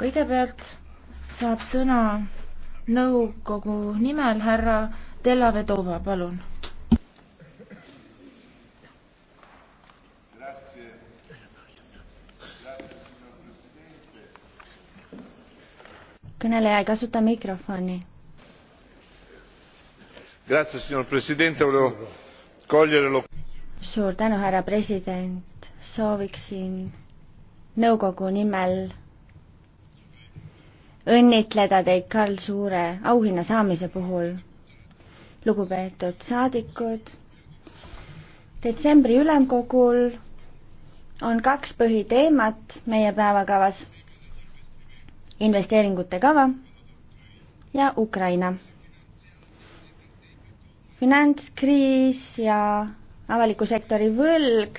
kõigepealt saab sõna nõukogu nimel härra Delavedova, palun. kõneleja ei kasuta mikrofoni. suur tänu, härra president, sooviksin nõukogu nimel õnnitleda teid Karl Suure auhinna saamise puhul. lugupeetud saadikud, detsembri ülemkogul on kaks põhiteemat meie päevakavas. investeeringute kava ja Ukraina. finantskriis ja avaliku sektori võlg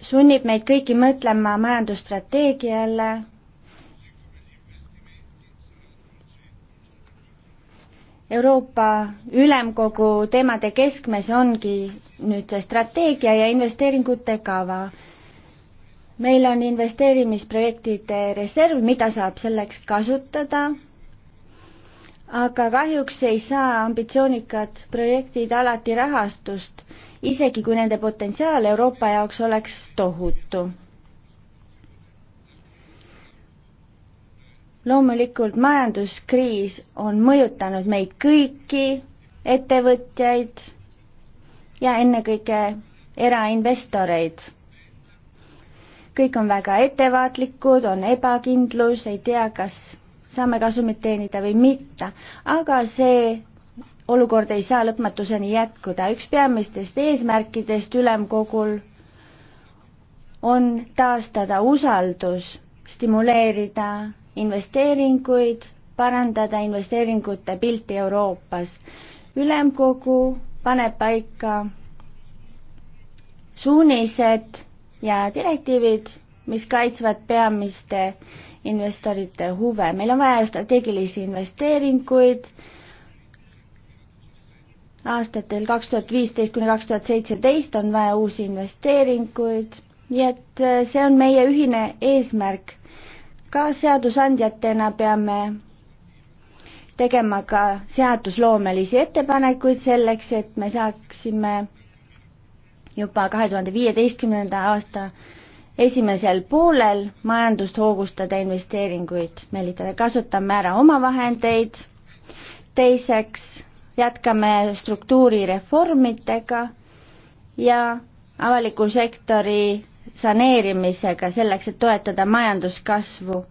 sunnib meid kõiki mõtlema majandusstrateegiale, Euroopa Ülemkogu teemade keskmes ongi nüüd see strateegia ja investeeringute kava. meil on investeerimisprojektide reserv, mida saab selleks kasutada, aga kahjuks ei saa ambitsioonikad projektid alati rahastust, isegi kui nende potentsiaal Euroopa jaoks oleks tohutu loomulikult majanduskriis on mõjutanud meid kõiki, ettevõtjaid ja ennekõike erainvestoreid. kõik on väga ettevaatlikud, on ebakindlus, ei tea, kas saame kasumit teenida või mitte, aga see olukord ei saa lõpmatuseni jätkuda. üks peamistest eesmärkidest ülemkogul on taastada usaldus, stimuleerida investeeringuid, parandada investeeringute pilti Euroopas. ülemkogu paneb paika suunised ja direktiivid, mis kaitsvad peamiste investorite huve. meil on vaja strateegilisi investeeringuid aastatel kaks tuhat viisteist kuni kaks tuhat seitseteist on vaja uusi investeeringuid, nii et äh, see on meie ühine eesmärk ka seadusandjatena peame tegema ka seadusloomelisi ettepanekuid selleks, et me saaksime juba kahe tuhande viieteistkümnenda aasta esimesel poolel majandust hoogustada, investeeringuid meelitada, kasutame ära omavahendeid, teiseks jätkame struktuurireformidega ja avaliku sektori saneerimisega selleks, et toetada majanduskasvu.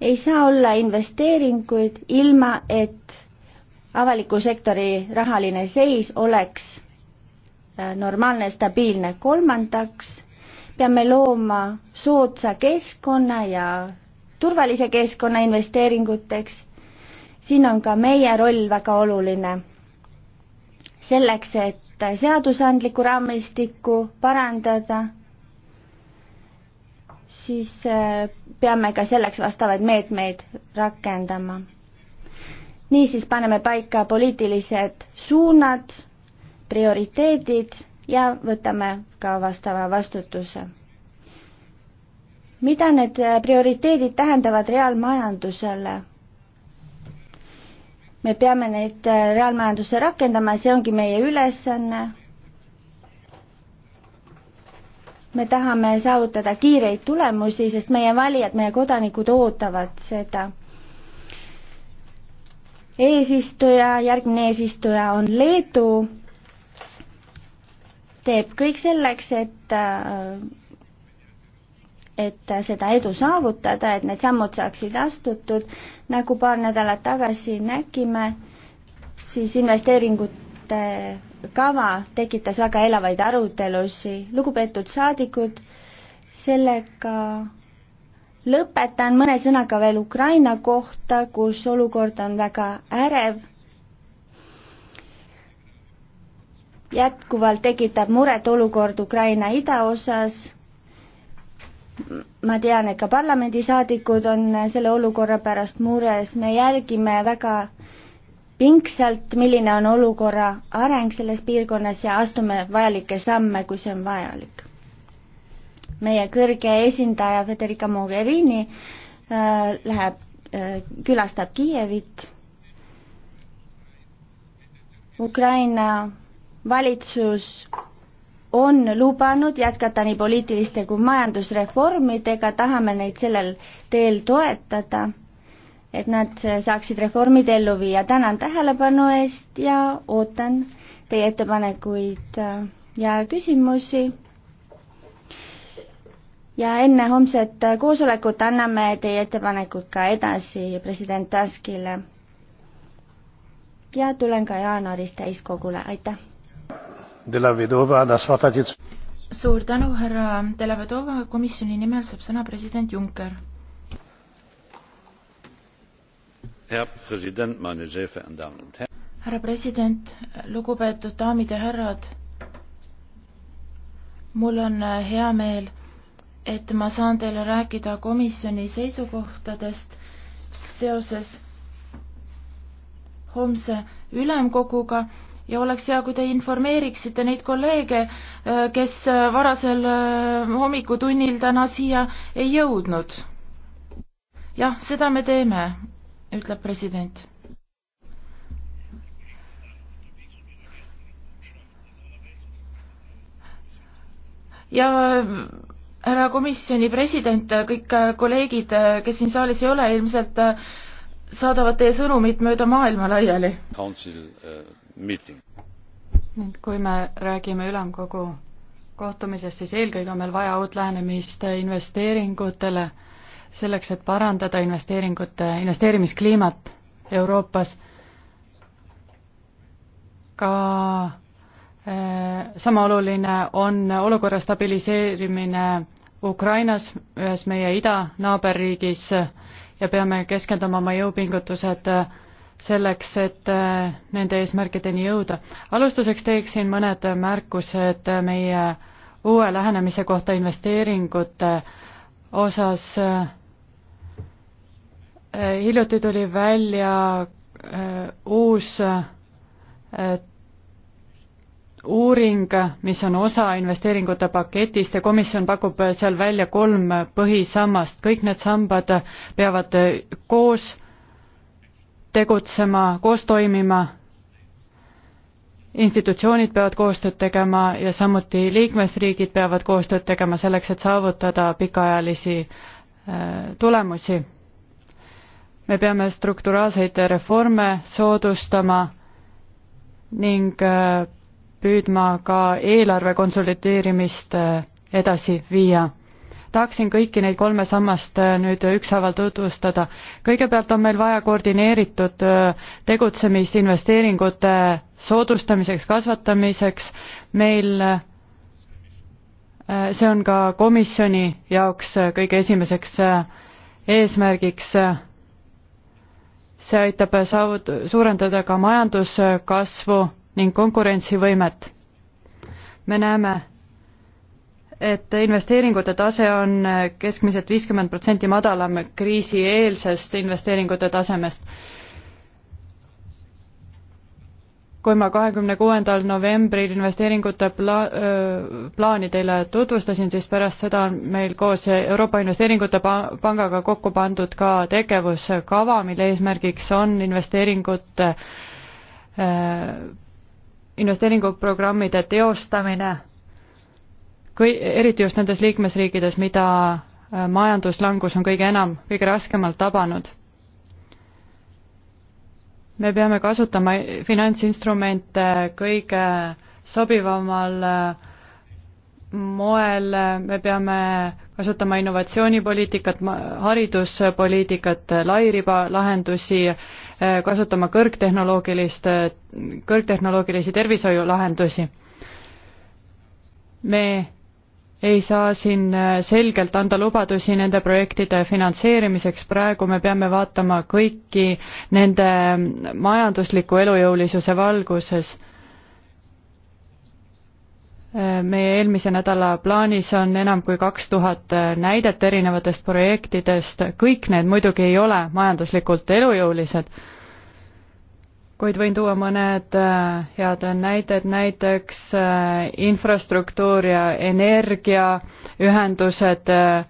ei saa olla investeeringuid ilma, et avaliku sektori rahaline seis oleks äh, normaalne, stabiilne. kolmandaks peame looma soodsa keskkonna ja turvalise keskkonna investeeringuteks. siin on ka meie roll väga oluline. selleks, et seadusandlikku raamistikku parandada siis äh, peame ka selleks vastavaid meetmeid rakendama. niisiis paneme paika poliitilised suunad, prioriteedid ja võtame ka vastava vastutuse. mida need äh, prioriteedid tähendavad reaalmajandusele? me peame neid äh, reaalmajandusse rakendama ja see ongi meie ülesanne me tahame saavutada kiireid tulemusi, sest meie valijad, meie kodanikud ootavad seda. eesistuja, järgmine eesistuja on Leedu, teeb kõik selleks, et et seda edu saavutada, et need sammud saaksid astutud, nagu paar nädalat tagasi nägime, siis investeeringute kava tekitas väga elavaid arutelusid. lugupeetud saadikud, sellega lõpetan mõne sõnaga veel Ukraina kohta, kus olukord on väga ärev. jätkuvalt tekitab muret olukord Ukraina idaosas. ma tean, et ka parlamendisaadikud on selle olukorra pärast mures, me jälgime väga pingsalt, milline on olukorra areng selles piirkonnas ja astume vajalikke samme, kui see on vajalik. meie kõrge esindaja Federica Mogherini äh, läheb äh,, külastab Kiievit. Ukraina valitsus on lubanud jätkata nii poliitiliste kui majandusreformidega, tahame neid sellel teel toetada et nad saaksid reformid ellu viia. tänan tähelepanu eest ja ootan teie ettepanekuid äh, ja küsimusi. ja enne homset koosolekut anname teie ettepanekud ka edasi president Taskile. ja tulen ka jaanuaris täiskogule, aitäh! suur tänu, härra Delavedova, komisjoni nimel saab sõna president Juncker härra president, lugupeetud daamid ja härrad. mul on äh, hea meel, et ma saan teile rääkida komisjoni seisukohtadest seoses homse ülemkoguga ja oleks hea, kui te informeeriksite neid kolleege, äh, kes äh, varasel hommikutunnil täna siia ei jõudnud. jah, seda me teeme ütleb president. ja härra komisjoni president, kõik kolleegid, kes siin saalis ei ole, ilmselt saadavad teie sõnumit mööda maailma laiali. Uh, nüüd, kui me räägime ülemkogu kohtumisest, siis eelkõige on meil vaja uut lähenemist investeeringutele selleks, et parandada investeeringute, investeerimiskliimat Euroopas, ka eh, sama oluline on olukorra stabiliseerimine Ukrainas, ühes meie idanaaberriigis ja peame keskenduma oma jõupingutused selleks, et eh, nende eesmärkideni jõuda. alustuseks teeksin mõned märkused meie uue lähenemise kohta investeeringute osas äh, Äh, hiljuti tuli välja äh, uus äh, uuring, mis on osa investeeringute paketist ja komisjon pakub seal välja kolm põhisammast, kõik need sambad peavad koos tegutsema, koos toimima, institutsioonid peavad koostööd tegema ja samuti liikmesriigid peavad koostööd tegema selleks, et saavutada pikaajalisi tulemusi me peame strukturaalseid reforme soodustama ning äh, püüdma ka eelarve konsolideerimist äh, edasi viia. tahaksin kõiki neid kolme sammast äh, nüüd ükshaaval tutvustada. kõigepealt on meil vaja koordineeritud tegutsemist investeeringute soodustamiseks, kasvatamiseks, meil see on ka komisjoni jaoks kõige esimeseks eesmärgiks see aitab saavut-, suurendada ka majanduskasvu ning konkurentsivõimet. me näeme, et investeeringute tase on keskmiselt viiskümmend protsenti madalam kriisieelsest investeeringute tasemest kui ma kahekümne kuuendal novembril investeeringute pla-, plaani teile tutvustasin, siis pärast seda on meil koos Euroopa Investeeringute Pangaga kokku pandud ka tegevuskava, mille eesmärgiks on investeeringute, investeeringuprogrammide teostamine, kui, eriti just nendes liikmesriikides, mida majanduslangus on kõige enam, kõige raskemalt tabanud me peame kasutama finantsinstrumente kõige sobivamal äh, moel, me peame kasutama innovatsioonipoliitikat, hariduspoliitikat, äh, lairiba lahendusi, äh, kasutama kõrgtehnoloogilist, kõrgtehnoloogilisi tervishoiulahendusi. me ei saa siin äh, selgelt anda lubadusi nende projektide finantseerimiseks, praegu me peame vaatama kõiki nende majandusliku elujõulisuse valguses. Äh, meie eelmise nädala plaanis on enam kui kaks tuhat äh, näidet erinevatest projektidest, kõik need muidugi ei ole majanduslikult elujõulised kuid võin tuua mõned äh, head näited, näiteks äh, infrastruktuur ja energiaühendused äh,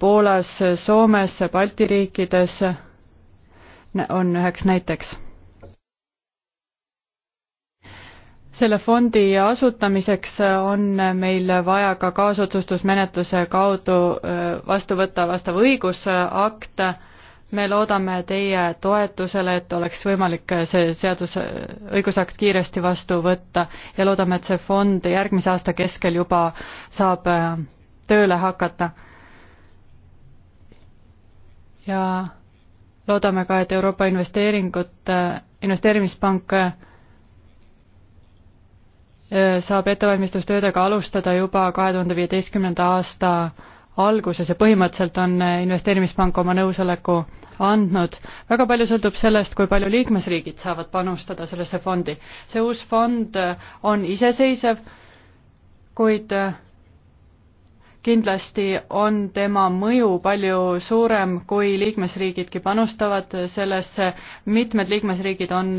Poolas, Soomes, Balti riikides on üheks näiteks. selle fondi asutamiseks on meil vaja ka kaasotsustusmenetluse kaudu vastu võtta vastav õigusakt me loodame teie toetusele, et oleks võimalik see seadus, õigusakt kiiresti vastu võtta ja loodame, et see fond järgmise aasta keskel juba saab äh, tööle hakata. ja loodame ka, et Euroopa Investeeringut, Investeerimispank äh, saab ettevalmistustöödega alustada juba kahe tuhande viieteistkümnenda aasta alguses ja põhimõtteliselt on investeerimispank oma nõusoleku andnud. väga palju sõltub sellest, kui palju liikmesriigid saavad panustada sellesse fondi. see uus fond on iseseisev, kuid kindlasti on tema mõju palju suurem, kui liikmesriigidki panustavad sellesse. mitmed liikmesriigid on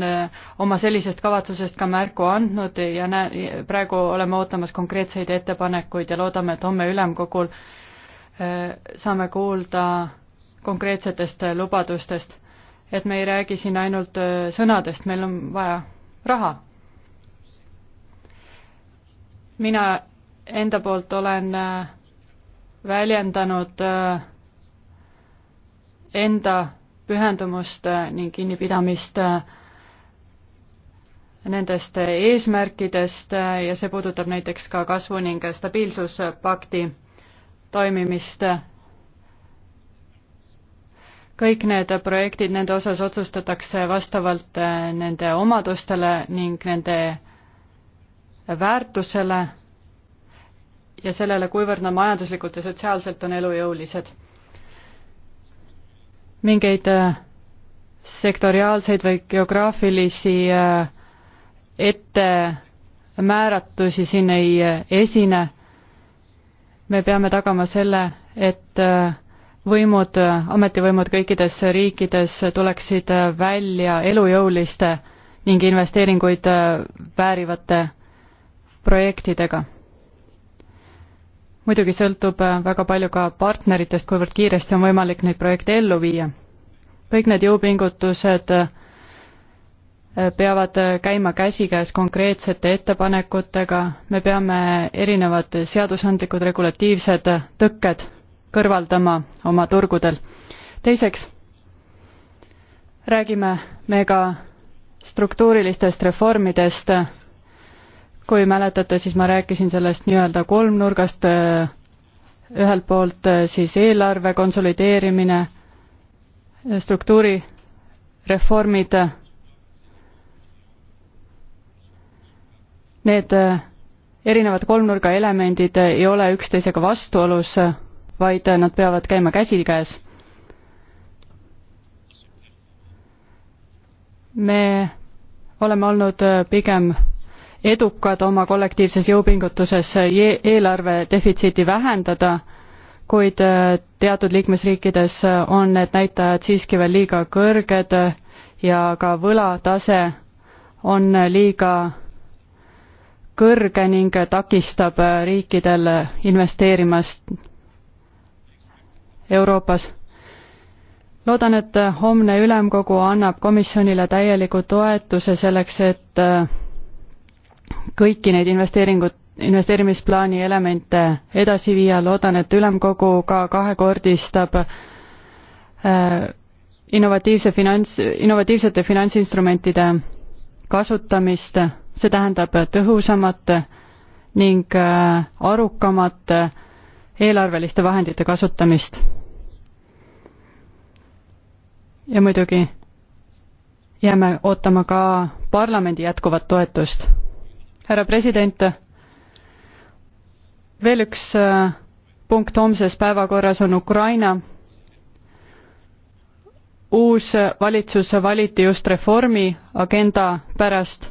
oma sellisest kavatsusest ka märku andnud ja näe, praegu oleme ootamas konkreetseid ettepanekuid ja loodame, et homme ülemkogul äh, saame kuulda konkreetsetest lubadustest, et me ei räägi siin ainult äh, sõnadest, meil on vaja raha. mina enda poolt olen äh, väljendanud äh, enda pühendumust ning kinnipidamist nendest eesmärkidest ja see puudutab näiteks ka kasvu- ning stabiilsuspakti toimimist. kõik need projektid, nende osas otsustatakse vastavalt eh, nende omadustele ning nende väärtusele ja sellele, kuivõrd nad majanduslikult ja sotsiaalselt on elujõulised. mingeid eh, sektoriaalseid või geograafilisi eh, ettemääratusi siin ei esine me peame tagama selle, et äh, võimud, äh, ametivõimud kõikides riikides tuleksid äh, välja elujõuliste ning investeeringuid väärivate projektidega. muidugi sõltub väga palju ka partneritest, kuivõrd kiiresti on võimalik neid projekte ellu viia. kõik need jõupingutused peavad käima käsikäes konkreetsete ettepanekutega, me peame erinevad seadusandlikud regulatiivsed tõkked kõrvaldama oma turgudel. teiseks räägime me ka struktuurilistest reformidest. kui mäletate, siis ma rääkisin sellest nii-öelda kolmnurgast, ühelt poolt siis eelarve konsolideerimine, struktuurireformid Need äh, erinevad kolmnurga elemendid ei ole üksteisega vastuolus, vaid nad peavad käima käsikäes. me oleme olnud äh, pigem edukad oma kollektiivses jõupingutuses äh, e-, eelarve defitsiiti vähendada, kuid teatud liikmesriikides on need näitajad siiski veel liiga kõrged ja ka võlatase on liiga kõrge ning takistab riikidel investeerimast Euroopas. loodan, et homne ülemkogu annab komisjonile täieliku toetuse selleks, et kõiki neid investeeringut, investeerimisplaani elemente edasi viia, loodan, et ülemkogu ka kahekordistab äh, innovatiivse finants, innovatiivsete finantsinstrumentide kasutamist see tähendab tõhusamat ning äh, arukamat äh, eelarveliste vahendite kasutamist. ja muidugi jääme ootama ka parlamendi jätkuvat toetust. härra president, veel üks äh, punkt homses päevakorras on Ukraina uus valitsus valiti just reformi agenda pärast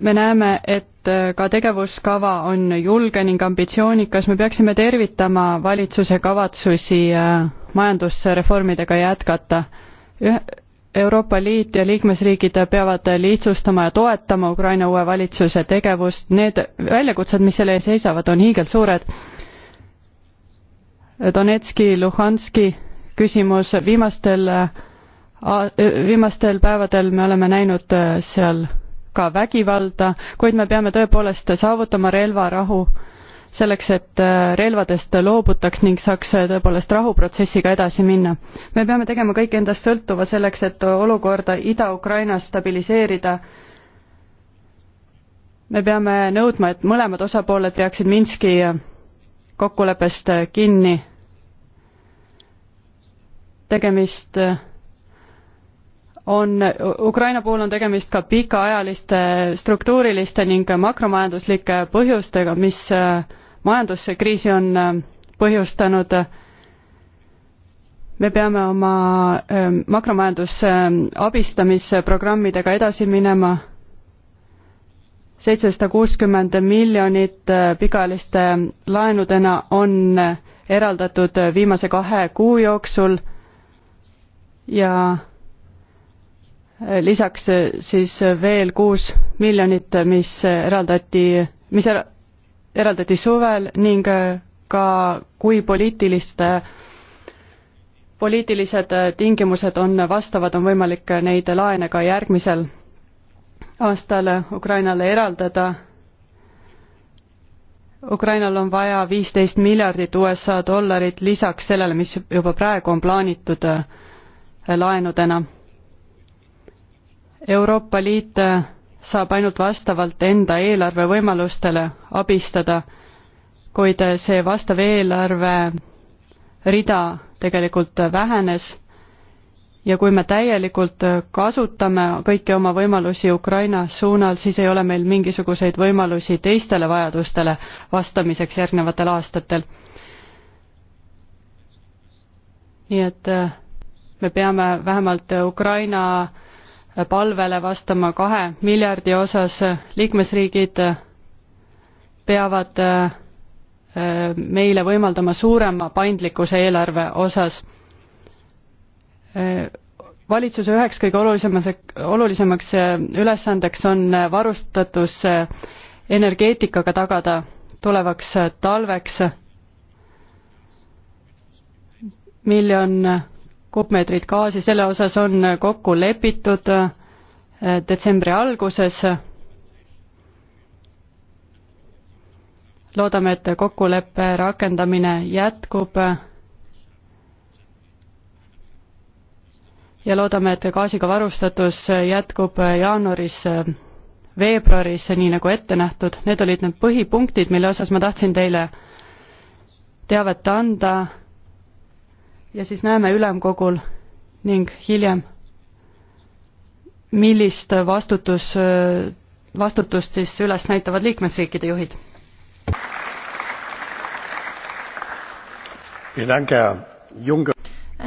me näeme, et äh, ka tegevuskava on julge ning ambitsioonikas, me peaksime tervitama valitsuse kavatsusi äh, majandusreformidega jätkata. Euroopa Liit ja liikmesriigid peavad lihtsustama ja toetama Ukraina uue valitsuse tegevust, need väljakutsed, mis selle ees seisavad, on hiigelsuured. Donetski, Luhanski küsimus, viimastel, äh, viimastel päevadel me oleme näinud seal hukka vägivalda, kuid me peame tõepoolest saavutama relvarahu selleks, et äh, relvadest loobutaks ning saaks äh, tõepoolest rahuprotsessiga edasi minna. me peame tegema kõik endast sõltuva selleks, et olukorda Ida-Ukrainas stabiliseerida. me peame nõudma, et mõlemad osapooled peaksid Minski äh, kokkuleppest kinni. tegemist on, Ukraina puhul on tegemist ka pikaajaliste struktuuriliste ning makromajanduslike põhjustega, mis äh, majanduskriisi on äh, põhjustanud. me peame oma äh, makromajanduse abistamisprogrammidega edasi minema, seitsesada kuuskümmend miljonit pikaajaliste laenudena on eraldatud viimase kahe kuu jooksul ja lisaks eh, siis eh, veel kuus miljonit, eh, mis eraldati, mis eraldati suvel ning ka kui poliitiliste, poliitilised tingimused on vastavad, on võimalik neid laene ka järgmisel aastal Ukrainale eraldada. Ukrainal on vaja viisteist miljardit USA dollarit lisaks sellele, mis juba praegu on plaanitud laenudena Euroopa Liit äh, saab ainult vastavalt enda eelarvevõimalustele abistada, kuid äh, see vastav eelarve rida tegelikult äh, vähenes ja kui me täielikult kasutame kõiki oma võimalusi Ukraina suunal, siis ei ole meil mingisuguseid võimalusi teistele vajadustele vastamiseks järgnevatel aastatel. nii et me peame vähemalt Ukraina palvele vastama kahe miljardi osas, liikmesriigid peavad äh, meile võimaldama suurema paindlikkuse eelarve osas. Äh, valitsuse üheks kõige olulisemas, olulisemaks äh, ülesandeks on varustatus energeetikaga tagada tulevaks talveks. miljon kuupmeetrit gaasi, selle osas on kokku lepitud äh, detsembri alguses. loodame, et kokkuleppe rakendamine jätkub. ja loodame, et gaasiga varustatus jätkub jaanuaris, veebruaris, nii nagu ette nähtud. Need olid need põhipunktid, mille osas ma tahtsin teile teavet anda ja siis näeme ülemkogul ning hiljem, millist vastutus, vastutust siis üles näitavad liikmesriikide juhid.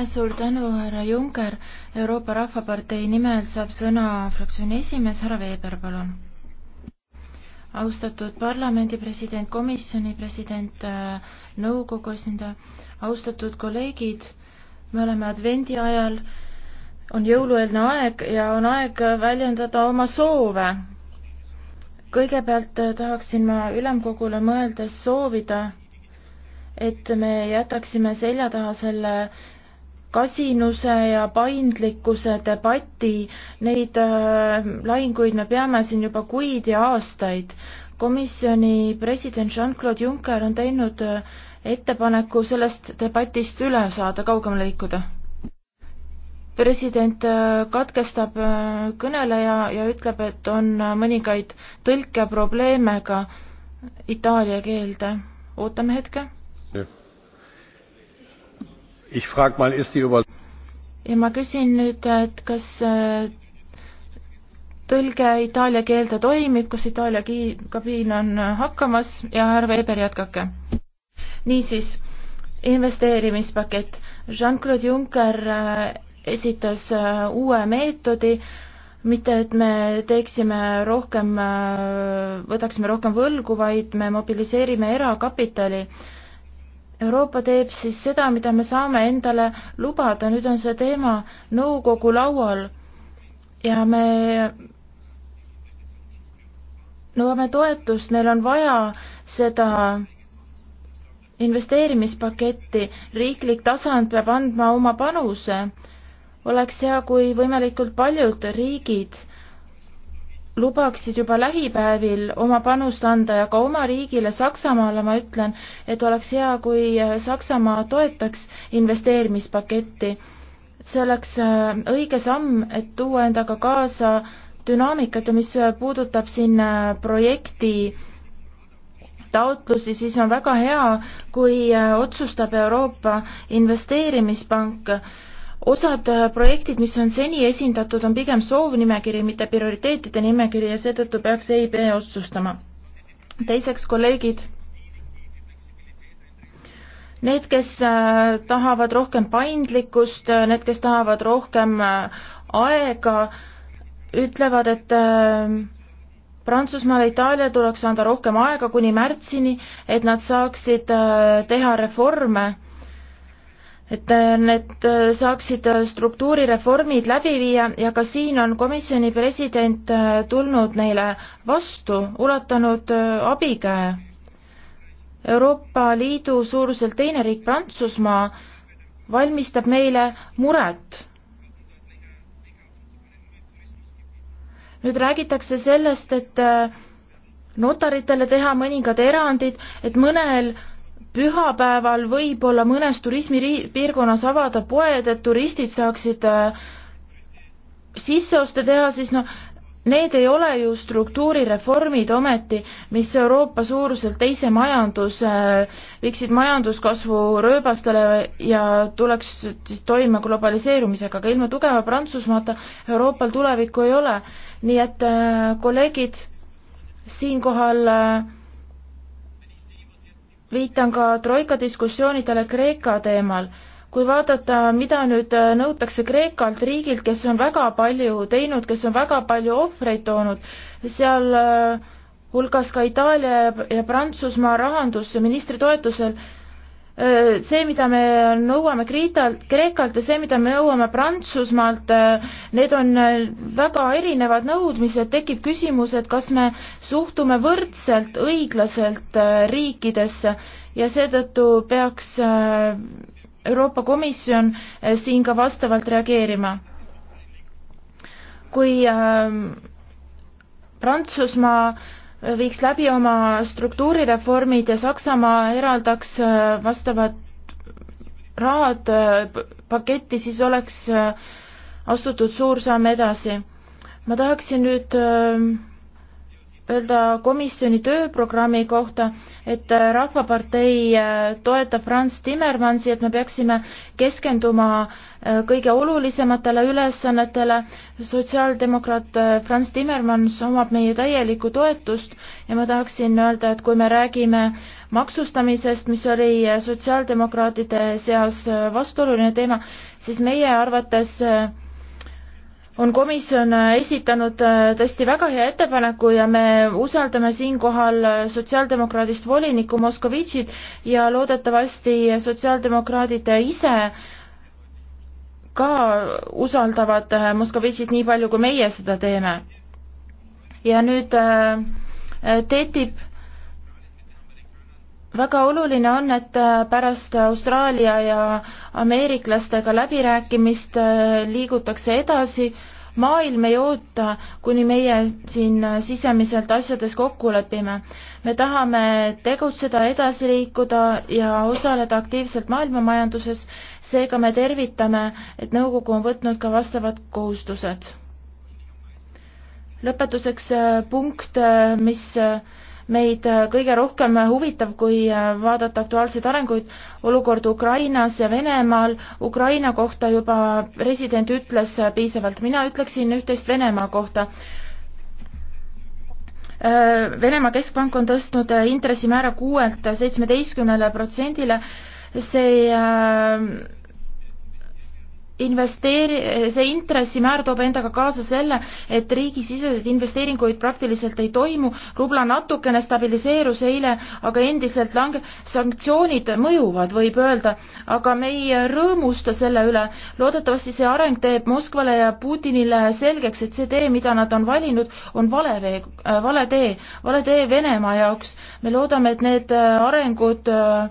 suur tänu, härra Juncker. Euroopa Rahvapartei nimel saab sõna fraktsiooni esimees härra Veeber, palun. austatud parlamendi president, komisjoni president, nõukogu esindaja austatud kolleegid, me oleme advendi ajal, on jõulueelne aeg ja on aeg väljendada oma soove. kõigepealt eh, tahaksin ma ülemkogule mõeldes soovida, et me jätaksime selja taha selle kasinuse ja paindlikkuse debati, neid äh, lahinguid me peame siin juba kuid ja aastaid. komisjoni president Jean-Claude Juncker on teinud äh, ettepaneku sellest debatist üle saada, kaugemale liikuda. president äh, katkestab äh, kõneleja ja ütleb, et on äh, mõningaid tõlkeprobleeme ka itaalia keelde. ootame hetke. ja ma küsin nüüd, et kas tõlge itaalia keelde toimib, kas Itaalia kiin, kabiin on hakkamas ja härra Weber, jätkake niisiis, investeerimispakett. Jean-Claude Juncker äh, esitas äh, uue meetodi, mitte et me teeksime rohkem, äh, võtaksime rohkem võlgu, vaid me mobiliseerime erakapitali. Euroopa teeb siis seda, mida me saame endale lubada, nüüd on see teema nõukogu laual ja me nõuame toetust, meil on vaja seda investeerimispaketti. riiklik tasand peab andma oma panuse. oleks hea, kui võimalikult paljud riigid lubaksid juba lähipäevil oma panust anda ja ka oma riigile Saksamaale ma ütlen, et oleks hea, kui Saksamaa toetaks investeerimispaketti. see oleks äh, õige samm, et tuua endaga kaasa dünaamikat ja mis puudutab siin äh, projekti taotlusi, siis on väga hea, kui äh, otsustab Euroopa Investeerimispank osad äh, projektid, mis on seni esindatud, on pigem soovnimekiri, mitte prioriteetide nimekiri ja seetõttu peaks EIB otsustama. teiseks, kolleegid, need, kes äh, tahavad rohkem paindlikkust, need, kes tahavad rohkem aega, ütlevad, et äh, Prantsusmaal ja Itaalial tuleks anda rohkem aega kuni märtsini, et nad saaksid äh, teha reforme, et äh, need äh, saaksid struktuurireformid läbi viia ja ka siin on komisjoni president tulnud neile vastu, ulatanud abikäe. Euroopa Liidu suuruselt teine riik, Prantsusmaa, valmistab meile muret nüüd räägitakse sellest, et äh, notaritele teha mõningad erandid, et mõnel pühapäeval võib-olla mõnes turismipiirkonnas avada poed, et turistid saaksid äh, sisseoste teha, siis noh, need ei ole ju struktuurireformid ometi, mis Euroopa suuruselt teise majanduse, äh, viiksid majanduskasvu rööbastele ja tuleks siis toime globaliseerumisega, aga ilma tugeva Prantsusmaata Euroopal tulevikku ei ole nii et äh, kolleegid, siinkohal äh, viitan ka Troika diskussioonidele Kreeka teemal. kui vaadata, mida nüüd äh, nõutakse Kreekalt, riigilt, kes on väga palju teinud, kes on väga palju ohvreid toonud, seal hulgas ka Itaalia ja Prantsusmaa rahandusministri toetusel see, mida me nõuame Kreetalt, Kreekalt ja see, mida me nõuame Prantsusmaalt, need on väga erinevad nõudmised, tekib küsimus, et kas me suhtume võrdselt, õiglaselt riikidesse ja seetõttu peaks Euroopa Komisjon siin ka vastavalt reageerima. kui Prantsusmaa viiks läbi oma struktuurireformid ja Saksamaa eraldaks äh, vastavad rahad äh, paketti, siis oleks äh, astutud suur samm edasi. ma tahaksin nüüd öelda komisjoni tööprogrammi kohta, et äh, Rahvapartei äh, toetab Franz Timmermansi, et me peaksime keskenduma äh, kõige olulisematele ülesannetele. sotsiaaldemokraat Franz Timmermans omab meie täielikku toetust ja ma tahaksin öelda, et kui me räägime maksustamisest, mis oli sotsiaaldemokraatide seas vastuoluline teema, siis meie arvates on komisjon esitanud äh, tõesti väga hea ettepaneku ja me usaldame siinkohal äh, sotsiaaldemokraadist volinikku Moskovitšit ja loodetavasti sotsiaaldemokraadid ise ka usaldavad äh, Moskovitšit nii palju, kui meie seda teeme. ja nüüd TTIP väga oluline on, et pärast Austraalia ja ameeriklastega läbirääkimist liigutakse edasi maailm ei oota, kuni meie siin sisemiselt asjades kokku lepime. me tahame tegutseda, edasi liikuda ja osaleda aktiivselt maailmamajanduses, seega me tervitame, et nõukogu on võtnud ka vastavad kohustused. lõpetuseks eh, punkt, eh, mis eh, meid äh, kõige rohkem huvitab, kui äh, vaadata aktuaalseid arenguid, olukord Ukrainas ja Venemaal. Ukraina kohta juba president ütles äh, piisavalt, mina ütleksin üht-teist Venemaa kohta. Venemaa keskpank on tõstnud intressimäära kuuelt seitsmeteistkümnele protsendile, see investeeri-, see intressimäär toob endaga kaasa selle, et riigisiseseid investeeringuid praktiliselt ei toimu, rubla natukene stabiliseerus eile, aga endiselt lange-, sanktsioonid mõjuvad, võib öelda, aga me ei rõõmusta selle üle. loodetavasti see areng teeb Moskvale ja Putinile selgeks, et see tee, mida nad on valinud, on vale vee, äh, vale tee, vale tee Venemaa jaoks. me loodame, et need äh, arengud äh,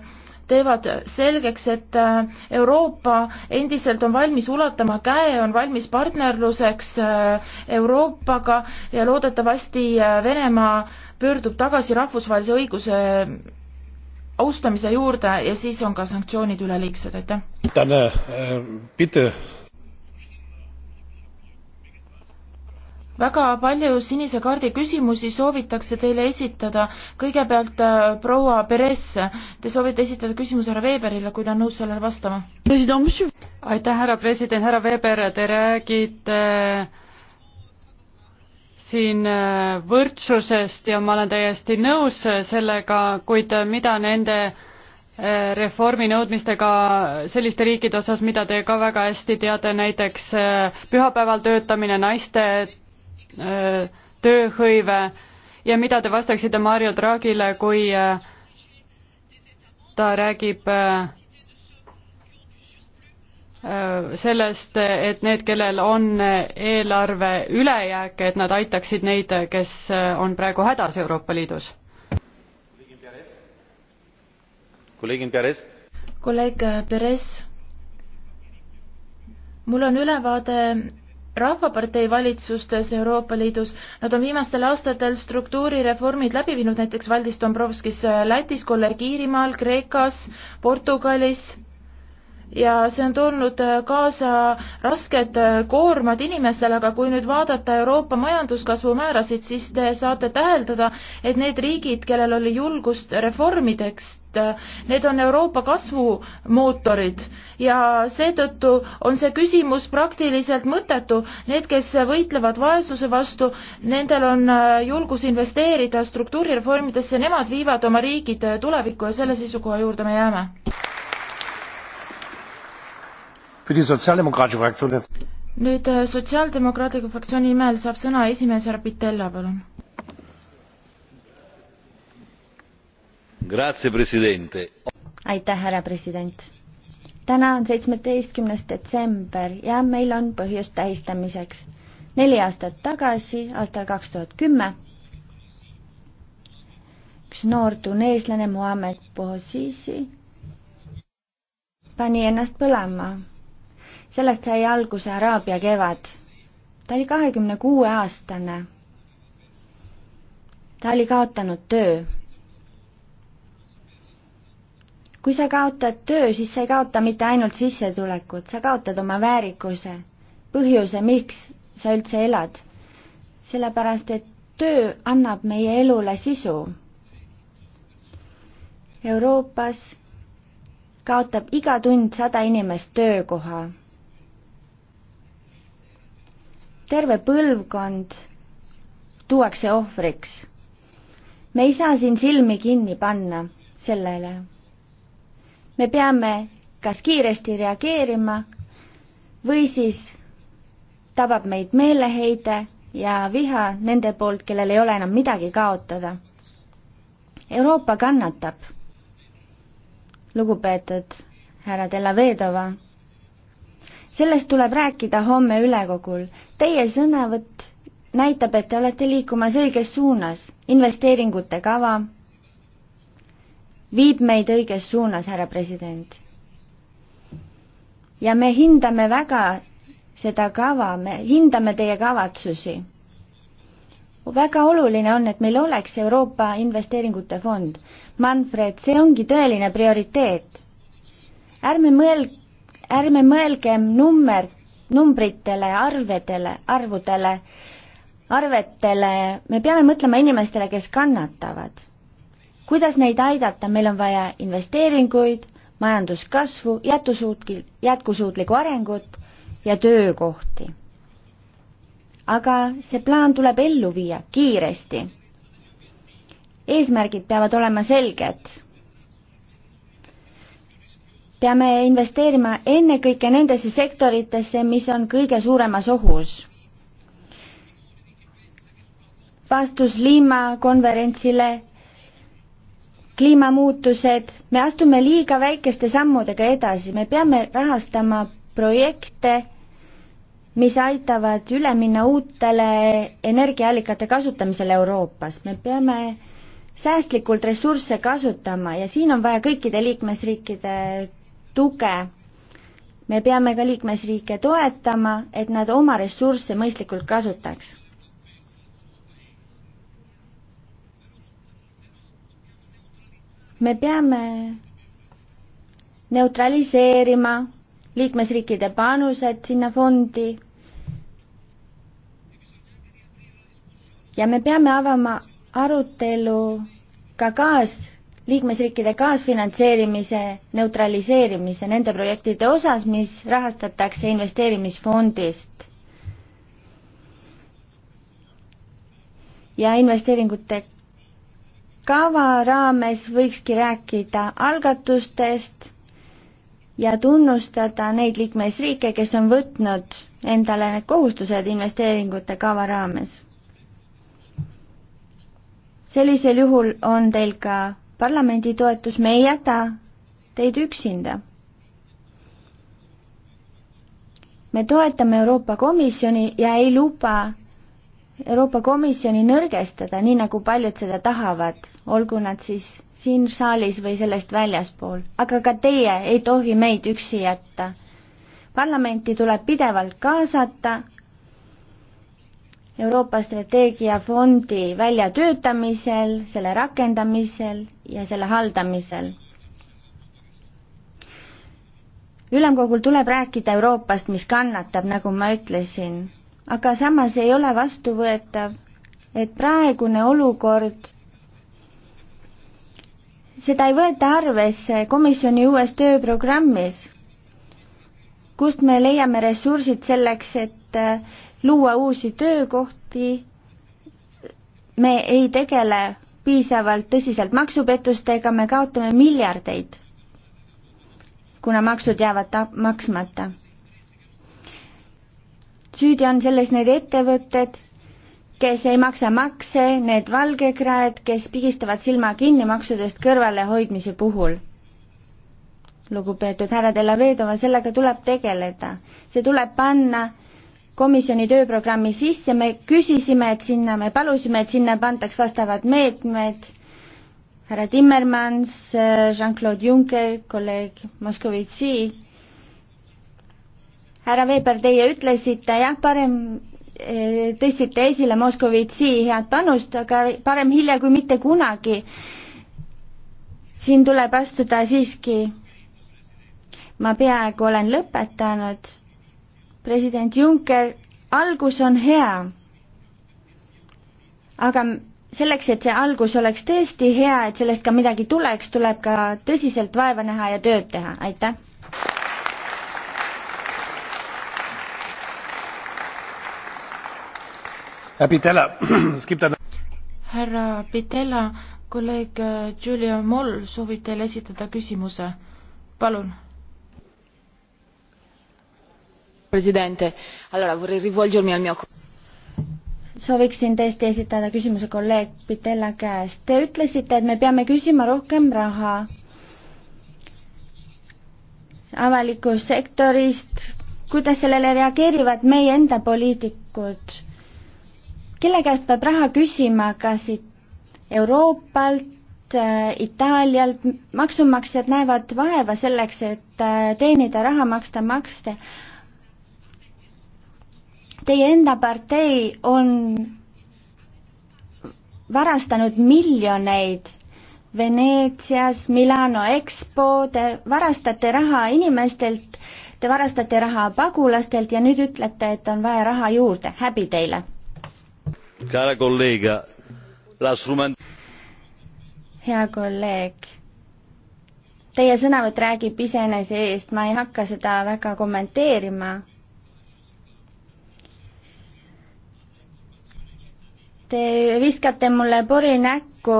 teevad selgeks, et äh, Euroopa endiselt on valmis ulatama käe, on valmis partnerluseks äh, Euroopaga ja loodetavasti äh, Venemaa pöördub tagasi rahvusvahelise õiguse austamise juurde ja siis on ka sanktsioonid üleliigsed, aitäh. väga palju sinise kaardi küsimusi soovitakse teile esitada. kõigepealt äh, proua Peres, te soovite esitada küsimuse härra Weberile, kui ta on nõus sellele vastama. aitäh, härra president, härra Weber, te räägite äh, siin äh, võrdsusest ja ma olen täiesti nõus sellega, kuid mida nende reformi nõudmistega selliste riikide osas, mida te ka väga hästi teate, näiteks pühapäeval töötamine, naiste tööhõive ja mida te vastaksite Mario Draghile, kui äh, ta räägib äh, sellest, et need, kellel on eelarve ülejääk, et nad aitaksid neid, kes äh, on praegu hädas Euroopa Liidus? kolleeg Perez, mul on ülevaade Rahvapartei valitsustes Euroopa Liidus, nad on viimastel aastatel struktuurireformid läbi viinud, näiteks Valdis Dombrovskis äh, Lätis, kolleeg Iirimaal, Kreekas, Portugalis ja see on toonud äh, kaasa rasked äh, koormad inimestele, aga kui nüüd vaadata Euroopa majanduskasvu määrasid, siis te saate täheldada, et need riigid, kellel oli julgust reformideks Äh, need on Euroopa kasvumootorid ja seetõttu on see küsimus praktiliselt mõttetu. Need, kes võitlevad vaesuse vastu, nendel on äh, julgus investeerida struktuurireformidesse, nemad viivad oma riigid äh, tulevikku ja selle seisukoha juurde me jääme. nüüd Sotsiaaldemokraatliku fraktsiooni nimel saab sõna esimees härra Pitella, palun aitäh, härra president! täna on seitsmeteistkümnes detsember ja meil on põhjust tähistamiseks. neli aastat tagasi, aastal kaks tuhat kümme, üks noor tuneeslane Mohammed Bouazizi pani ennast põlema. sellest sai alguse Araabia kevad. ta oli kahekümne kuue aastane. ta oli kaotanud töö kui sa kaotad töö, siis sa ei kaota mitte ainult sissetulekut, sa kaotad oma väärikuse, põhjuse, miks sa üldse elad. sellepärast, et töö annab meie elule sisu. Euroopas kaotab iga tund sada inimest töökoha. terve põlvkond tuuakse ohvriks. me ei saa siin silmi kinni panna sellele me peame kas kiiresti reageerima või siis tabab meid meeleheide ja viha nende poolt, kellel ei ole enam midagi kaotada. Euroopa kannatab. lugupeetud härra Delavedova, sellest tuleb rääkida homme ülekogul. Teie sõnavõtt näitab, et te olete liikumas õiges suunas, investeeringute kava viib meid õiges suunas, härra president. ja me hindame väga seda kava, me hindame teie kavatsusi. väga oluline on, et meil oleks Euroopa Investeeringute Fond. Manfred, see ongi tõeline prioriteet. ärme mõel-, ärme mõelgem number, numbritele, arvedele, arvudele, arvetele, me peame mõtlema inimestele, kes kannatavad kuidas neid aidata, meil on vaja investeeringuid, majanduskasvu, jätkusuutki, jätkusuutlikku arengut ja töökohti. aga see plaan tuleb ellu viia kiiresti. eesmärgid peavad olema selged. peame investeerima ennekõike nendesse sektoritesse, mis on kõige suuremas ohus vastus Lima konverentsile kliimamuutused, me astume liiga väikeste sammudega edasi, me peame rahastama projekte, mis aitavad üle minna uutele energiaallikate kasutamisele Euroopas, me peame säästlikult ressursse kasutama ja siin on vaja kõikide liikmesriikide tuge. me peame ka liikmesriike toetama, et nad oma ressursse mõistlikult kasutaks me peame neutraliseerima liikmesriikide panused sinna fondi. ja me peame avama arutelu ka kaas, liikmesriikide kaasfinantseerimise neutraliseerimise nende projektide osas, mis rahastatakse investeerimisfondist. ja investeeringute kava raames võikski rääkida algatustest ja tunnustada neid liikmesriike, kes on võtnud endale need kohustused investeeringute kava raames. sellisel juhul on teil ka parlamendi toetus, me ei jäta teid üksinda. me toetame Euroopa Komisjoni ja ei luba Euroopa Komisjoni nõrgestada, nii nagu paljud seda tahavad, olgu nad siis siin saalis või sellest väljaspool, aga ka teie ei tohi meid üksi jätta. parlamenti tuleb pidevalt kaasata Euroopa strateegiafondi väljatöötamisel, selle rakendamisel ja selle haldamisel. ülemkogul tuleb rääkida Euroopast, mis kannatab, nagu ma ütlesin aga samas ei ole vastuvõetav, et praegune olukord seda ei võeta arvesse komisjoni uues tööprogrammis, kust me leiame ressursid selleks, et äh, luua uusi töökohti. me ei tegele piisavalt tõsiselt maksupettustega, me kaotame miljardeid, kuna maksud jäävad maksmata süüdi on selles need ettevõtted, kes ei maksa makse, need valgekraed, kes pigistavad silma kinni maksudest kõrvalehoidmise puhul. lugupeetud härra Delavedova, sellega tuleb tegeleda, see tuleb panna komisjoni tööprogrammi sisse, me küsisime, et sinna, me palusime, et sinna pandaks vastavad meetmed, härra Timmermans, Jean-Claude Juncker, kolleeg Moskovitši härra Veber, teie ütlesite jah, parem eh, tõstsite esile Moskovitsi head panust, aga parem hilja kui mitte kunagi. siin tuleb astuda siiski, ma peaaegu olen lõpetanud, president Juncker, algus on hea, aga selleks, et see algus oleks tõesti hea, et sellest ka midagi tuleks, tuleb ka tõsiselt vaeva näha ja tööd teha, aitäh! härra Pitella, kolleeg äh, Julia Moll soovib teile esitada küsimuse. palun presidente allora vorrei rivolgermi al mio sooviksin tõesti esitada küsimuse kolleeg Pitella käest. Te ütlesite, et me peame küsima rohkem raha avalikust sektorist. kuidas sellele reageerivad meie enda poliitikud? kelle käest peab raha küsima, kas Euroopalt, äh, Itaalialt, maksumaksjad näevad vaeva selleks, et äh, teenida raha, maksta makste. Teie enda partei on varastanud miljoneid Veneetsias, Milano EXPO, te varastate raha inimestelt, te varastate raha pagulastelt ja nüüd ütlete, et on vaja raha juurde, häbi teile hea kolleeg, teie sõnavõtt räägib iseenese eest, ma ei hakka seda väga kommenteerima. Te viskate mulle pori näkku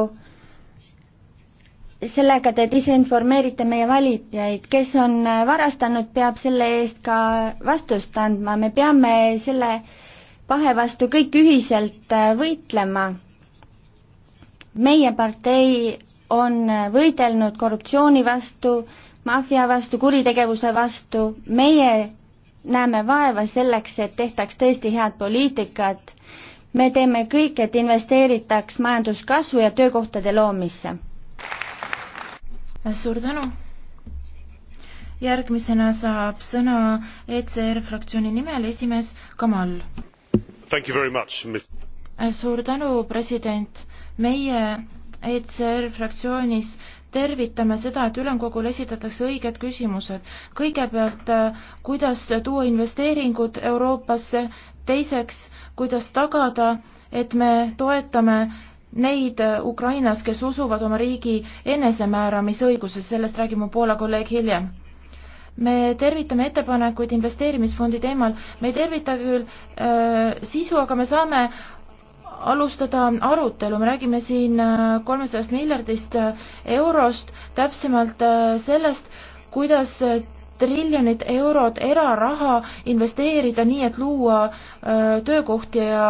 sellega te disinformeerite meie valijaid, kes on varastanud, peab selle eest ka vastust andma, me peame selle pahe vastu kõik ühiselt äh, võitlema. meie partei on äh, võidelnud korruptsiooni vastu, maffia vastu, kuritegevuse vastu, meie näeme vaeva selleks, et tehtaks tõesti head poliitikat. me teeme kõik, et investeeritaks majanduskasvu ja töökohtade loomisse. suur tänu. järgmisena saab sõna ECR fraktsiooni nimel esimees Kamal Äh, suur tänu, president. meie ECR fraktsioonis tervitame seda, et ülemkogul esitatakse õiged küsimused. kõigepealt, äh, kuidas tuua investeeringud Euroopasse, teiseks, kuidas tagada, et me toetame neid äh, Ukrainas, kes usuvad oma riigi enesemääramisõigusest, sellest räägime Poola kolleeg hiljem me tervitame ettepanekuid investeerimisfondi teemal, me ei tervita küll äh, sisu, aga me saame alustada arutelu, me räägime siin äh, kolmesajast miljardist äh, eurost, täpsemalt äh, sellest, kuidas triljonit eurot eraraha investeerida nii, et luua öö, töökohti ja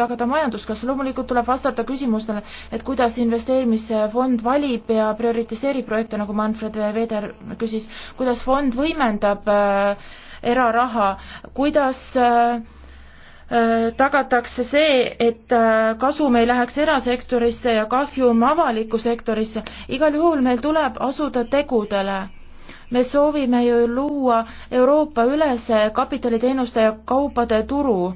tagada majanduskasv. loomulikult tuleb vastata küsimustele, et kuidas investeerimisfond valib ja prioritiseerib projekte, nagu Manfred Veder küsis, kuidas fond võimendab öö, eraraha, kuidas öö, tagatakse see, et kasum ei läheks erasektorisse ja kahjum avalikku sektorisse. igal juhul meil tuleb asuda tegudele me soovime ju luua Euroopa-ülese kapitaliteenuste ja kaupade turu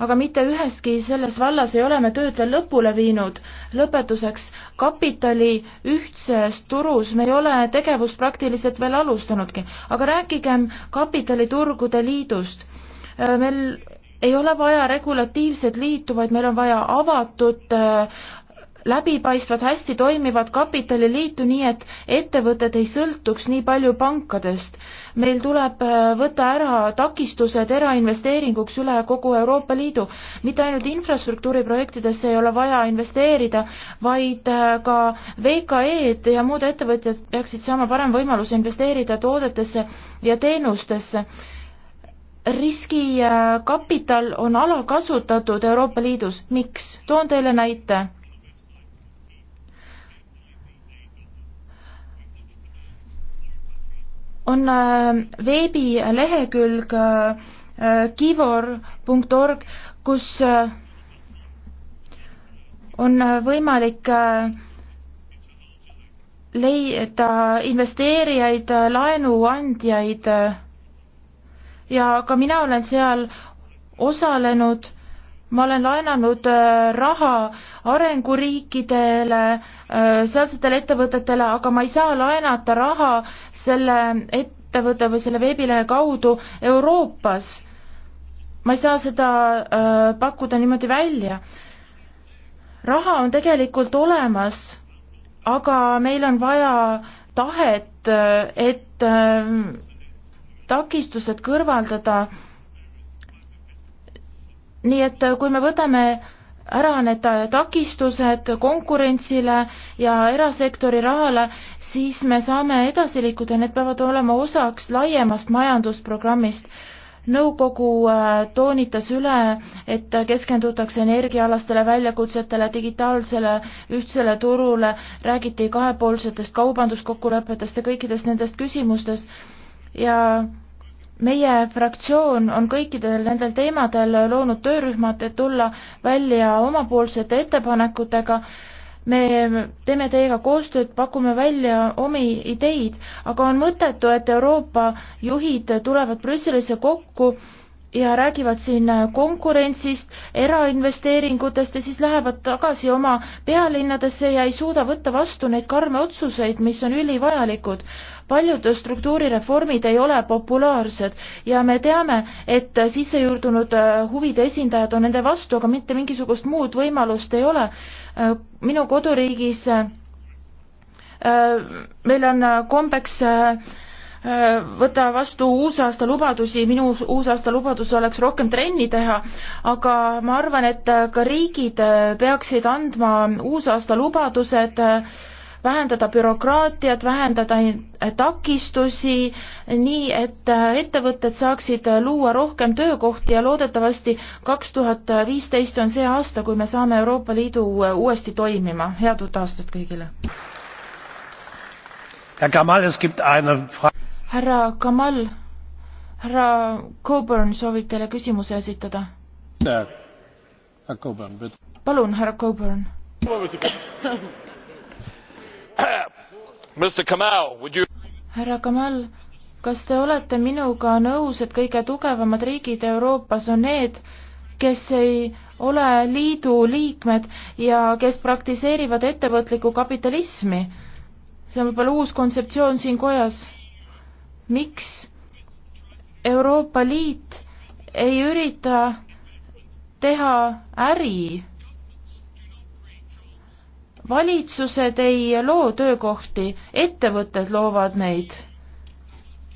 aga mitte üheski selles vallas ei ole me tööd veel lõpule viinud. lõpetuseks, kapitali ühtses turus me ei ole tegevust praktiliselt veel alustanudki, aga rääkigem kapitaliturgude liidust. Äh, meil ei ole vaja regulatiivset liitu, vaid meil on vaja avatud äh, läbipaistvat, hästi toimivat kapitaliliitu, nii et ettevõtted ei sõltuks nii palju pankadest. meil tuleb äh, võtta ära takistused erainvesteeringuks üle kogu Euroopa Liidu. mitte ainult infrastruktuuriprojektidesse ei ole vaja investeerida, vaid äh, ka VKE-d ja muud ettevõtjad peaksid saama parem võimaluse investeerida toodetesse ja teenustesse riskikapital äh, on alakasutatud Euroopa Liidus, miks? toon teile näite on äh, veebilehekülg äh, kivor.org, kus äh, on võimalik leida investeerijaid, laenuandjaid ja ka mina olen seal osalenud ma olen laenanud äh, raha arenguriikidele, äh, sealsetele ettevõtetele, aga ma ei saa laenata raha selle ettevõtte või selle veebilehe kaudu Euroopas. ma ei saa seda äh, pakkuda niimoodi välja. raha on tegelikult olemas, aga meil on vaja tahet, et takistused kõrvaldada nii et äh, kui me võtame ära need äh, takistused konkurentsile ja erasektori rahale, siis me saame edasi liikuda, need peavad olema osaks laiemast majandusprogrammist nõukogu äh, toonitas üle, et keskendutakse energiaalastele väljakutsetele, digitaalsele ühtsele turule, räägiti kahepoolsetest kaubanduskokkulepetest ja kõikidest nendest küsimustest ja meie fraktsioon on kõikidel nendel teemadel loonud töörühmad, et tulla välja omapoolsete ettepanekutega. me teeme teiega koostööd, pakume välja omi ideid, aga on mõttetu, et Euroopa juhid tulevad Brüsselisse kokku ja räägivad siin äh, konkurentsist, erainvesteeringutest ja siis lähevad tagasi oma pealinnadesse ja ei suuda võtta vastu neid karme otsuseid, mis on ülivajalikud. paljud struktuurireformid ei ole populaarsed ja me teame, et sissejuurdunud äh, huvide esindajad on nende vastu, aga mitte mingisugust muud võimalust ei ole. Äh, minu koduriigis meil on kombeks äh, võta vastu uusaasta lubadusi, minu uusaasta lubadus oleks rohkem trenni teha, aga ma arvan, et ka riigid peaksid andma uusaasta lubadused vähendada bürokraatiat, vähendada takistusi, nii et ettevõtted saaksid luua rohkem töökohti ja loodetavasti kaks tuhat viisteist on see aasta, kui me saame Euroopa Liidu uuesti toimima. head uut aastat kõigile! härra Kamal, härra Coburn soovib teile küsimuse esitada. Äh, palun, härra Coburn. härra Kamal, kas te olete minuga nõus, et kõige tugevamad riigid Euroopas on need, kes ei ole liidu liikmed ja kes praktiseerivad ettevõtlikku kapitalismi? see on võib-olla uus kontseptsioon siin kojas miks Euroopa Liit ei ürita teha äri. valitsused ei loo töökohti, ettevõtted loovad neid.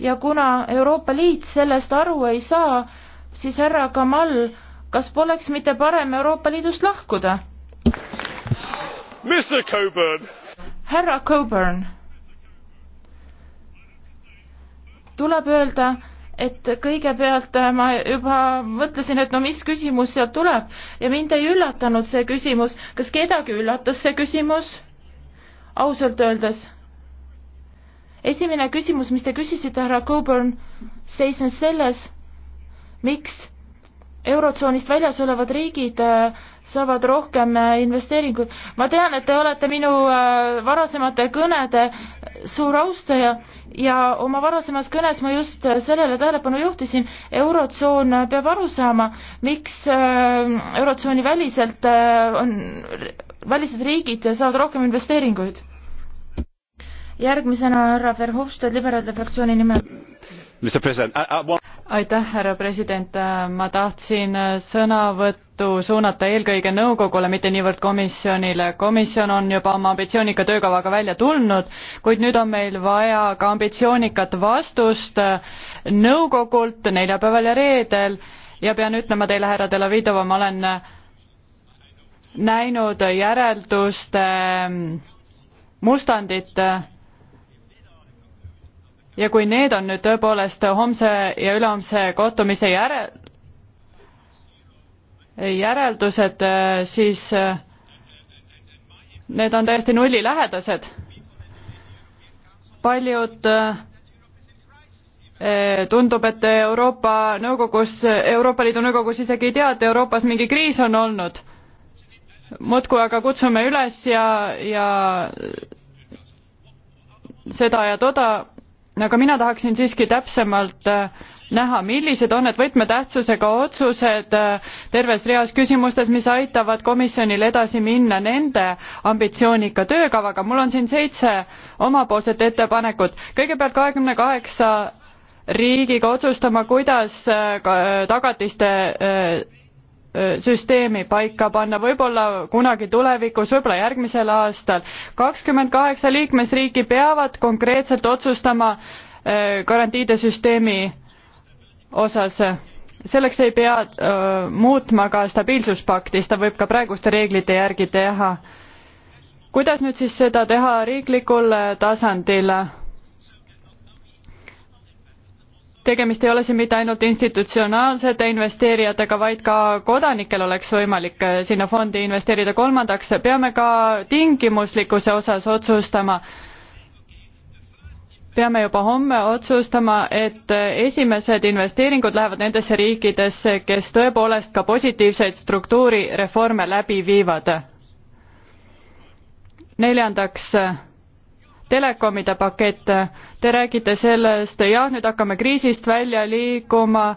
ja kuna Euroopa Liit sellest aru ei saa, siis härra Kamal, kas poleks mitte parem Euroopa Liidust lahkuda? härra Coburn. tuleb öelda, et kõigepealt äh, ma juba mõtlesin, et no mis küsimus sealt tuleb ja mind ei üllatanud see küsimus, kas kedagi üllatas see küsimus? ausalt öeldes. esimene küsimus, mis te küsisite, härra Coburn, seisnes selles, miks eurotsoonist väljas olevad riigid äh, saavad rohkem äh, investeeringuid. ma tean, et te olete minu varasemate kõnede suur austaja ja oma varasemas kõnes ma just sellele tähelepanu juhtisin, Eurotsoon peab aru saama, miks äh, Eurotsooni väliselt äh, on, välised riigid saavad rohkem investeeringuid. järgmisena härra Verhofstadt liberaalide fraktsiooni nimel. aitäh, härra president, ma tahtsin sõna võtta juttu suunata eelkõige nõukogule, mitte niivõrd komisjonile. komisjon on juba oma ambitsioonika töökavaga välja tulnud, kuid nüüd on meil vaja ka ambitsioonikat vastust nõukogult neljapäeval ja reedel ja pean ütlema teile, härra Delavidova, ma olen näinud järelduste ähm, mustandit ja kui need on nüüd tõepoolest homse ja ülehomse kohtumise järel, järeldused, äh, siis äh, need on täiesti nullilähedased. paljud äh, tundub, et Euroopa Nõukogus, Euroopa Liidu Nõukogus isegi ei tea, et Euroopas mingi kriis on olnud. muudkui aga kutsume üles ja, ja seda ja toda aga mina tahaksin siiski täpsemalt äh, näha, millised on need võtmetähtsusega otsused äh, terves reas küsimustes, mis aitavad komisjonil edasi minna nende ambitsioonika töökavaga. mul on siin seitse omapoolset ettepanekut. kõigepealt kahekümne kaheksa riigiga otsustama, kuidas äh, tagatiste süsteemi paika panna, võib-olla kunagi tulevikus, võib-olla järgmisel aastal. kakskümmend kaheksa liikmesriiki peavad konkreetselt otsustama eh, garantiide süsteemi osas. selleks ei pea öö, eh, muutma ka stabiilsuspakti, seda võib ka praeguste reeglite järgi teha. kuidas nüüd siis seda teha riiklikul eh, tasandil? tegemist ei ole siin mitte ainult institutsionaalsete investeerijatega, vaid ka kodanikel oleks võimalik äh, sinna fondi investeerida. kolmandaks, peame ka tingimuslikkuse osas otsustama. peame juba homme otsustama, et äh, esimesed investeeringud lähevad nendesse riikidesse, kes tõepoolest ka positiivseid struktuurireforme läbi viivad. neljandaks telekomide pakett. Te räägite sellest, jah, nüüd hakkame kriisist välja liikuma,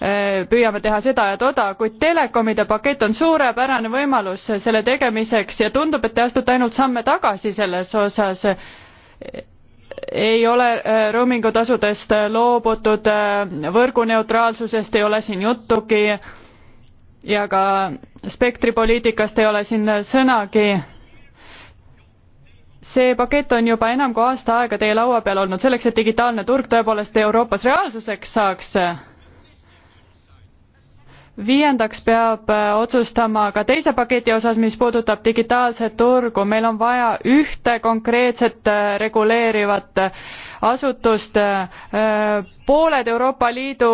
eh, püüame teha seda ja toda, kuid telekomide pakett on suurepärane võimalus selle tegemiseks ja tundub, et te astute ainult samme tagasi selles osas. ei ole eh, roamingu tasudest loobutud, eh, võrguneutraalsusest ei ole siin juttugi ja ka spektripoliitikast ei ole siin sõnagi see pakett on juba enam kui aasta aega teie laua peal olnud selleks, et digitaalne turg tõepoolest Euroopas reaalsuseks saaks. viiendaks peab äh, otsustama ka teise paketi osas, mis puudutab digitaalset turgu, meil on vaja ühte konkreetset äh, reguleerivat äh, asutust. pooled Euroopa Liidu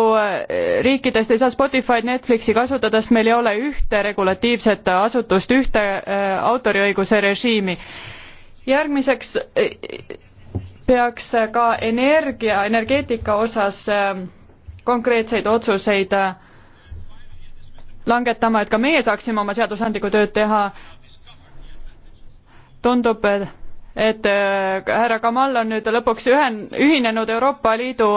riikidest ei saa Spotify'd, Netflixi kasutada, sest meil ei ole ühte regulatiivset asutust, ühte autoriõiguse režiimi järgmiseks e, peaks ka energia, energeetika osas e, konkreetseid otsuseid e, langetama, et ka meie saaksime oma seadusandlikku tööd teha. tundub, et härra Kamal on nüüd lõpuks ühen-, ühinenud Euroopa Liidu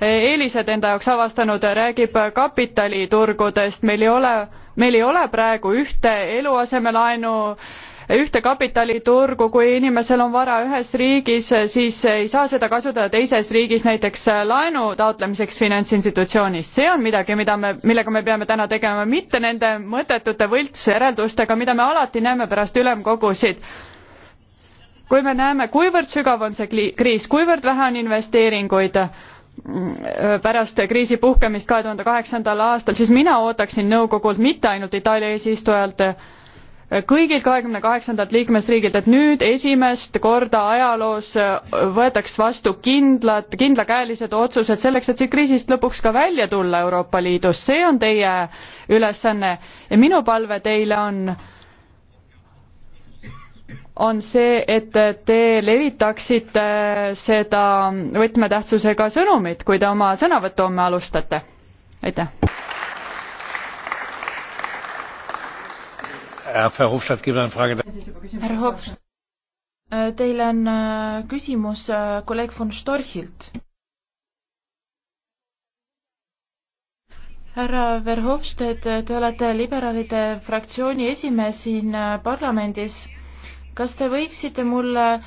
eelised enda jaoks avastanud, räägib kapitaliturgudest, meil ei ole, meil ei ole praegu ühte eluasemelaenu äh, ühte kapitaliturgu, kui inimesel on vara ühes riigis, siis ei saa seda kasutada teises riigis näiteks laenu taotlemiseks finantsinstitutsioonist. see on midagi, mida me, millega me peame täna tegema, mitte nende mõttetute võltsjäreldustega, mida me alati näeme pärast ülemkogusid kui me näeme, kuivõrd sügav on see kriis, kuivõrd vähe on investeeringuid, mm, pärast kriisi puhkemist kahe tuhande kaheksandal aastal siis mina ootaksin nõukogult mitte ainult itaalia eesistujalt kõigilt kahekümne kaheksandalt liikmesriigilt, et nüüd esimest korda ajaloos äh, võetaks vastu kindlad, kindlakäelised otsused selleks, et siit kriisist lõpuks ka välja tulla Euroopa Liidus, see on teie ülesanne ja minu palve teile on on see, et te levitaksite seda võtmetähtsusega sõnumit, kui te oma sõnavõttu homme alustate. aitäh! härra Hopf, äh, teil on äh, küsimus äh, kolleeg von Storchilt. härra Verhofstadt, te olete liberaalide fraktsiooni esimees siin parlamendis. kas te võiksite mulle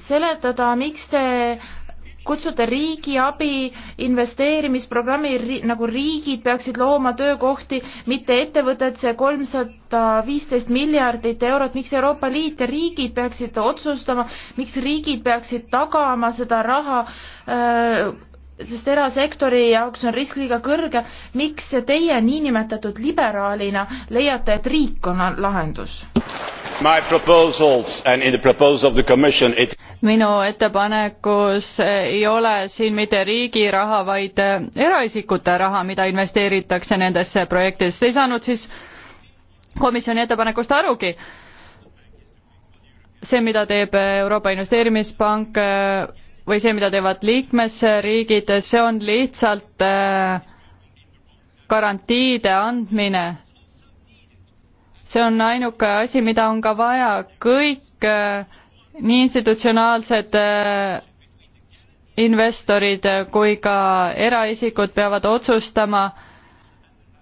seletada, miks te kutsuda riigiabi investeerimisprogrammi nagu riigid peaksid looma töökohti, mitte ettevõtted, see kolmsada viisteist miljardit eurot, miks Euroopa Liit ja riigid peaksid otsustama, miks riigid peaksid tagama seda raha öö, sest erasektori jaoks on risk liiga kõrge. miks teie niinimetatud liberaalina leiate, et riik on lahendus? It... minu ettepanekus ei ole siin mitte riigi raha, vaid eraisikute raha, mida investeeritakse nendesse projektidesse. ei saanud siis komisjoni ettepanekust arugi. see, mida teeb Euroopa Investeerimispank või see, mida teevad liikmesriigid, see on lihtsalt äh, garantiide andmine. see on ainuke asi, mida on ka vaja, kõik äh, nii institutsionaalsed äh, investorid kui ka eraisikud peavad otsustama,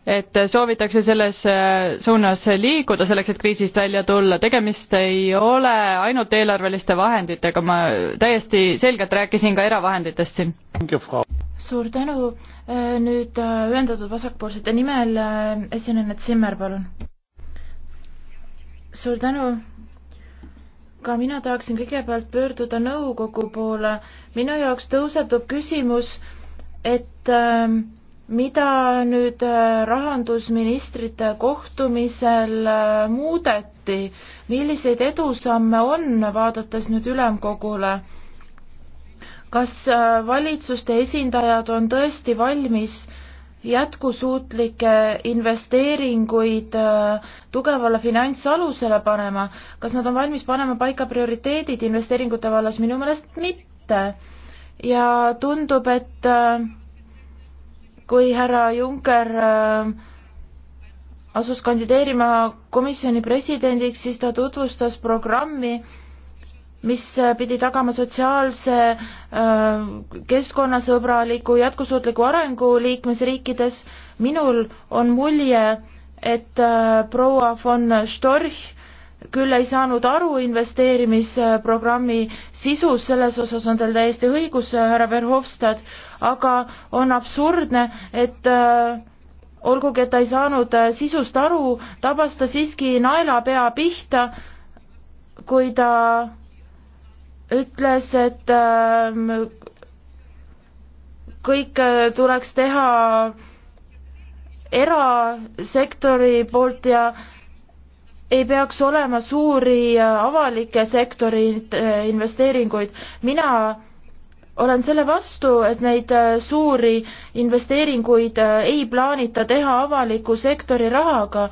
et soovitakse selles äh, suunas liikuda selleks, et kriisist välja tulla, tegemist ei ole ainult eelarveliste vahenditega, ma täiesti selgelt rääkisin ka eravahenditest siin. suur tänu, äh, nüüd äh, Ühendatud Vasakpoolsete nimel esinejana Zimmer, palun. suur tänu, ka mina tahaksin kõigepealt pöörduda nõukogu poole, minu jaoks tõusetub küsimus, et äh, mida nüüd äh, rahandusministrite kohtumisel äh, muudeti, milliseid edusamme on, vaadates nüüd ülemkogule? kas äh, valitsuste esindajad on tõesti valmis jätkusuutlikke investeeringuid tugevale finantsalusele panema, kas nad on valmis panema paika prioriteedid investeeringute vallas, minu meelest mitte. ja tundub, et äh, kui härra Juncker äh, asus kandideerima komisjoni presidendiks, siis ta tutvustas programmi, mis äh, pidi tagama sotsiaalse, äh, keskkonnasõbraliku, jätkusuutliku arengu liikmesriikides. minul on mulje, et proua von Storch küll ei saanud aru investeerimisprogrammi sisust, selles osas on teil täiesti õigus, härra Verhofstadt, aga on absurdne, et äh, olgugi, et ta ei saanud äh, sisust aru, tabas ta siiski naelapea pihta, kui ta ütles, et äh, kõik tuleks teha erasektori poolt ja ei peaks olema suuri avalike sektori investeeringuid. mina olen selle vastu, et neid äh, suuri investeeringuid äh, ei plaanita teha avaliku sektori rahaga,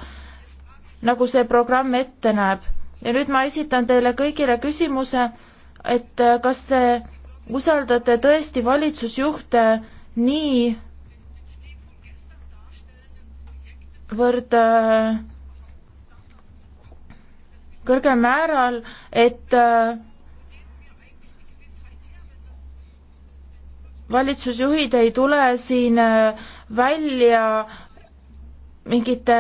nagu see programm ette näeb. ja nüüd ma esitan teile kõigile küsimuse, et äh, kas te usaldate tõesti valitsusjuhte nii võrd kõrgel määral, et äh, valitsusjuhid ei tule siin äh, välja mingite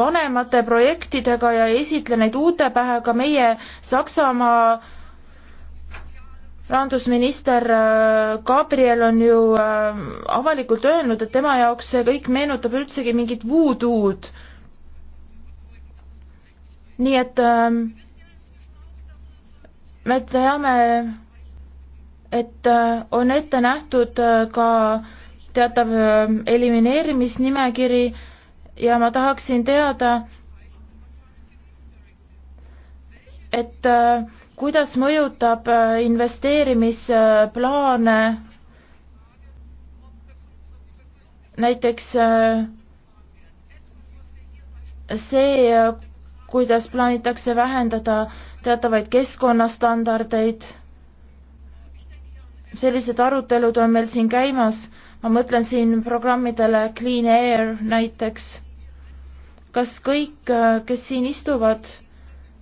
vanemate projektidega ja ei esitle neid uute pähega, meie Saksamaa rahandusminister äh, Gabriel on ju äh, avalikult öelnud, et tema jaoks see kõik meenutab üldsegi mingit voodood. nii et ähm, me teame et äh, on ette nähtud äh, ka teatav äh, elimineerimisnimekiri ja ma tahaksin teada, et kuidas mõjutab investeerimisplaane näiteks see, kuidas plaanitakse vähendada teatavaid keskkonnastandardeid sellised arutelud on meil siin käimas, ma mõtlen siin programmidele Clean Air näiteks. kas kõik, äh, kes siin istuvad,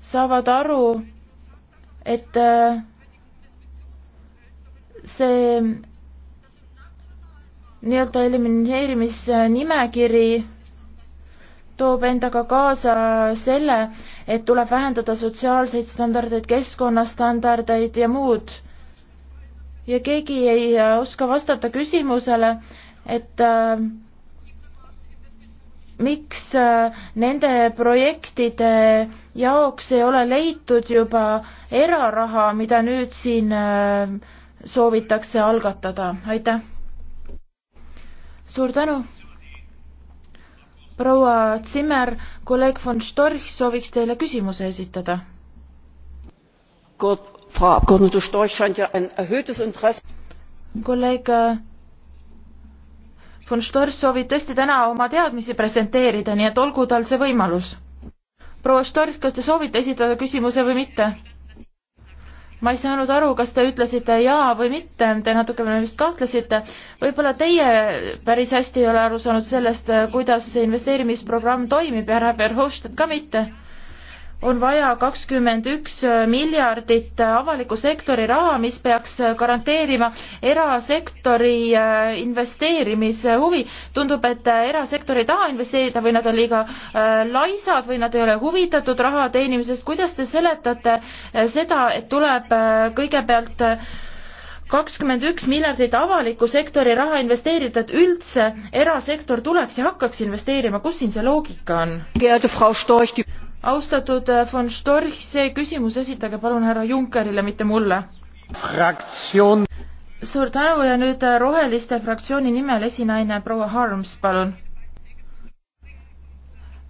saavad aru, et äh, see nii-öelda elimineerimisnimekiri toob endaga kaasa selle, et tuleb vähendada sotsiaalseid standardeid, keskkonnastandardeid ja muud ja keegi ei äh, oska vastata küsimusele, et äh, miks äh, nende projektide jaoks ei ole leitud juba eraraha, mida nüüd siin äh, soovitakse algatada, aitäh. suur tänu. proua Zimmer, kolleeg von Storch sooviks teile küsimuse esitada frau abgeordnete storch scheint ja ein erhöhtes interesse kolleeg äh, von storch soovib tõesti täna oma teadmisi presenteerida nii et olgu tal see võimalus proua storch kas te soovite esitada küsimuse või mitte ma ei saanud aru, kas te ütlesite jaa või mitte, te natukene vist kahtlesite. võib-olla teie päris hästi ei ole aru saanud sellest, äh, kuidas see investeerimisprogramm toimib ja härra Verhofstadt ka mitte on vaja kakskümmend üks miljardit avaliku sektori raha, mis peaks garanteerima erasektori äh, investeerimishuvi. tundub, et erasektor ei taha investeerida või nad on liiga äh, laisad või nad ei ole huvitatud raha teenimisest. kuidas te seletate äh, seda, et tuleb kõigepealt kakskümmend üks miljardit avaliku sektori raha investeerida, et üldse erasektor tuleks ja hakkaks investeerima, kus siin see loogika on? austatud äh, von Storch, see küsimus esitage palun härra Junckerile, mitte mulle. fraktsioon. suur tänu ja nüüd äh, Roheliste fraktsiooni nimel esinaine proua Harms, palun.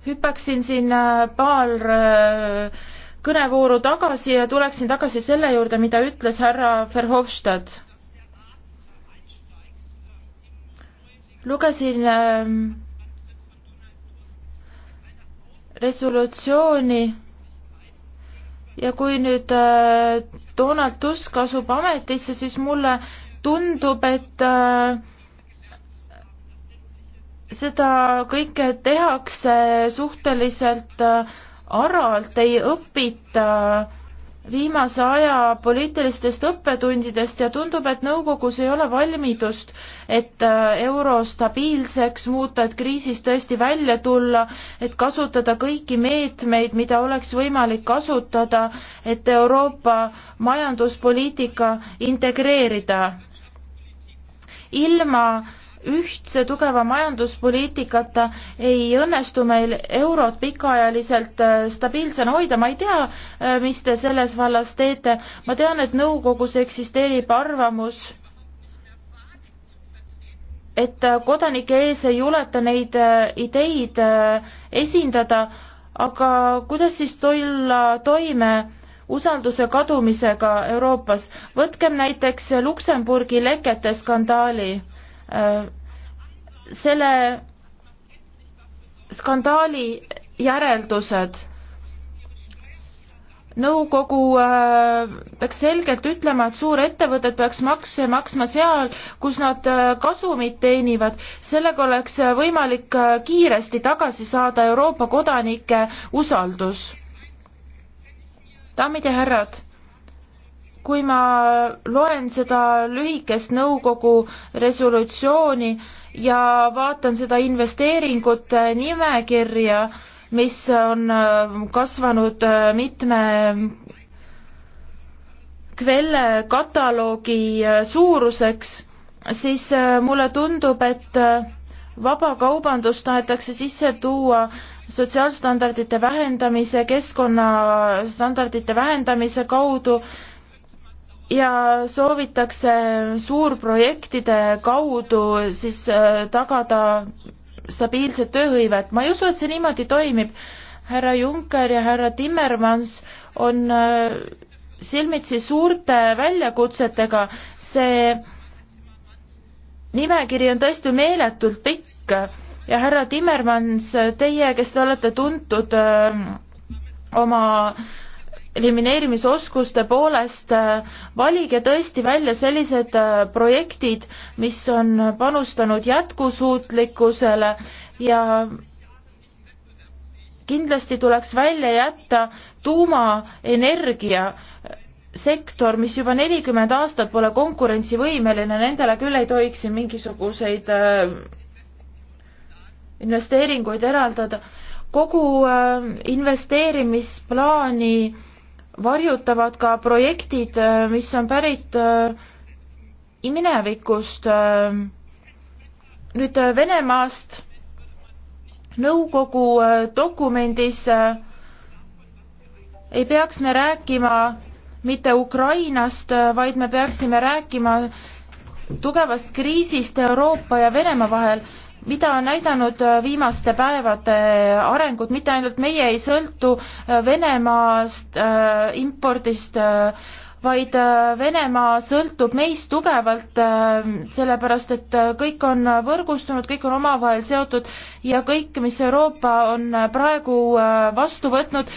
hüppaksin siin äh, paar kõnevooru tagasi ja tuleksin tagasi selle juurde, mida ütles härra Verhofstadt. lugesin ähm, resolutsiooni ja kui nüüd äh, Donald Tusk asub ametisse, siis mulle tundub, et äh, seda kõike tehakse suhteliselt äh, aralt, ei õpita viimase aja poliitilistest õppetundidest ja tundub, et nõukogus ei ole valmidust, et äh, euro stabiilseks muuta, et kriisist tõesti välja tulla, et kasutada kõiki meetmeid, mida oleks võimalik kasutada, et Euroopa majanduspoliitika integreerida. ilma ühtse tugeva majanduspoliitikata ei õnnestu meil eurot pikaajaliselt äh, stabiilsena hoida, ma ei tea, äh, mis te selles vallas teete, ma tean, et nõukogus eksisteerib arvamus, et äh, kodanike ees ei juleta neid ideid esindada, aga kuidas siis tulla toime usalduse kadumisega Euroopas, võtkem näiteks Luksemburgi lekete skandaali Äh, selle skandaali järeldused nõukogu äh, peaks selgelt ütlema, et suurettevõtted peaks makse maksma seal, kus nad äh, kasumit teenivad. sellega oleks võimalik kiiresti tagasi saada Euroopa kodanike usaldus. daamid ja härrad, kui ma loen seda lühikest nõukogu resolutsiooni ja vaatan seda investeeringute nimekirja, mis on äh, kasvanud äh, mitme kvelle kataloogi äh, suuruseks, siis mulle tundub, et vabakaubandust tahetakse sisse tuua sotsiaalstandardite vähendamise, keskkonnastandardite vähendamise kaudu ja soovitakse suurprojektide kaudu siis äh, tagada stabiilset tööhõivet. ma ei usu, et see niimoodi toimib. härra Juncker ja härra Timmermans on äh, silmitsi suurte väljakutsetega. see nimekiri on tõesti meeletult pikk ja härra Timmermans, teie, kes te olete tuntud öö, äh, oma öö, elimineerimisoskuste poolest äh, valige tõesti välja sellised äh, projektid, mis on panustanud jätkusuutlikkusele ja kindlasti tuleks välja jätta tuumaenergia sektor, mis juba nelikümmend aastat pole konkurentsivõimeline, nendele küll ei tohiks siin mingisuguseid äh, investeeringuid eraldada. kogu investeerimisplaani varjutavad ka projektid, äh, mis on pärit äh, minevikust, äh, nüüd Venemaast nõukogu dokumendis ei peaks me rääkima mitte Ukrainast, vaid me peaksime rääkima tugevast kriisist Euroopa ja Venemaa vahel mida on näidanud äh, viimaste päevade äh, arengud, mitte ainult meie ei sõltu äh, Venemaast äh, impordist äh, vaid Venemaa sõltub meist tugevalt, sellepärast et kõik on võrgustunud, kõik on omavahel seotud ja kõik, mis Euroopa on praegu vastu võtnud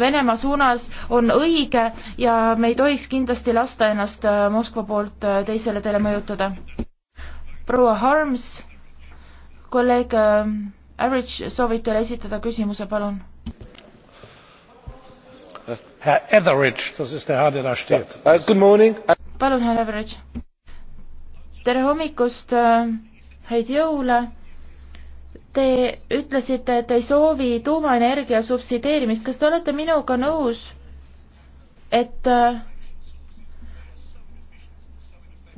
Venemaa suunas, on õige ja me ei tohiks kindlasti lasta ennast Moskva poolt teisele teele mõjutada. proua Harms kolleeg äh, Average soovib teile esitada küsimuse, palun. Herr Etheridge, das ist der Herr, der da steht. Äh, good morning. palun, härra Average. tere hommikust, äh, häid jõule. Te ütlesite, et ei soovi tuumaenergia subsideerimist, kas te olete minuga nõus, et äh,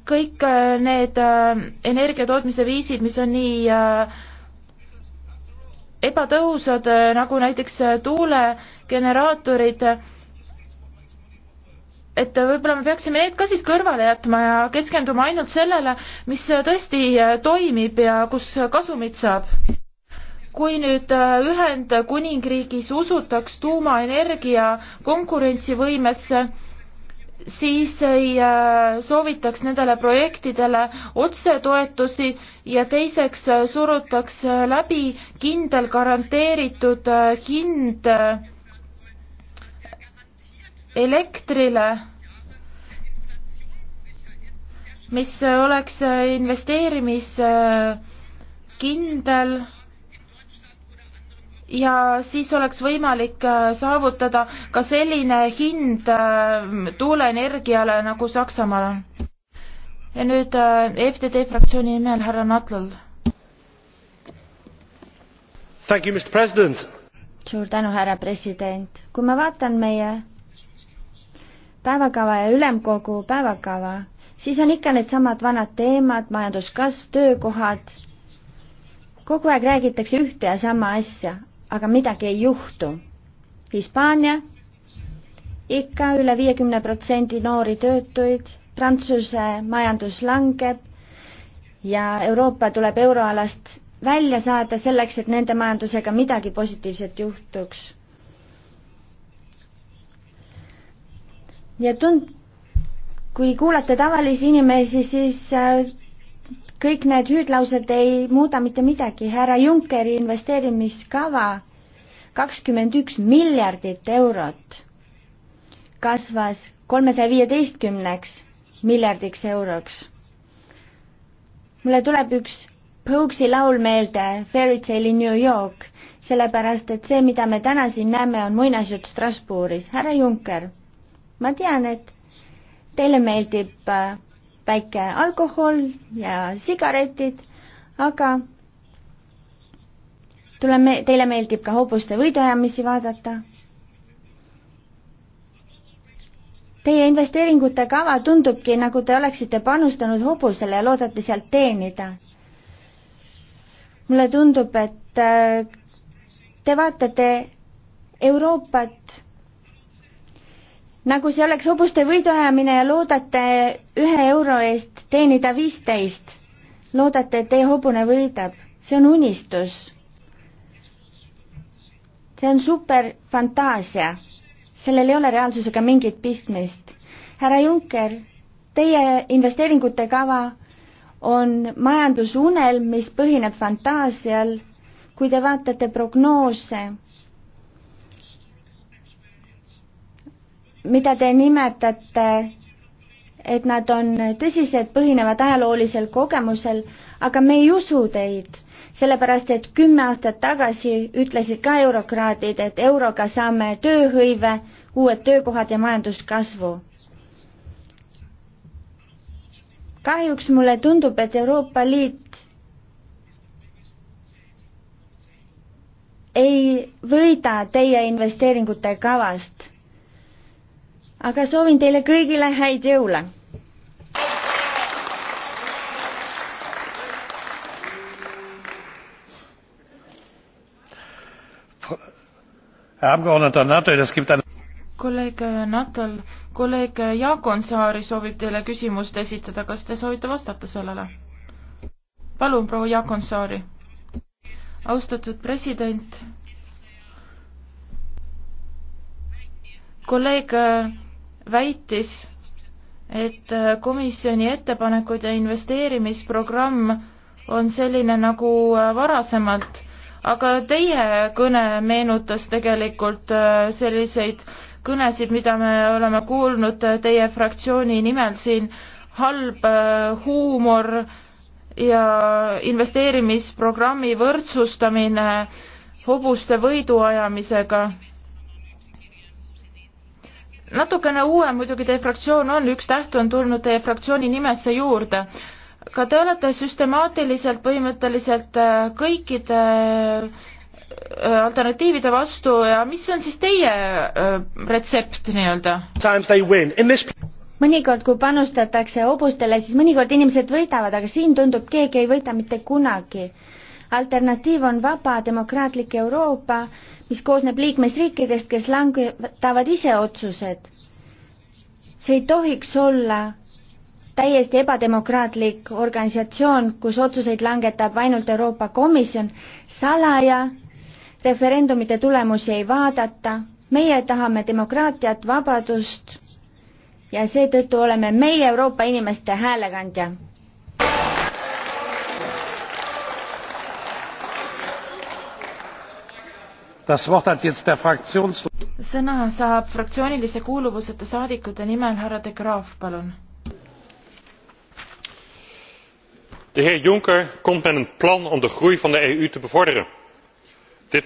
kõik äh, need äh, energia tootmise viisid, mis on nii äh, ebatõhusad, nagu näiteks tuulegeneraatorid, et võib-olla me peaksime need ka siis kõrvale jätma ja keskenduma ainult sellele, mis tõesti toimib ja kus kasumit saab. kui nüüd Ühendkuningriigis usutaks tuumaenergia konkurentsivõimesse, siis ei äh, soovitaks nendele projektidele otsetoetusi ja teiseks äh, surutaks äh, läbi kindel garanteeritud hind elektrile, mis oleks investeerimiskindel ja siis oleks võimalik äh, saavutada ka selline hind äh, tuuleenergiale, nagu Saksamaal on. ja nüüd äh, FDD fraktsiooni nimel härra Natlal. suur tänu, härra president. kui ma vaatan meie päevakava ja ülemkogu päevakava, siis on ikka needsamad vanad teemad, majanduskasv, töökohad, kogu aeg räägitakse ühte ja sama asja, aga midagi ei juhtu. Hispaania ikka üle viiekümne protsendi noori töötuid, Prantsuse majandus langeb ja Euroopa tuleb euroalast välja saada selleks, et nende majandusega midagi positiivset juhtuks. ja tund-, kui kuulate tavalisi inimesi, siis äh, kõik need hüüdlaused ei muuda mitte midagi, härra Junckeri investeerimiskava kakskümmend üks miljardit eurot kasvas kolmesaja viieteistkümneks miljardiks euroks. mulle tuleb üks Pogue'i laul meelde, Fairy Tale in New York, sellepärast et see, mida me täna siin näeme, on muinasjutt Strasbourgis. härra Juncker, ma tean, et teile meeldib äh, väike alkohol ja sigaretid, aga tuleme, teile meeldib ka hobuste võiduajamisi vaadata. Teie investeeringute kava tundubki, nagu te oleksite panustanud hobusele ja loodate sealt teenida. mulle tundub, et äh, te vaatate Euroopat nagu see oleks hobuste võiduajamine ja loodate ühe euro eest teenida viisteist. loodate, et teie hobune võidab, see on unistus. see on superfantaasia, sellel ei ole reaalsusega mingit pistmist. härra Juncker, teie investeeringute kava on majandusunelm, mis põhineb fantaasial, kui te vaatate prognoose mida te nimetate, et nad on tõsised, põhinevad ajaloolisel kogemusel, aga me ei usu teid, sellepärast et kümme aastat tagasi ütlesid ka eurokraadid, et euroga saame tööhõive, uued töökohad ja majanduskasvu. kahjuks mulle tundub, et Euroopa Liit ei võida teie investeeringute kavast aga soovin teile kõigile häid jõule. kolleeg Natal, kolleeg Jaakonsaari soovib teile küsimust esitada, kas te soovite vastata sellele? palun, proua Jaakonsaari. austatud president, kolleeg väitis, et äh, komisjoni ettepanekud ja investeerimisprogramm on selline nagu äh, varasemalt, aga teie kõne meenutas tegelikult äh, selliseid kõnesid, mida me oleme kuulnud teie fraktsiooni nimel siin, halb huumor ja investeerimisprogrammi võrdsustamine hobuste võiduajamisega natukene uuem muidugi teie fraktsioon on, üks täht on tulnud teie fraktsiooni nimesse juurde. ka te olete süstemaatiliselt põhimõtteliselt äh, kõikide äh, alternatiivide vastu ja mis on siis teie äh, retsept nii-öelda? mõnikord, kui panustatakse hobustele, siis mõnikord inimesed võidavad, aga siin tundub, keegi ei võida mitte kunagi alternatiiv on vaba demokraatlik Euroopa, mis koosneb liikmesriikidest, kes langetavad ise otsused. see ei tohiks olla täiesti ebademokraatlik organisatsioon, kus otsuseid langetab ainult Euroopa Komisjon, salaja, referendumite tulemusi ei vaadata, meie tahame demokraatiat, vabadust ja seetõttu oleme meie Euroopa inimeste häälekandja sõna saab fraktsioonilise kuuluvuseta saadikute nimel härra de graaf palun. de heer juncker komt met een plan om de groei van de eu te bevorderen. dit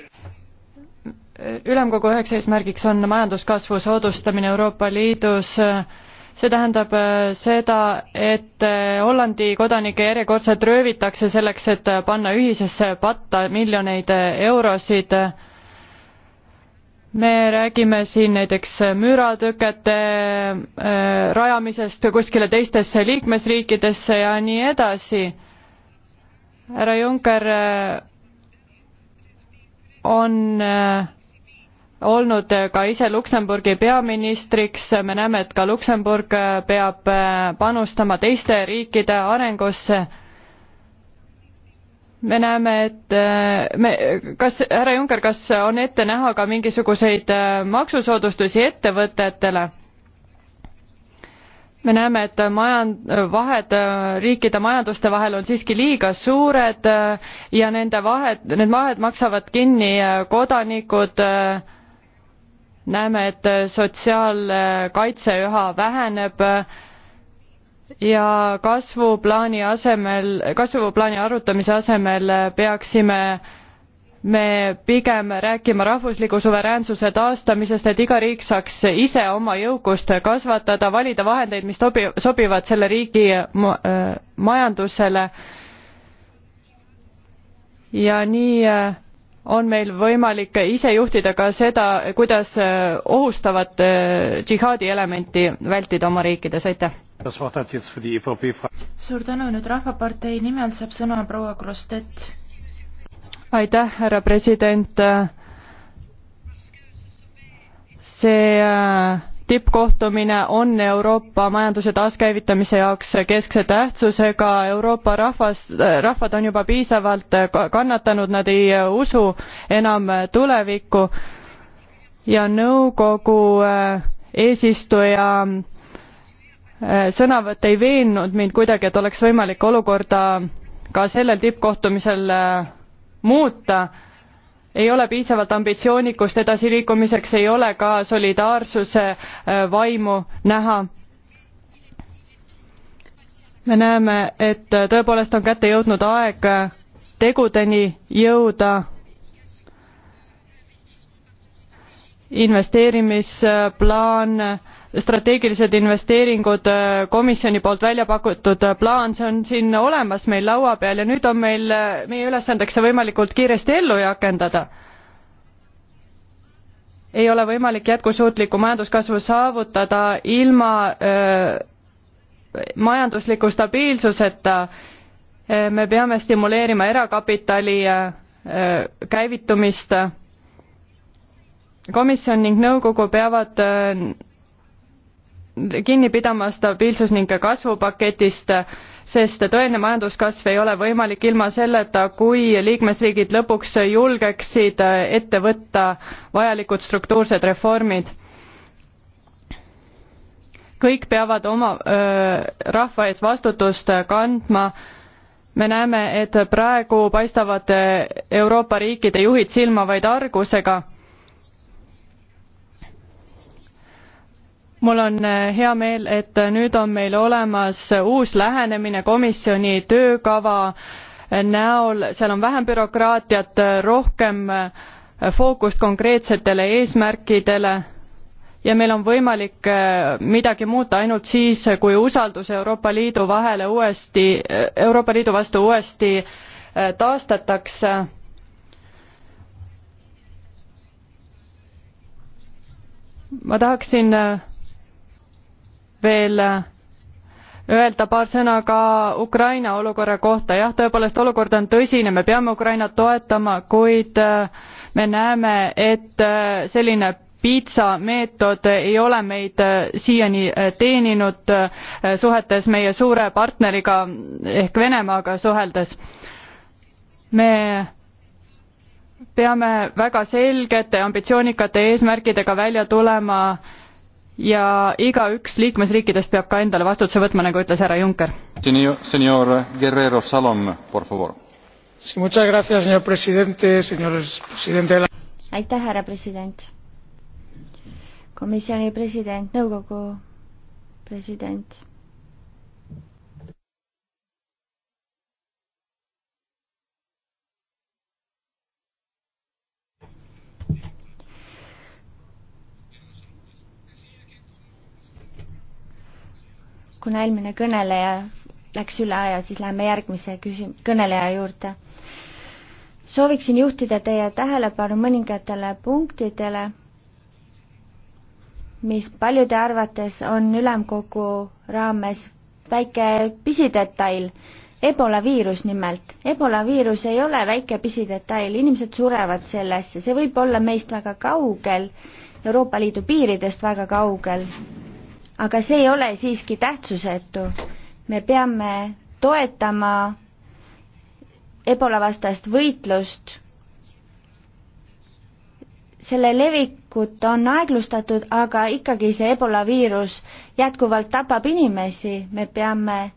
ülemkogu üheks eesmärgiks on majanduskasvu soodustamine euroopa liidus see tähendab äh, seda, et äh, Hollandi kodanikke järjekordselt röövitakse selleks, et panna ühisesse patta miljoneid äh, eurosid me räägime siin näiteks müratõkete äh, rajamisest kuskile teistesse liikmesriikidesse ja nii edasi. härra Juncker äh, on äh, olnud ka ise Luksemburgi peaministriks, me näeme, et ka Luksemburg peab panustama teiste riikide arengusse me näeme, et äh, me, kas, härra Juncker, kas on ette näha ka mingisuguseid äh, maksusoodustusi ettevõtetele? me näeme, et majand-, vahed äh, riikide majanduste vahel on siiski liiga suured ja nende vahed, need vahed maksavad kinni kodanikud. näeme, et sotsiaalkaitse üha väheneb ja kasvuplaani asemel, kasvuplaani arutamise asemel peaksime me pigem rääkima rahvusliku suveräänsuse taastamisest, et iga riik saaks ise oma jõukust kasvatada, valida vahendeid, mis tobi-, sobivad selle riigi majandusele. ja nii on meil võimalik ise juhtida ka seda, kuidas ohustavat džihaadi elementi vältida oma riikides, aitäh! suur tänu, nüüd Rahvapartei nimel saab sõna proua Krustet. aitäh, härra president. see äh, tippkohtumine on Euroopa majanduse taaskäivitamise jaoks keskse tähtsusega, Euroopa rahvas, äh, rahvad on juba piisavalt äh, kannatanud, nad ei usu enam tulevikku ja nõukogu eesistuja Äh, sõnavõtt ei veennud mind kuidagi, et oleks võimalik olukorda ka sellel tippkohtumisel äh, muuta. ei ole piisavalt ambitsioonikust edasiliikumiseks, ei ole ka solidaarsuse äh, vaimu näha me näeme, et tõepoolest on kätte jõudnud aeg tegudeni jõuda. investeerimisplaan strateegilised investeeringud äh, komisjoni poolt välja pakutud äh, plaan see on siin olemas meil laua peal ja nüüd on meil äh, meie ülesandeks see võimalikult kiiresti ellu rakendada ei ole võimalik jätkusuutlikku majanduskasvu saavutada ilma öö, majandusliku stabiilsuseta me peame stimuleerima erakapitali öö, käivitumist komisjon ning nõukogu peavad öö, kinni pidama stabiilsus ning kasvupaketist, sest tõeline majanduskasv ei ole võimalik ilma selleta, kui liikmesriigid lõpuks julgeksid ette võtta vajalikud struktuursed reformid. kõik peavad oma öö, rahva ees vastutust kandma me näeme, et praegu paistavad Euroopa riikide juhid silma vaid argusega mul on äh, hea meel, et äh, nüüd on meil olemas äh, uus lähenemine komisjoni töökava näol, seal on vähem bürokraatiat, rohkem fookust konkreetsetele eesmärkidele ja meil on võimalik midagi muuta ainult siis, kui usaldus Euroopa Liidu vahele uuesti, Euroopa Liidu vastu uuesti taastatakse ma tahaksin veel äh, öelda paar sõna ka Ukraina olukorra kohta. jah, tõepoolest olukord on tõsine, me peame Ukrainat toetama, kuid äh, me näeme, et äh, selline piitsa meetod ei ole meid siiani teeninud suhetes meie suure partneriga ehk Venemaaga suheldes. me peame väga selgete ambitsioonikate eesmärkidega välja tulema äh, ja igaüks liikmesriikidest peab ka endale vastutuse võtma, nagu ütles härra Juncker. aitäh, härra president. komisjoni president, nõukogu president kuna eelmine kõneleja läks üle aja, siis läheme järgmise küsim-, kõneleja juurde. sooviksin juhtida teie tähelepanu mõningatele punktidele, mis paljude arvates on ülemkogu raames väike pisidetail, Ebola viirus nimelt. Ebola viirus ei ole väike pisidetail, inimesed surevad sellesse, see võib olla meist väga kaugel, Euroopa Liidu piiridest väga kaugel aga see ei ole siiski tähtsusetu. me peame toetama ebola vastast võitlust. selle levikut on aeglustatud, aga ikkagi see ebola viirus jätkuvalt tapab inimesi, me peame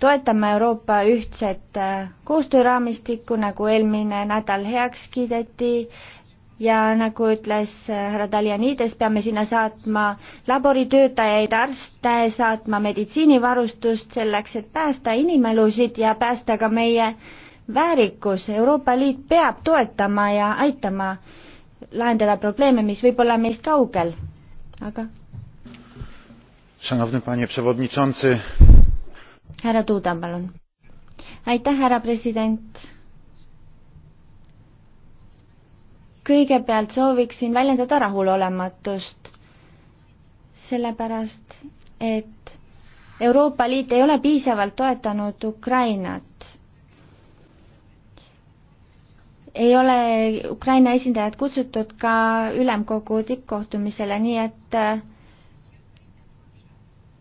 toetama Euroopa ühtset äh, koostööraamistikku, nagu eelmine nädal heaks kiideti ja nagu ütles äh, härra Daljanides, peame sinna saatma laboritöötajaid, arste, saatma meditsiinivarustust selleks, et päästa inimelusid ja päästa ka meie väärikus. Euroopa Liit peab toetama ja aitama lahendada probleeme, mis võib olla meist kaugel, aga. härra Tuudan, palun. aitäh, härra president kõigepealt sooviksin väljendada rahulolematust, sellepärast et Euroopa Liit ei ole piisavalt toetanud Ukrainat. ei ole Ukraina esindajad kutsutud ka ülemkogu tippkohtumisele, nii et äh,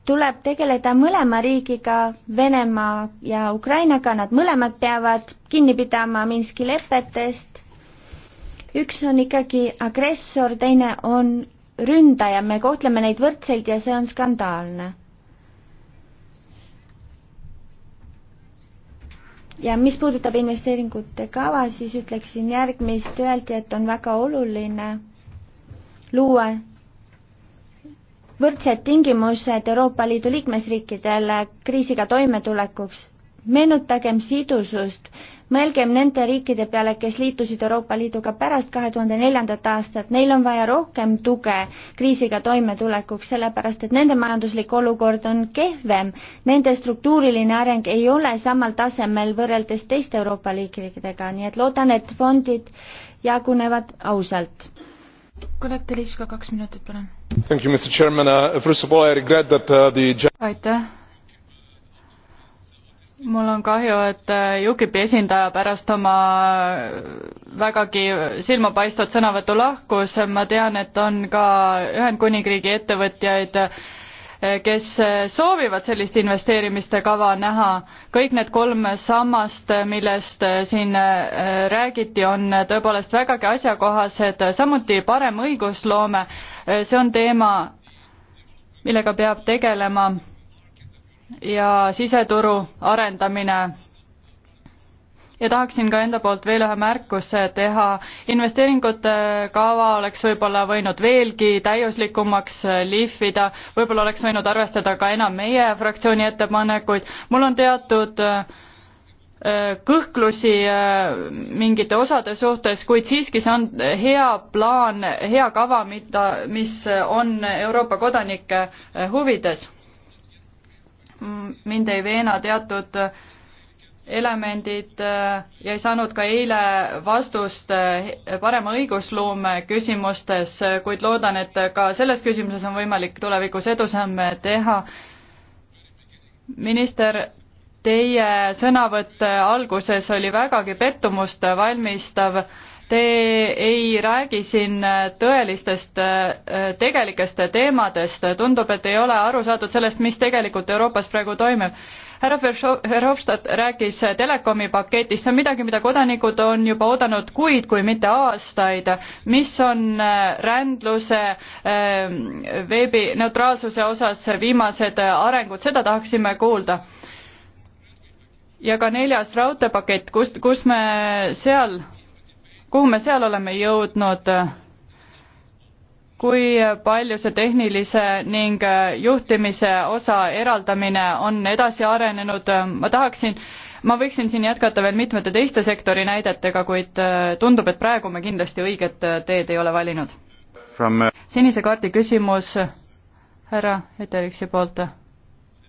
tuleb tegeleda mõlema riigiga, Venemaa ja Ukrainaga, nad mõlemad peavad kinni pidama Minski lepetest üks on ikkagi agressor, teine on ründaja, me kohtleme neid võrdseid ja see on skandaalne. ja mis puudutab investeeringute kava, siis ütleksin järgmist, öeldi, et on väga oluline luua võrdsed tingimused Euroopa Liidu liikmesriikidele kriisiga toimetulekuks meenutagem sidusust, mõelgem nende riikide peale, kes liitusid Euroopa Liiduga pärast kahe tuhande neljandat aastat, neil on vaja rohkem tuge kriisiga toimetulekuks, sellepärast et nende majanduslik olukord on kehvem, nende struktuuriline areng ei ole samal tasemel võrreldes teiste Euroopa liikidega, nii et loodan, et fondid jagunevad ausalt. kolleeg Teliška, kaks minutit, palun. Uh, uh, aitäh mul on kahju, et äh, UKIP-i esindaja pärast oma äh, vägagi silmapaistvat sõnavõttu lahkus, ma tean, et on ka Ühendkuningriigi ettevõtjaid, äh, kes soovivad sellist investeerimiste kava näha. kõik need kolm sammast, millest siin räägiti, on tõepoolest vägagi asjakohased, samuti parem õigusloome, see on teema, millega peab tegelema ja siseturu arendamine. ja tahaksin ka enda poolt veel ühe märkuse teha, investeeringute kava oleks võib-olla võinud veelgi täiuslikumaks äh, lihvida, võib-olla oleks võinud arvestada ka enam meie fraktsiooni ettepanekuid, mul on teatud äh, äh, kõhklusi mingite osade suhtes, kuid siiski see on hea plaan, hea kava, mida, mis on Euroopa kodanike huvides mind ei veena teatud elemendid äh, ja ei saanud ka eile vastust äh, parema õigusloome küsimustes, äh, kuid loodan, et ka selles küsimuses on võimalik tulevikus edusamme teha. minister, teie sõnavõtt alguses oli vägagi pettumust valmistav Te ei räägi siin äh, tõelistest äh, äh, tegelikest teemadest, tundub, et ei ole aru saadud sellest, mis tegelikult Euroopas praegu toimub. härra Verhofstadt rääkis telekomi paketist, see on midagi, mida kodanikud on juba oodanud kuid, kui mitte aastaid. mis on rändluse, ähm, veebineutraalsuse osas viimased arengud, seda tahaksime kuulda. ja ka neljas raudteepakett, kust, kus me seal kuhu me seal oleme jõudnud, kui palju see tehnilise ning juhtimise osa eraldamine on edasi arenenud, ma tahaksin, ma võiksin siin jätkata veel mitmete teiste sektori näidetega, kuid äh, tundub, et praegu me kindlasti õiget äh, teed ei ole valinud. Äh, sinise kaardi küsimus härra Eteriksi poolt.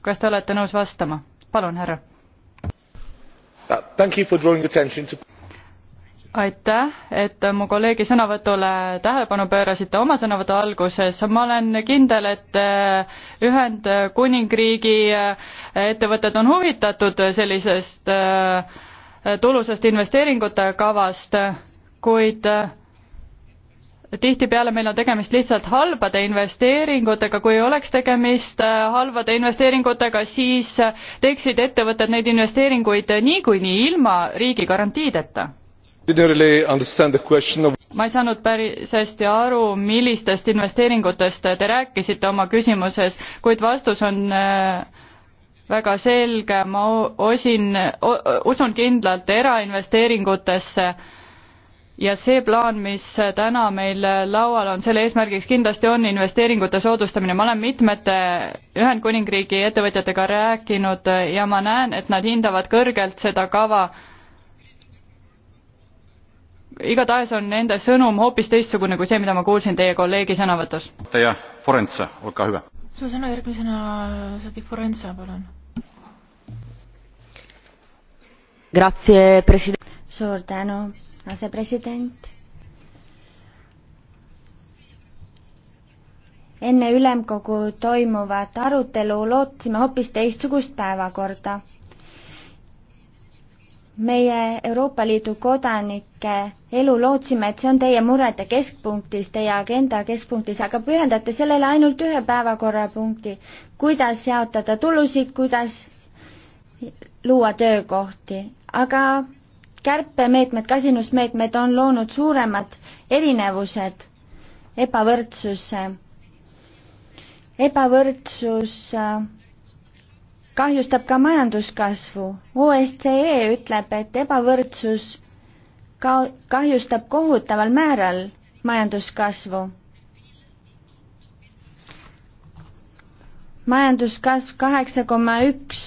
kas te olete nõus vastama? palun, härra. Uh, to aitäh, et mu kolleegi sõnavõtule tähelepanu pöörasite oma sõnavõtu alguses. ma olen kindel, et äh, Ühendkuningriigi äh, ettevõtted on huvitatud sellisest äh, tulusast investeeringute kavast, kuid tihtipeale meil on tegemist lihtsalt halbade investeeringutega, kui oleks tegemist halbade investeeringutega, siis teeksid ettevõtted neid investeeringuid niikuinii ilma riigi garantiideta ma ei saanud päris hästi aru, millistest investeeringutest te rääkisite oma küsimuses, kuid vastus on äh, väga selge, ma osin, usun kindlalt erainvesteeringutesse ja see plaan, mis täna meil laual on, selle eesmärgiks kindlasti on investeeringute soodustamine, ma olen mitmete Ühendkuningriigi ettevõtjatega rääkinud ja ma näen, et nad hindavad kõrgelt seda kava igatahes on nende sõnum hoopis teistsugune kui see, mida ma kuulsin teie kolleegi sõnavõtus. Teie Forenza, olge hüve. suur sõna, järgmisena Sadi Forenza, palun. Grazie, president. suur tänu, asepresident. enne ülemkogu toimuvat arutelu lootsime hoopis teistsugust päevakorda meie Euroopa Liidu kodanike elu lootsime, et see on teie murede keskpunktis, teie agenda keskpunktis, aga pühendate sellele ainult ühe päevakorrapunkti. kuidas jaotada tulusid, kuidas luua töökohti, aga kärpemeetmed, kasinusmeetmed on loonud suuremad erinevused, ebavõrdsuse, ebavõrdsus, ebavõrdsus äh, kahjustab ka majanduskasvu. OSCE ütleb, et ebavõrdsus ka-, kahjustab kohutaval määral majanduskasvu. majanduskasv kaheksa koma üks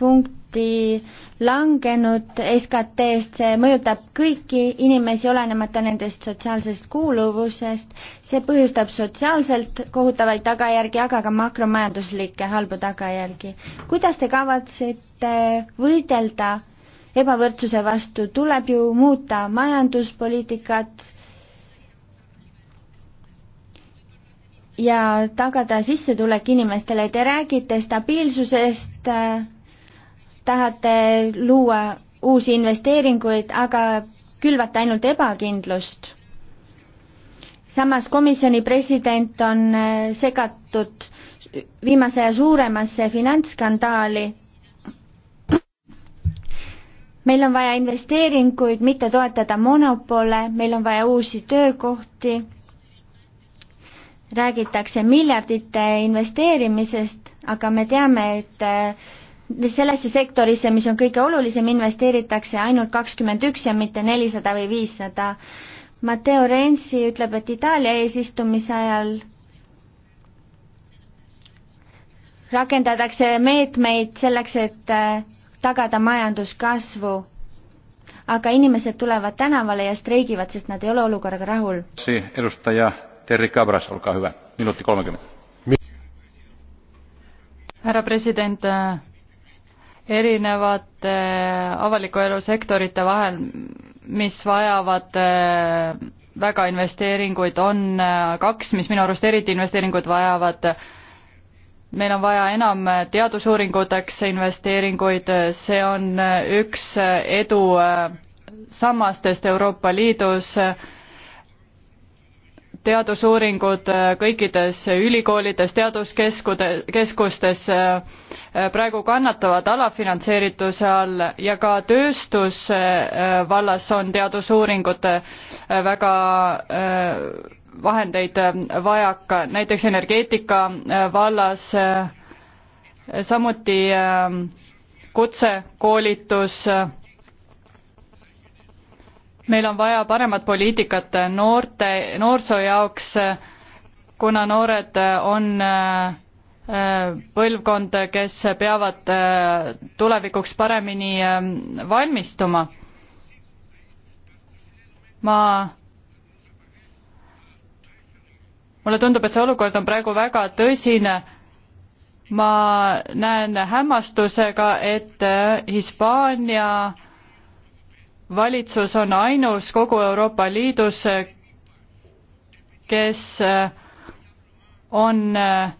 punkti langenud SKT-st, see mõjutab kõiki inimesi, olenemata nendest sotsiaalsest kuuluvusest, see põhjustab sotsiaalselt kohutavaid tagajärgi, aga ka makromajanduslikke halbu tagajärgi. kuidas te kavatsete võidelda ebavõrdsuse vastu, tuleb ju muuta majanduspoliitikat ja tagada sissetulek inimestele, te räägite stabiilsusest, tahate luua uusi investeeringuid, aga külvate ainult ebakindlust. samas komisjoni president on äh, segatud viimase aja suuremasse finantsskandaali. meil on vaja investeeringuid, mitte toetada monopole, meil on vaja uusi töökohti, räägitakse miljardite investeerimisest, aga me teame, et äh, sellesse sektorisse, mis on kõige olulisem, investeeritakse ainult kakskümmend üks ja mitte nelisada või viissada. Matteo Renzi ütleb, et Itaalia eesistumise ajal rakendatakse meetmeid selleks, et äh, tagada majanduskasvu. aga inimesed tulevad tänavale ja streigivad, sest nad ei ole olukorraga rahul. see edustaja Terri Cabras, olge hüva, minuti kolmekümmend. härra president äh, erinevate avaliku elu sektorite vahel, mis vajavad äh, väga investeeringuid, on äh, kaks, mis minu arust eriti investeeringuid vajavad. meil on vaja enam äh, teadusuuringuteks investeeringuid, see on üks edu sammastest Euroopa Liidus äh, teadusuuringud äh, kõikides ülikoolides, teaduskeskude, keskustes äh, äh, praegu kannatavad alafinantseerituse all ja ka tööstusvallas on teadusuuringute väga vahendeid vajaka, näiteks energeetika vallas, samuti kutsekoolitus meil on vaja paremat poliitikat noorte, noorsoo jaoks, kuna noored on äh, põlvkond, kes peavad äh, tulevikuks paremini äh, valmistuma. ma, mulle tundub, et see olukord on praegu väga tõsine. ma näen hämmastusega, et Hispaania valitsus on ainus kogu Euroopa Liidus, kes eh, on eh,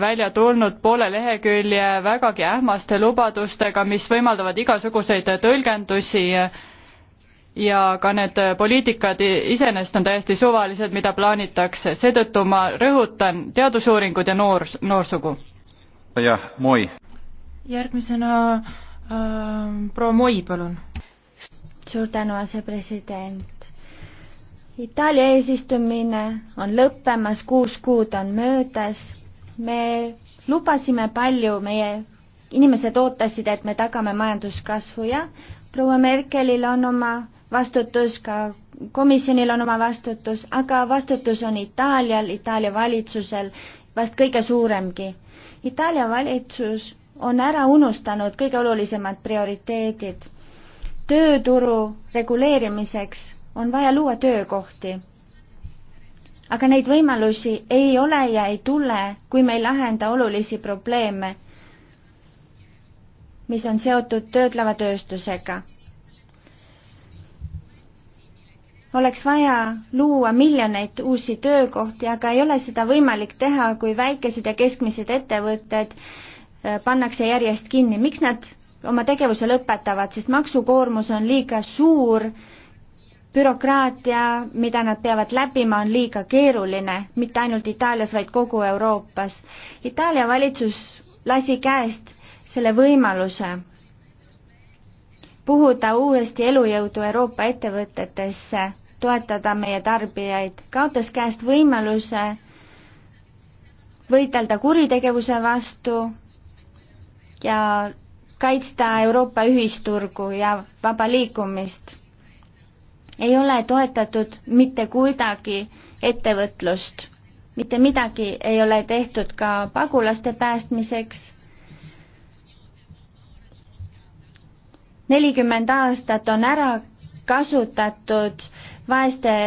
välja tulnud poole lehekülje vägagi ähmaste lubadustega, mis võimaldavad igasuguseid tõlgendusi ja ka need poliitikad iseenesest on täiesti suvalised, mida plaanitakse, seetõttu ma rõhutan teadusuuringud ja noor, noorsugu. jah, Moi. järgmisena äh, proua Moi, palun suur tänu, asepresident. Itaalia eesistumine on lõppemas, kuus kuud on möödas. me lubasime palju, meie inimesed ootasid, et me tagame majanduskasvu ja proua Merkelil on oma vastutus, ka komisjonil on oma vastutus, aga vastutus on Itaalial, Itaalia valitsusel vast kõige suuremgi. Itaalia valitsus on ära unustanud kõige olulisemad prioriteedid tööturu reguleerimiseks on vaja luua töökohti. aga neid võimalusi ei ole ja ei tule, kui me ei lahenda olulisi probleeme, mis on seotud töötleva tööstusega. oleks vaja luua miljoneid uusi töökohti, aga ei ole seda võimalik teha, kui väikesed ja keskmised ettevõtted äh, pannakse järjest kinni. miks nad oma tegevuse lõpetavad, sest maksukoormus on liiga suur, bürokraatia, mida nad peavad läbima, on liiga keeruline, mitte ainult Itaalias, vaid kogu Euroopas. Itaalia valitsus lasi käest selle võimaluse puhuda uuesti elujõudu Euroopa ettevõtetesse, toetada meie tarbijaid, kaotas käest võimaluse võidelda kuritegevuse vastu ja kaitsta Euroopa ühisturgu ja vaba liikumist. ei ole toetatud mitte kuidagi ettevõtlust, mitte midagi ei ole tehtud ka pagulaste päästmiseks. nelikümmend aastat on ära kasutatud vaeste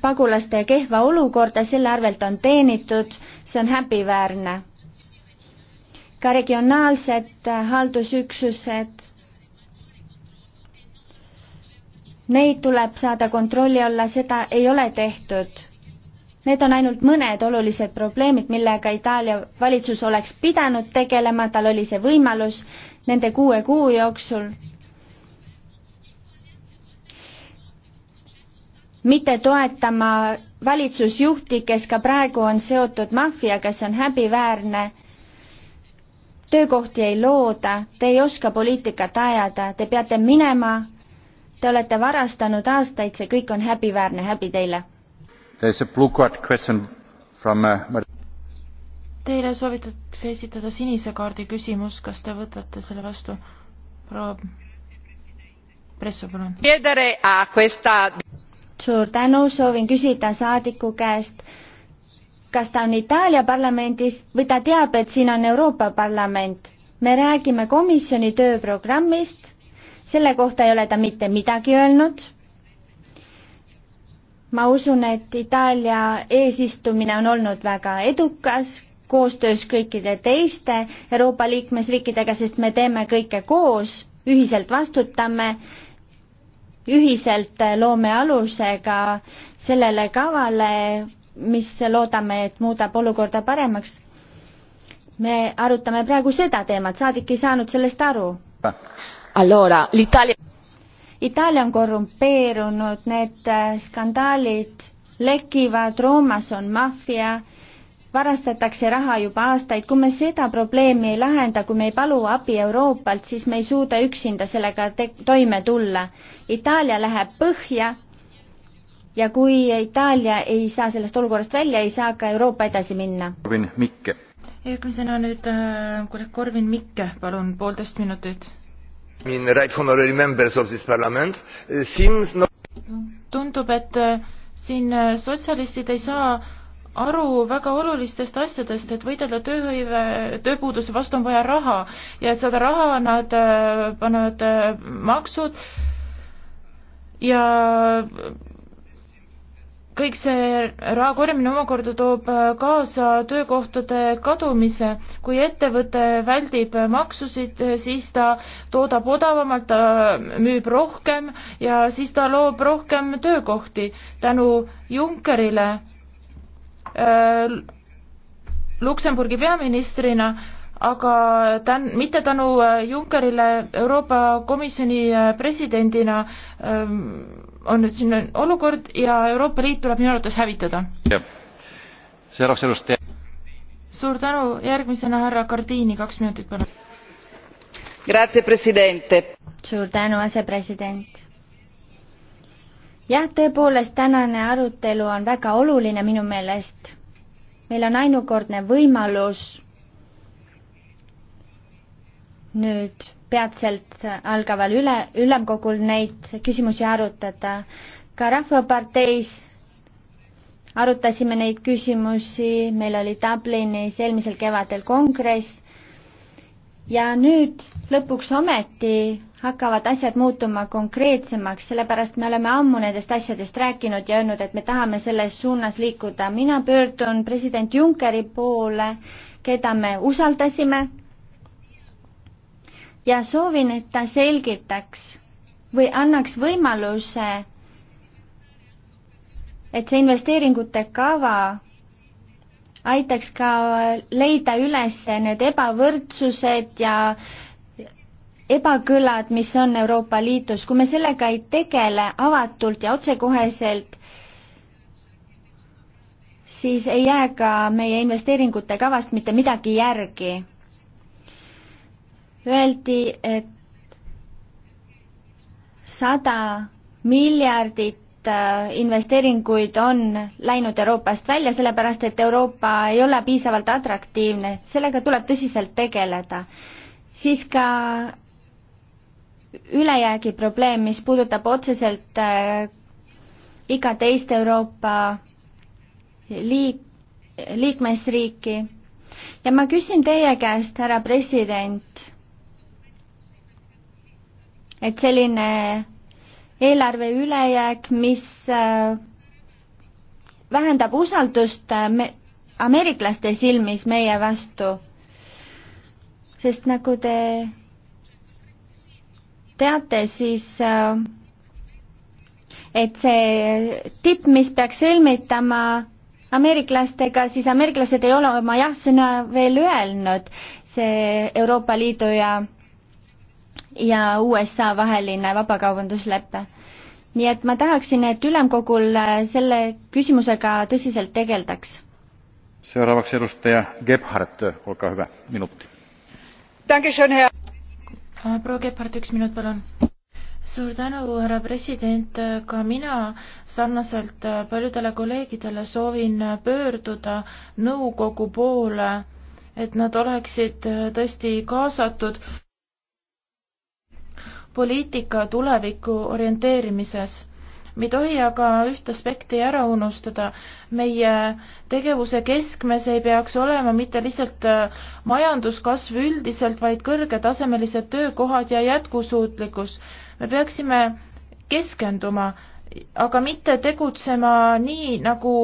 pagulaste kehva olukorda, selle arvelt on teenitud, see on häbiväärne ka regionaalsed haldusüksused. Neid tuleb saada kontrolli alla, seda ei ole tehtud. Need on ainult mõned olulised probleemid, millega Itaalia valitsus oleks pidanud tegelema, tal oli see võimalus nende kuue kuu jooksul mitte toetama valitsusjuhti, kes ka praegu on seotud maffiaga, see on häbiväärne töökohti ei looda, te ei oska poliitikat ajada, te peate minema, te olete varastanud aastaid, see kõik on häbiväärne, häbi teile. Uh... Teile soovitatakse esitada sinise kaardi küsimus, kas te võtate selle vastu? proua Presso, palun. suur tänu, soovin küsida saadiku käest kas ta on Itaalia parlamendis või ta teab, et siin on Euroopa Parlament. me räägime komisjoni tööprogrammist, selle kohta ei ole ta mitte midagi öelnud. ma usun, et Itaalia eesistumine on olnud väga edukas koostöös kõikide teiste Euroopa liikmesriikidega, sest me teeme kõike koos, ühiselt vastutame, ühiselt loome alusega sellele kavale, mis loodame, et muudab olukorda paremaks. me arutame praegu seda teemat, saadik ei saanud sellest aru. Allora, l'Italia. Itaalia on korrumpeerunud, need äh, skandaalid lekivad, Roomas on maffia, varastatakse raha juba aastaid, kui me seda probleemi ei lahenda, kui me ei palu abi Euroopalt, siis me ei suuda üksinda sellega te-, toime tulla. Itaalia läheb põhja ja kui Itaalia ei saa sellest olukorrast välja, ei saa ka Euroopa edasi minna. Korvin Mikke. järgmisena nüüd äh, kolleeg Korvin Mikke, palun, poolteist minutit. Uh, tundub, et äh, siin äh, sotsialistid ei saa aru väga olulistest asjadest, et võidelda tööhõive, tööpuuduse vastu on vaja raha ja et seda raha nad äh, panevad äh, maksud ja kõik see raha korjamine omakorda toob äh, kaasa töökohtade kadumise. kui ettevõte väldib maksusid, äh, siis ta toodab odavamalt, ta müüb rohkem ja siis ta loob rohkem töökohti. tänu Junckerile äh, Luksemburgi peaministrina aga tän-, mitte tänu äh, Junckerile Euroopa Komisjoni presidendina ähm, on nüüd selline olukord ja Euroopa Liit tuleb minu arvates hävitada. suur tänu, järgmisena härra Gardiini, kaks minutit palun. suur tänu, asepresident. jah, tõepoolest, tänane arutelu on väga oluline minu meelest. meil on ainukordne võimalus nüüd peatselt algaval üle, ülemkogul neid küsimusi arutada. ka Rahvaparteis arutasime neid küsimusi, meil oli Dublinis eelmisel kevadel kongress ja nüüd lõpuks ometi hakkavad asjad muutuma konkreetsemaks, sellepärast me oleme ammu nendest asjadest rääkinud ja öelnud, et me tahame selles suunas liikuda. mina pöördun president Junckeri poole, keda me usaldasime ja soovin, et ta selgitaks või annaks võimaluse, et see investeeringute kava aitaks ka leida üles need ebavõrdsused ja ebakõlad, mis on Euroopa Liidus, kui me sellega ei tegele avatult ja otsekoheselt, siis ei jää ka meie investeeringute kavast mitte midagi järgi öeldi, et sada miljardit äh, investeeringuid on läinud Euroopast välja, sellepärast et Euroopa ei ole piisavalt atraktiivne, sellega tuleb tõsiselt tegeleda. siis ka ülejäägi probleem, mis puudutab otseselt äh, iga teist Euroopa liik-, liikmesriiki. ja ma küsin teie käest, härra president et selline eelarve ülejääk, mis äh, vähendab usaldust äh, me-, ameeriklaste silmis meie vastu. sest nagu te teate, siis äh, et see tipp, mis peaks sõlmitama ameeriklastega, siis ameeriklased ei ole oma jah-sõna veel öelnud, see Euroopa Liidu ja ja USA vaheline vabakaubanduslepe. nii et ma tahaksin, et ülemkogul äh, selle küsimusega tõsiselt tegeldaks. seuraavaks edustaja Gebhardt, olge hüve, minut. Äh, proua Gebhardt, üks minut, palun suur tänu, härra president, ka mina sarnaselt äh, paljudele kolleegidele soovin pöörduda nõukogu poole, et nad oleksid tõesti kaasatud poliitika tuleviku orienteerimises. me ei tohi aga üht aspekti ära unustada. meie tegevuse keskmes ei peaks olema mitte lihtsalt äh, majanduskasv üldiselt, vaid kõrgetasemelised töökohad ja jätkusuutlikkus. me peaksime keskenduma, aga mitte tegutsema nii, nagu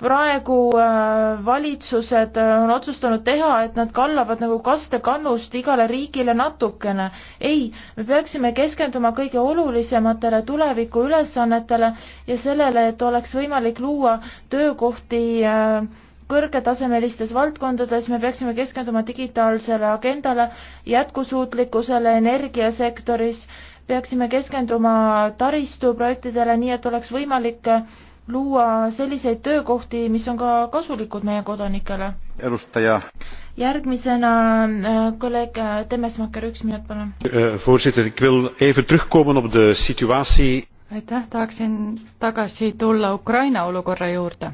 praegu äh, valitsused äh, on otsustanud teha, et nad kallavad nagu kastekannust igale riigile natukene. ei, me peaksime keskenduma kõige olulisematele tuleviku ülesannetele ja sellele, et oleks võimalik luua töökohti äh, kõrgetasemelistes valdkondades, me peaksime keskenduma digitaalsele agendale, jätkusuutlikkusele energiasektoris, peaksime keskenduma taristuprojektidele, nii et oleks võimalik luua selliseid töökohti, mis on ka kasulikud meie kodanikele. edustaja. järgmisena äh, kolleeg Temesmaker, üks minut palun. Äh, voorzitter, ik wil even terugkomen op de situatie. aitäh, tahaksin tagasi tulla Ukraina olukorra juurde.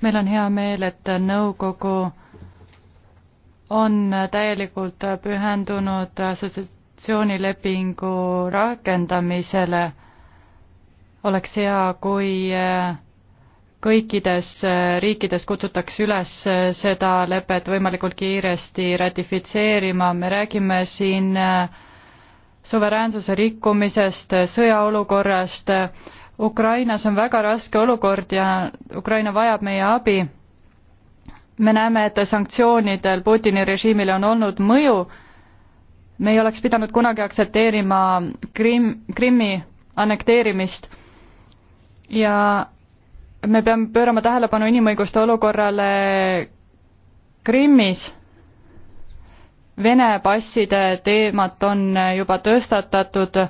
meil on hea meel, et nõukogu on täielikult pühendunud assotsiatsioonilepingu rakendamisele oleks hea, kui äh, kõikides äh, riikides kutsutakse üles äh, seda lepet võimalikult kiiresti ratifitseerima, me räägime siin suveräänsuse rikkumisest, sõjaolukorrast, Ukrainas on väga raske olukord ja Ukraina vajab meie abi. me näeme, et sanktsioonidel Putini režiimile on olnud mõju, me ei oleks pidanud kunagi aktsepteerima Krimm, Krimmi annekteerimist ja me peame pöörama tähelepanu inimõiguste olukorrale Krimmis. Vene passide teemat on juba tõstatatud.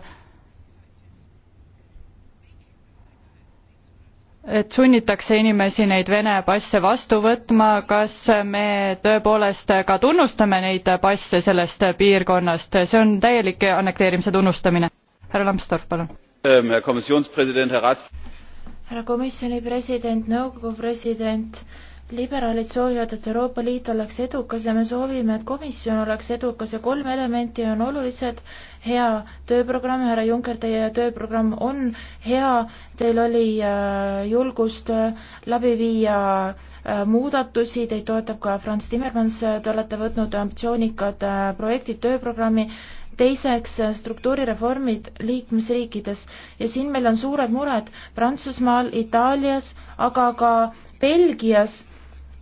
et sunnitakse inimesi neid Vene passe vastu võtma, kas me tõepoolest ka tunnustame neid passe sellest piirkonnast, see on täielik annekteerimise tunnustamine. härra Lambsdorff, palun. Ähm, Herr Kommissionspräsident, Herr Rats- härra komisjoni president, nõukogu president, liberaalid soovivad, et Euroopa Liit oleks edukas ja me soovime, et komisjon oleks edukas ja kolm elementi on olulised. hea tööprogramm, härra Juncker, teie tööprogramm on hea, teil oli äh, julgust äh, läbi viia äh, muudatusi, teid toetab ka Franz Timmermans, te olete võtnud ambitsioonikad projektid tööprogrammi teiseks struktuurireformid liikmesriikides ja siin meil on suured mured Prantsusmaal, Itaalias, aga ka Belgias,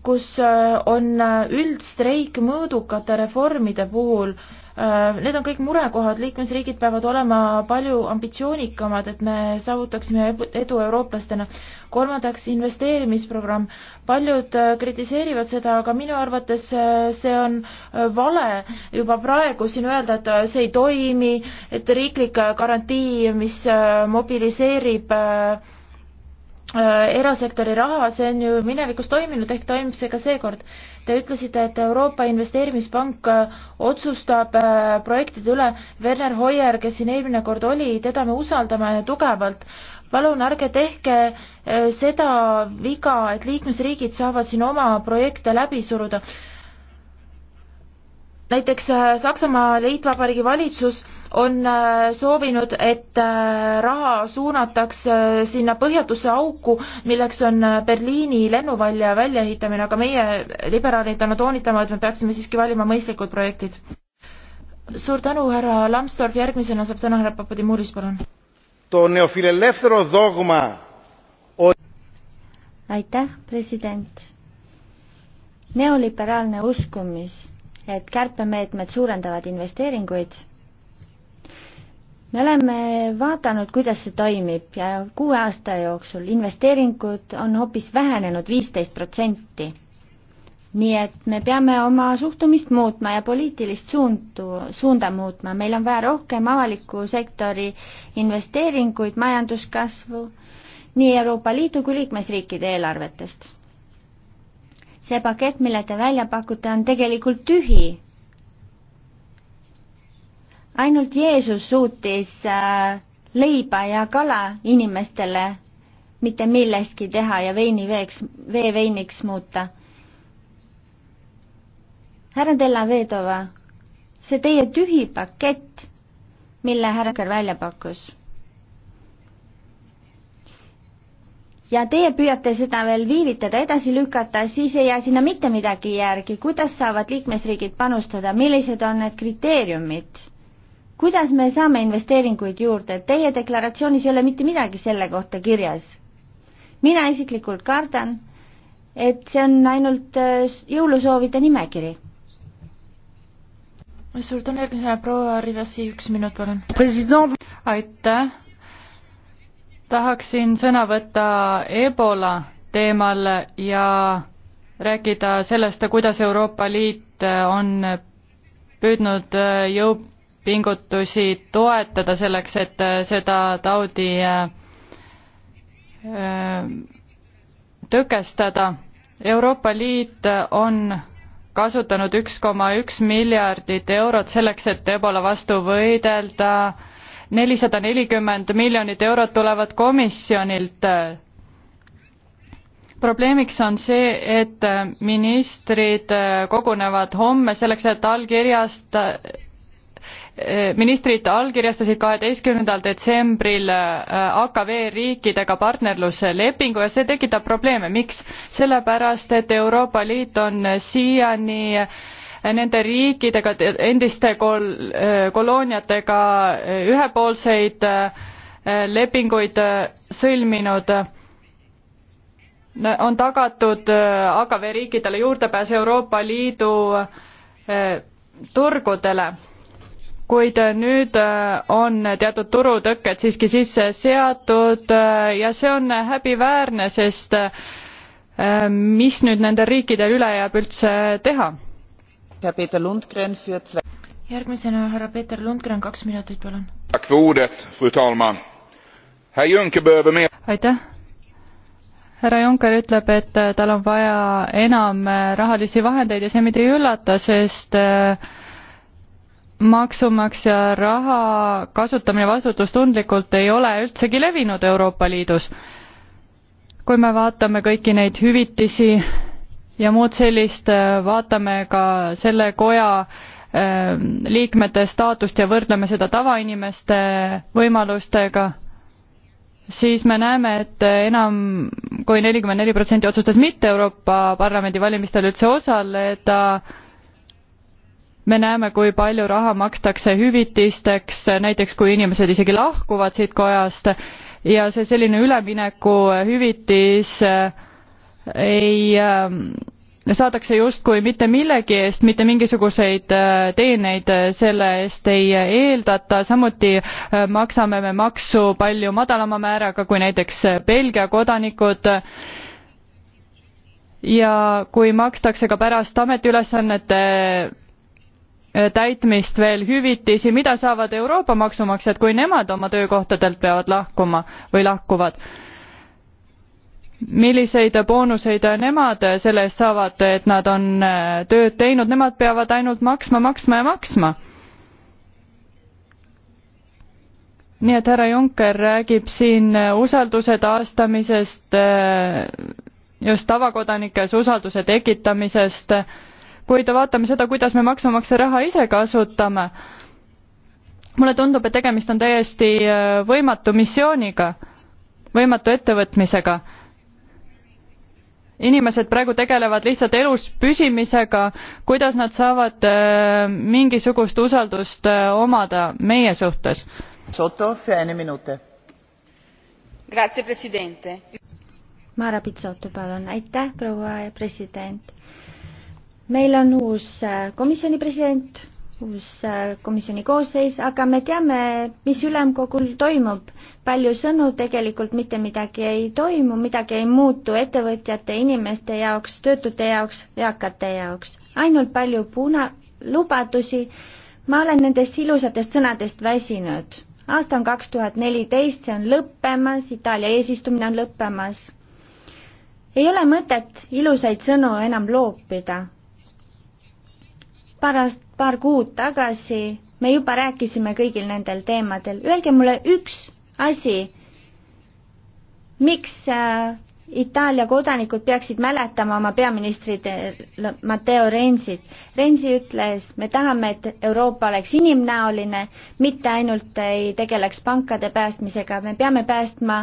kus äh, on äh, üldstreik mõõdukate reformide puhul Äh, need on kõik murekohad, liikmesriigid peavad olema palju ambitsioonikamad, et me saavutaksime edu eurooplastena. kolmandaks, investeerimisprogramm. paljud äh, kritiseerivad seda, aga minu arvates äh, see on vale juba praegu siin öelda, et see ei toimi, et riiklik garantii, mis mobiliseerib erasektori raha, see on ju minevikus toiminud, ehk toimib see ka seekord Te ütlesite, et Euroopa Investeerimispank äh, otsustab äh, projektide üle. Werner Hoier, kes siin eelmine kord oli, teda me usaldame tugevalt. palun ärge tehke äh, seda viga, et liikmesriigid saavad siin oma projekte läbi suruda näiteks äh, Saksamaa Liitvabariigi valitsus on äh, soovinud, et äh, raha suunataks sinna põhjatusse auku, milleks on Berliini lennuvälja väljaehitamine, aga meie liberaalidena toonitame, et me peaksime siiski valima mõistlikud projektid. suur tänu, härra Lambsdorff, järgmisena saab sõna härra Papadimulis, palun. aitäh, president. neoliberaalne uskumis et kärpemeetmed suurendavad investeeringuid. me oleme vaadanud, kuidas see toimib ja kuue aasta jooksul investeeringud on hoopis vähenenud viisteist protsenti. nii et me peame oma suhtumist muutma ja poliitilist suundu, suunda muutma, meil on vaja rohkem avaliku sektori investeeringuid, majanduskasvu, nii Euroopa Liidu kui liikmesriikide eelarvetest see pakett, mille te välja pakute, on tegelikult tühi. ainult Jeesus suutis äh, leiba ja kala inimestele mitte millestki teha ja veini veeks, vee veiniks muuta. härra Della Vedova, see teie tühi pakett, mille härra Kõr välja pakkus ja teie püüate seda veel viivitada, edasi lükata, siis ei jää sinna mitte midagi järgi. kuidas saavad liikmesriigid panustada, millised on need kriteeriumid? kuidas me saame investeeringuid juurde, teie deklaratsioonis ei ole mitte midagi selle kohta kirjas. mina isiklikult kardan, et see on ainult äh, jõulusoovide nimekiri. suur tänu, järgmisena proua Rivasi, üks minut palun. aitäh tahaksin sõna võtta Ebola teemal ja rääkida sellest, kuidas Euroopa Liit on püüdnud jõupingutusi toetada selleks, et seda taudi äh, tõkestada. Euroopa Liit on kasutanud üks koma üks miljardit eurot selleks, et Ebola vastu võidelda, nelisada nelikümmend miljonit eurot tulevad komisjonilt. probleemiks on see, et ministrid kogunevad homme selleks, et allkirjast ministrid allkirjastasid kaheteistkümnendal detsembril AKV riikidega partnerluslepingu ja see tekitab probleeme, miks? sellepärast, et Euroopa Liit on siiani nende riikidega, endiste kol-, äh, kolooniatega äh, ühepoolseid äh, lepinguid sõlminud, on tagatud AKV riikidele juurdepääs Euroopa Liidu turgudele kuid nüüd on teatud turutõkked siiski sisse seatud ja see on häbiväärne, sest mis nüüd nendel riikidel üle jääb üldse teha? järgmisena härra Peeter Lundgren, kaks minutit, palun. aitäh härra Juncker ütleb, et äh, tal on vaja enam äh, rahalisi vahendeid ja see meid ei üllata, sest äh, maksumaksja raha kasutamine vastutustundlikult ei ole üldsegi levinud Euroopa Liidus. kui me vaatame kõiki neid hüvitisi, ja muud sellist, äh, vaatame ka selle koja ähm, liikmete staatust ja võrdleme seda tavainimeste võimalustega, siis me näeme, et enam kui nelikümmend neli protsenti otsustas mitte Euroopa Parlamendi valimistel üldse osaleda, me näeme, kui palju raha makstakse hüvitisteks, näiteks kui inimesed isegi lahkuvad siit kojast ja see selline üleminekuhüvitis äh, ei ähm, saadakse justkui mitte millegi eest mitte mingisuguseid äh, teeneid äh, selle eest ei eeldata samuti äh, maksame me maksu palju madalama määraga kui näiteks belgia kodanikud ja kui makstakse ka pärast ametiülesannete täitmist veel hüvitisi mida saavad euroopa maksumaksjad kui nemad oma töökohtadelt peavad lahkuma või lahkuvad milliseid boonuseid nemad selle eest saavad, et nad on äh, tööd teinud, nemad peavad ainult maksma, maksma ja maksma. nii et härra Juncker räägib siin äh, usalduse taastamisest, äh, just tavakodanikes usalduse tekitamisest, kuid vaatame seda, kuidas me maksumaksja raha ise kasutame. mulle tundub, et tegemist on täiesti võimatu missiooniga, võimatu ettevõtmisega inimesed praegu tegelevad lihtsalt elus püsimisega, kuidas nad saavad äh, mingisugust usaldust äh, omada meie suhtes? Mara Pitsotu, palun, aitäh, proua president. meil on uus äh, komisjoni president uus äh, komisjoni koosseis, aga me teame, mis ülemkogul toimub. palju sõnu, tegelikult mitte midagi ei toimu, midagi ei muutu ettevõtjate, inimeste jaoks, töötute jaoks, eakate jaoks. ainult palju puna-, lubadusi, ma olen nendest ilusatest sõnadest väsinud. aasta on kaks tuhat neliteist, see on lõppemas, Itaalia eesistumine on lõppemas. ei ole mõtet ilusaid sõnu enam loopida pärast paar kuud tagasi me juba rääkisime kõigil nendel teemadel. Öelge mulle üks asi, miks äh, Itaalia kodanikud peaksid mäletama oma peaministrit äh, Matteo Rensit. Rensi ütles, me tahame, et Euroopa oleks inimnäoline, mitte ainult ei tegeleks pankade päästmisega, me peame päästma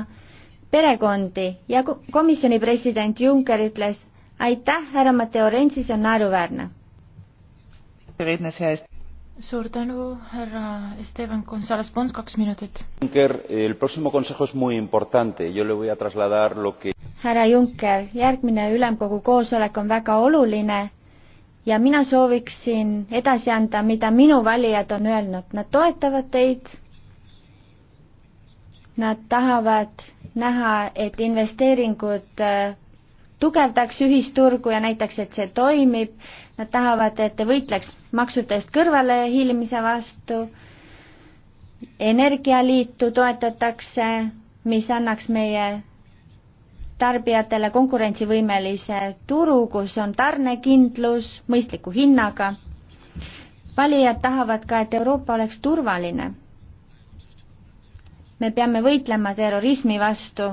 perekondi ja komisjoni president Juncker ütles, aitäh, härra Matteo Rensi, see on naeruväärne suur tänu, härra Esteban Gonzalez Pons, kaks minutit. härra Juncker, järgmine ülemkogu koosolek on väga oluline ja mina sooviksin edasi anda, mida minu valijad on öelnud, nad toetavad teid. Nad tahavad näha, et investeeringud äh, tugevdaks ühisturgu ja näitaks, et see toimib Nad tahavad, et te võitleks maksudest kõrvalehiilimise vastu, energialiitu toetatakse, mis annaks meie tarbijatele konkurentsivõimelise turu, kus on tarnekindlus mõistliku hinnaga. valijad tahavad ka, et Euroopa oleks turvaline. me peame võitlema terrorismi vastu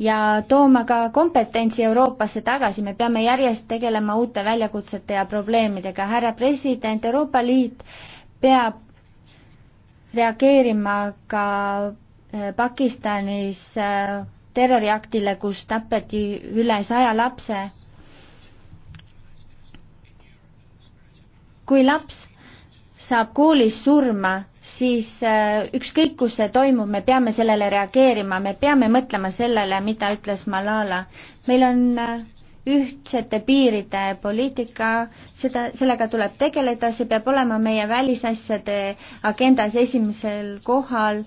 ja tooma ka kompetentsi Euroopasse tagasi, me peame järjest tegelema uute väljakutsete ja probleemidega. härra president, Euroopa Liit peab reageerima ka eh, Pakistanis eh, terroriaktile, kus tapeti üle saja lapse. kui laps saab koolis surma, siis äh, ükskõik, kus see toimub, me peame sellele reageerima, me peame mõtlema sellele, mida ütles Malala. meil on äh, ühtsete piiride poliitika, seda, sellega tuleb tegeleda, see peab olema meie välisasjade agendas esimesel kohal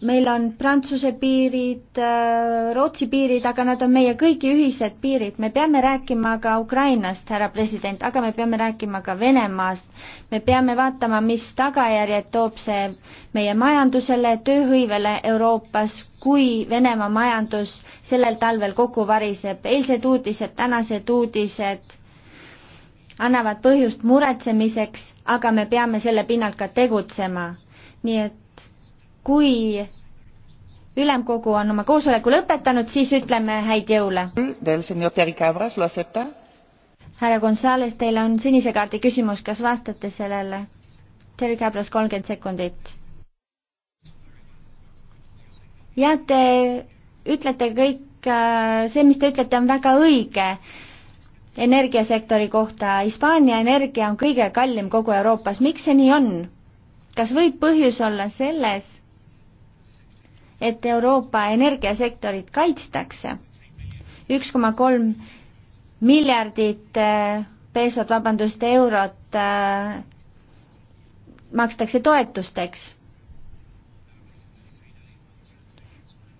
meil on Prantsuse piirid, äh, Rootsi piirid, aga nad on meie kõigi ühised piirid, me peame rääkima ka Ukrainast, härra president, aga me peame rääkima ka Venemaast. me peame vaatama, mis tagajärjed toob see meie majandusele, tööhõivele Euroopas, kui Venemaa majandus sellel talvel kokku variseb, eilsed uudised, tänased uudised annavad põhjust muretsemiseks, aga me peame selle pinnalt ka tegutsema. nii et kui ülemkogu on oma koosoleku lõpetanud, siis ütleme häid jõule. härra Gonzales, teil on sinise kaardi küsimus, kas vastate sellele? Terry Cabras, kolmkümmend sekundit. jah, te ütlete kõik, äh, see, mis te ütlete, on väga õige energiasektori kohta. Hispaania energia on kõige kallim kogu Euroopas, miks see nii on? kas võib põhjus olla selles, et Euroopa energiasektorit kaitstakse. üks koma kolm miljardit äh, peesot, vabandust, eurot äh, makstakse toetusteks.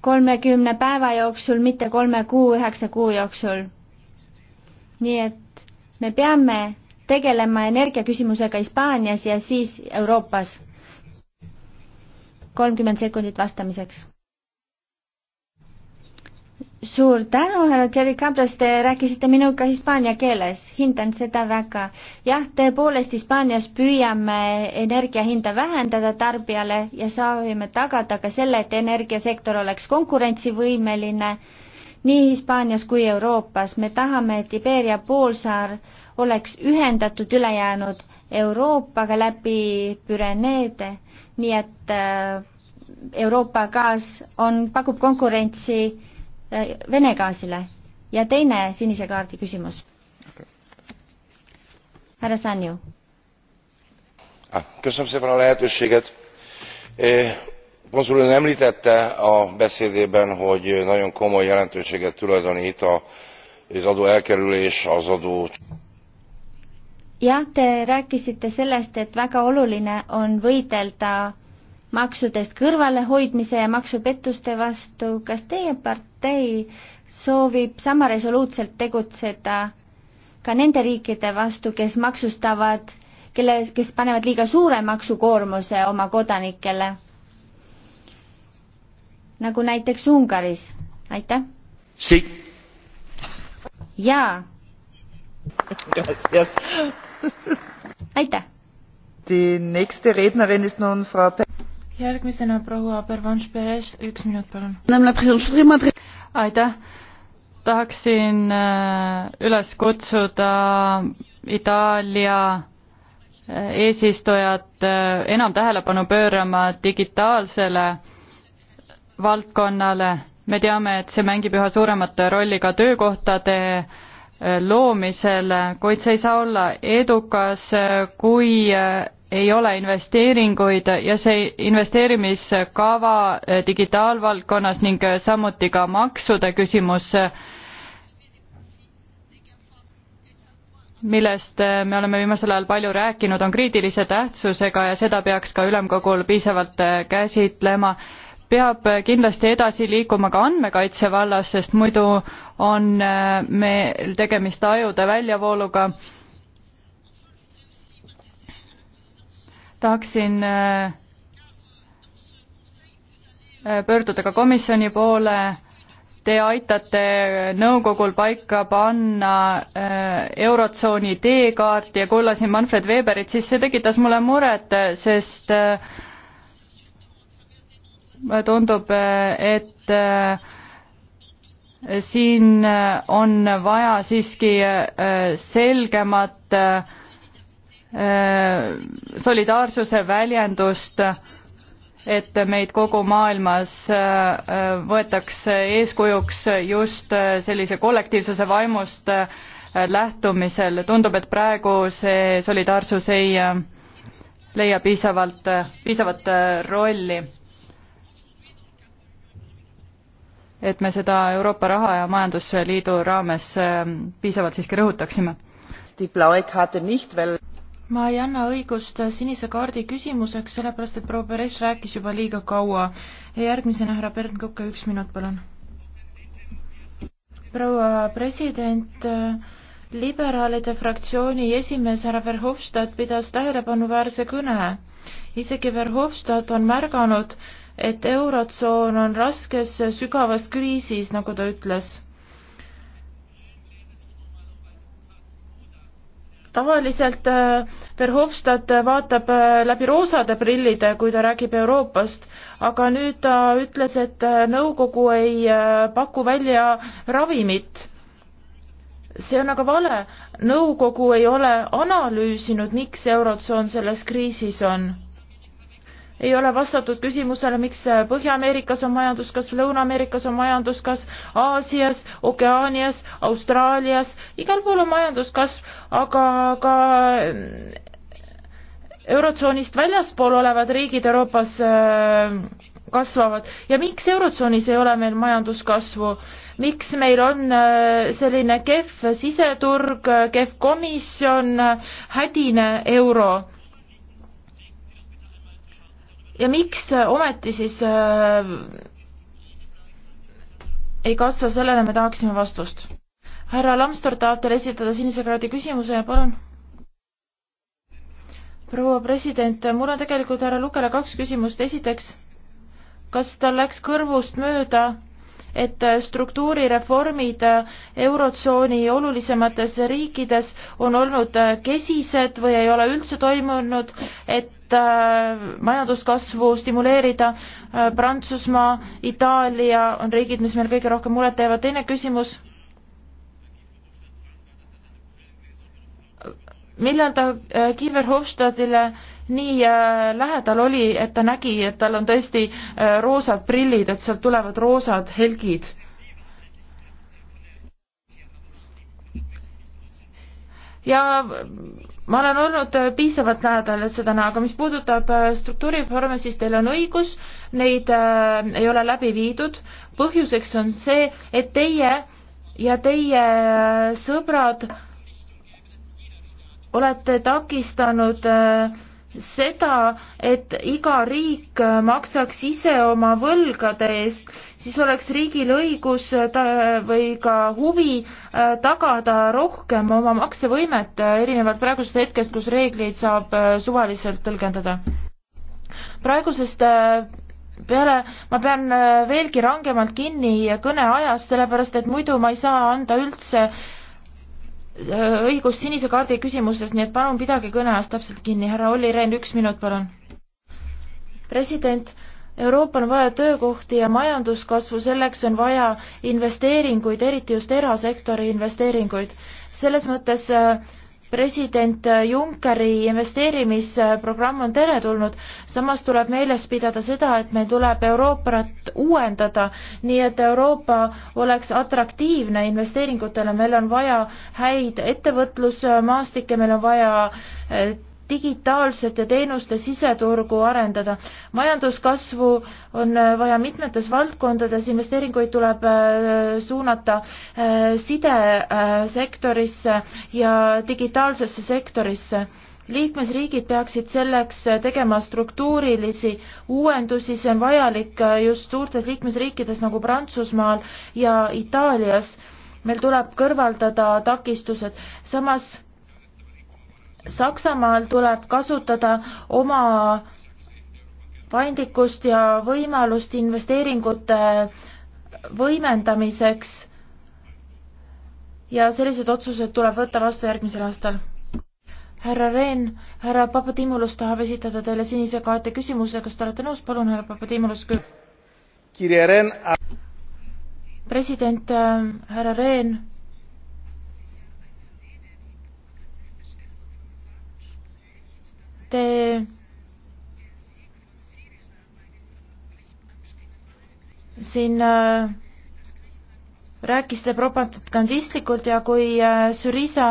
kolmekümne päeva jooksul, mitte kolme kuu, üheksa kuu jooksul. nii et me peame tegelema energiaküsimusega Hispaanias ja siis Euroopas kolmkümmend sekundit vastamiseks. suur tänu, härra Terry Cabras, te rääkisite minuga hispaania keeles, hindan seda väga. jah, tõepoolest Hispaanias püüame energia hinda vähendada tarbijale ja soovime tagada ka selle, et energiasektor oleks konkurentsivõimeline nii Hispaanias kui Euroopas. me tahame, et Iberia poolsaar oleks ühendatud ülejäänud Euroopaga läbi Püreneede nii et äh, Euroopa gaas on, pakub konkurentsi äh, Vene gaasile. ja teine sinise kaardi küsimus. härra Sanju. Ah, köszönöm szépen a lehetőséget. Konzul ön említette a beszédében, hogy nagyon komoly jelentőséget tulajdonít az adó elkerülés, az adó jah, te rääkisite sellest, et väga oluline on võidelda maksudest kõrvalehoidmise ja maksupettuste vastu, kas teie partei soovib sama resoluutselt tegutseda ka nende riikide vastu, kes maksustavad, kelle, kes panevad liiga suure maksukoormuse oma kodanikele? nagu näiteks Ungaris, aitäh. jaa. Gracias aitäh! järgmisena proua Pervanš Perez, üks minut palun. aitäh! tahaksin äh, üles kutsuda Itaalia äh, eesistujat äh, enam tähelepanu pöörama digitaalsele valdkonnale. me teame, et see mängib üha suuremat rolli ka töökohtade loomisel, kuid see ei saa olla edukas, kui äh, ei ole investeeringuid ja see investeerimiskava äh, digitaalvaldkonnas ning äh, samuti ka maksude küsimus, millest me oleme viimasel ajal palju rääkinud, on kriitilise tähtsusega ja seda peaks ka ülemkogul piisavalt käsitlema peab kindlasti edasi liikuma ka andmekaitse vallas, sest muidu on äh, meil tegemist ajude väljavooluga. tahaksin äh, äh, pöörduda ka komisjoni poole. Te aitate nõukogul paika panna Eurotsooni teekaarti ja kuulasin Manfred Weberit, siis see tekitas mulle muret, sest äh, tundub, et äh, siin on vaja siiski äh, selgemat äh, solidaarsuse väljendust, et meid kogu maailmas võetakse eeskujuks just sellise kollektiivsuse vaimust lähtumisel. tundub, et praegu see solidaarsus ei leia piisavalt, piisavat rolli et me seda Euroopa Raha- ja Majandusliidu raames ähm, piisavalt siiski rõhutaksime. ma ei anna õigust sinise kaardi küsimuseks, sellepärast et proua Perez rääkis juba liiga kaua. järgmisena härra Bernd Kukke, üks minut, palun. proua president, äh, liberaalide fraktsiooni esimees härra Verhofstadt pidas tähelepanuväärse kõne. isegi Verhofstadt on märganud, et Eurotsoon on raskes sügavas kriisis, nagu ta ütles. tavaliselt äh, Verhofstadt vaatab äh, läbi roosade prillide, äh, kui ta räägib Euroopast, aga nüüd ta ütles, et nõukogu ei paku välja ravimit see on aga vale. nõukogu ei ole analüüsinud, miks Eurotsoon selles kriisis on ei ole vastatud küsimusele, miks Põhja-Ameerikas on majanduskasv, Lõuna-Ameerikas on majanduskasv, Aasias, Okeaanias, Austraalias, igal pool on majanduskasv, aga ka mm, eurotsoonist väljaspool olevad riigid Euroopas äh, kasvavad ja miks eurotsoonis ei ole meil majanduskasvu? miks meil on äh, selline kehv siseturg, kehv komisjon, äh, hädine euro? ja miks äh, ometi siis äh, ei kasva, sellele me tahaksime vastust. härra Lamstor tahab teile esitada sinise kraadi küsimuse, palun. proua president, mul on tegelikult härra Lukele kaks küsimust, esiteks, kas tal läks kõrvust mööda, et äh, struktuurireformid äh, Eurotsooni olulisemates riikides on olnud kesised või ei ole üldse toimunud, et et äh, majanduskasvu stimuleerida. Äh, Prantsusmaa, Itaalia on riigid, mis meil kõige rohkem muret teevad. teine küsimus. millal ta äh, Kiiver Hofstadile nii lähedal oli, et ta nägi, et tal on tõesti roosad prillid, et sealt tulevad roosad helgid? ja ma olen olnud äh, piisavalt lähedal seda näha, aga mis puudutab äh, struktuurireforme, siis teil on õigus, neid äh, ei ole läbi viidud. põhjuseks on see, et teie ja teie äh, sõbrad olete takistanud äh, seda, et iga riik maksaks ise oma võlgade eest, siis oleks riigil õigus ta, või ka huvi äh, tagada rohkem oma maksevõimet, äh, erinevalt praegusest hetkest, kus reegleid saab äh, suvaliselt tõlgendada. praegusest peale ma pean veelgi rangemalt kinni kõneajast, sellepärast et muidu ma ei saa anda üldse õigus sinise kaardi küsimuses, nii et palun pidage kõne ajast täpselt kinni. härra Olli Rehn, üks minut, palun. president, Euroopal on vaja töökohti ja majanduskasvu, selleks on vaja investeeringuid, eriti just erasektori investeeringuid. selles mõttes äh, president Junckeri investeerimisprogramm on teretulnud, samas tuleb meeles pidada seda, et meil tuleb Euroopat uuendada, nii et Euroopa oleks atraktiivne investeeringutele, meil on vaja häid ettevõtlusmaastikke, meil on vaja digitaalsete teenuste siseturgu arendada. majanduskasvu on äh, vaja mitmetes valdkondades, investeeringuid tuleb äh, suunata äh, sidesektorisse ja digitaalsesse sektorisse liikmesriigid peaksid selleks tegema struktuurilisi uuendusi, see on vajalik just suurtes liikmesriikides nagu Prantsusmaal ja Itaalias. meil tuleb kõrvaldada takistused, samas Saksamaal tuleb kasutada oma paindlikkust ja võimalust investeeringute võimendamiseks ja sellised otsused tuleb võtta vastu järgmisel aastal. härra Rehn, härra Papadimulus tahab esitada teile sinise kaarte küsimuse, kas te olete nõus, palun, härra Papadimulus. president äh, härra Rehn Te siin äh, rääkisite propagandistlikult ja kui äh, Syriza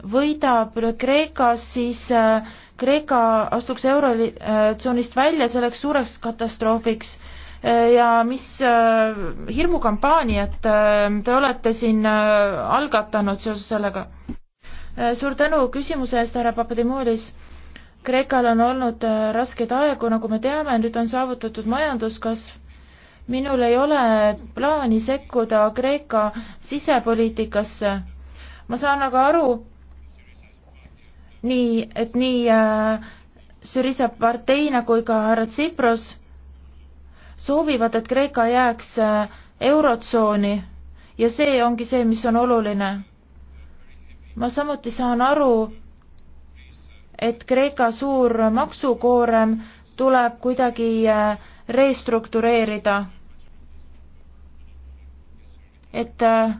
võidab Kreekas, siis äh, Kreeka astuks eurotsoonist välja, see oleks suureks katastroofiks. ja mis hirmukampaaniat te olete siin algatanud seoses sellega? suur tänu küsimuse eest, härra Papadimoulis Kreekal on olnud äh, raskeid aegu, nagu me teame, nüüd on saavutatud majanduskasv. minul ei ole plaani sekkuda Kreeka sisepoliitikasse. ma saan aga aru, nii, et nii äh, Syriza parteina kui ka härra Tsipros soovivad, et Kreeka jääks äh, eurotsooni ja see ongi see, mis on oluline. ma samuti saan aru, et Kreeka suur maksukoorem tuleb kuidagi äh, restruktureerida. et äh,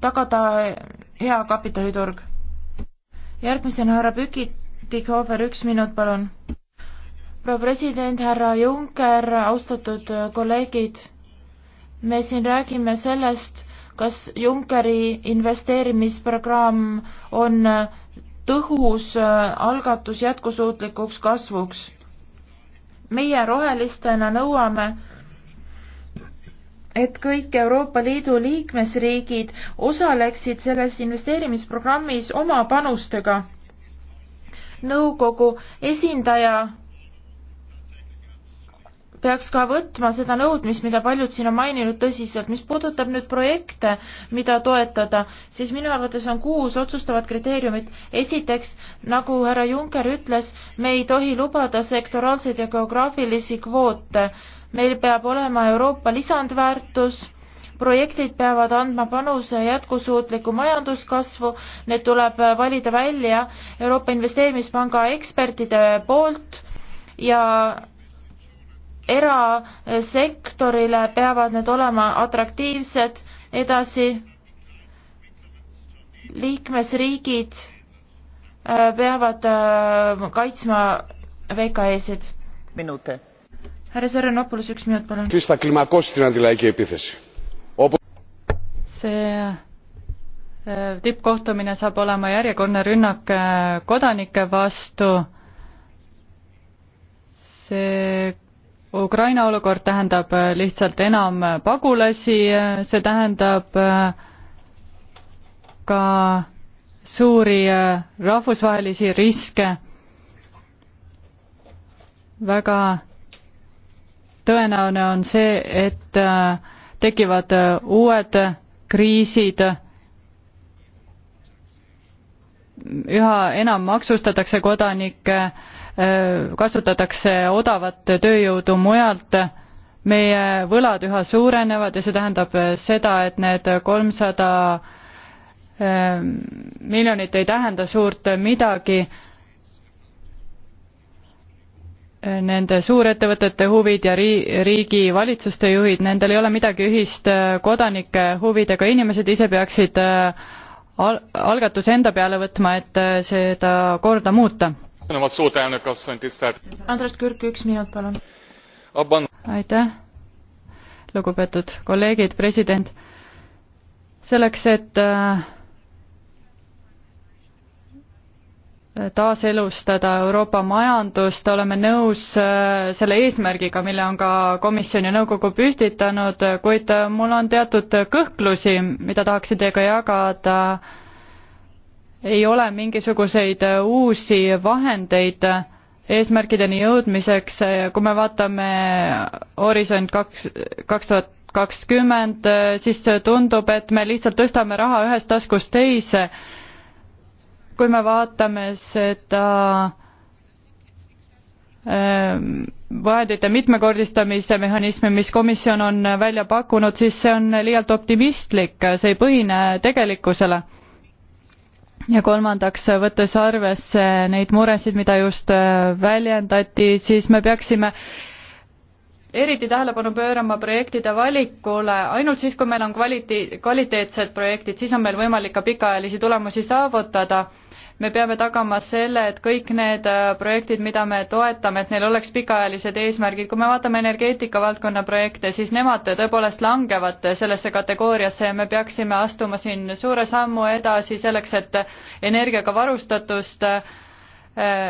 tagada hea kapitaliturg. järgmisena härra Pükitikhofer, üks minut, palun. proua president, härra Juncker, austatud kolleegid, me siin räägime sellest, kas Junckeri investeerimisprogramm on tõhus äh, algatus jätkusuutlikuks kasvuks. meie rohelistena nõuame, et kõik Euroopa Liidu liikmesriigid osaleksid selles investeerimisprogrammis oma panustega. nõukogu esindaja peaks ka võtma seda nõudmist, mida paljud siin on maininud tõsiselt. mis puudutab nüüd projekte, mida toetada, siis minu arvates on kuus otsustavat kriteeriumit. esiteks, nagu härra Juncker ütles, me ei tohi lubada sektoraalseid ja geograafilisi kvoote. meil peab olema Euroopa lisandväärtus projektid peavad andma panuse jätkusuutliku majanduskasvu, need tuleb valida välja Euroopa Investeerimispanga ekspertide poolt ja erasektorile peavad need olema atraktiivsed edasi. liikmesriigid äh, peavad äh, kaitsma VKE-sid. minute. härra Sõrenopoulos, üks minut, palun. see äh, tippkohtumine saab olema järjekordne rünnak kodanike vastu. see Ukraina olukord tähendab äh, lihtsalt enam äh, pagulasi, äh, see tähendab ka suuri rahvusvahelisi riske. väga tõenäoline on see, et tekivad uued kriisid üha enam maksustatakse kodanikke Äh, kasutatakse odavat tööjõudu mujalt, meie võlad üha suurenevad ja see tähendab äh, seda, et need kolmsada ähm, miljonit ei tähenda suurt midagi. Äh, nende suurettevõtete huvid ja ri-, riigivalitsuste juhid, nendel ei ole midagi ühist kodanike huvidega, inimesed ise peaksid al-, algatuse enda peale võtma, et seda korda muuta Andres Kürk, üks minut, palun. aitäh, lugupeetud kolleegid, president. selleks, et äh, taaselustada Euroopa majandust, oleme nõus äh, selle eesmärgiga, mille on ka komisjon ja nõukogu püstitanud, kuid mul on teatud kõhklusi, mida tahaksin teiega jagada ei ole mingisuguseid äh, uusi vahendeid äh, eesmärkideni jõudmiseks, äh, kui me vaatame Horisont kaks, kaks tuhat kakskümmend, siis tundub, et me lihtsalt tõstame raha ühest taskust teise. kui me vaatame seda ähm, vahendite mitmekordistamise mehhanismi, mis komisjon on välja pakkunud, siis see on liialt optimistlik, see ei põhine tegelikkusele ja kolmandaks, võttes arvesse neid muresid, mida just äh, väljendati, siis me peaksime eriti tähelepanu pöörama projektide valikule, ainult siis, kui meil on kvaliti-, kvaliteetsed projektid, siis on meil võimalik ka pikaajalisi tulemusi saavutada me peame tagama selle, et kõik need äh, projektid, mida me toetame, et neil oleks pikaajalised eesmärgid, kui me vaatame energeetika valdkonna projekte, siis nemad tõepoolest langevad sellesse kategooriasse ja me peaksime astuma siin suure sammu edasi selleks, et energiaga varustatust äh,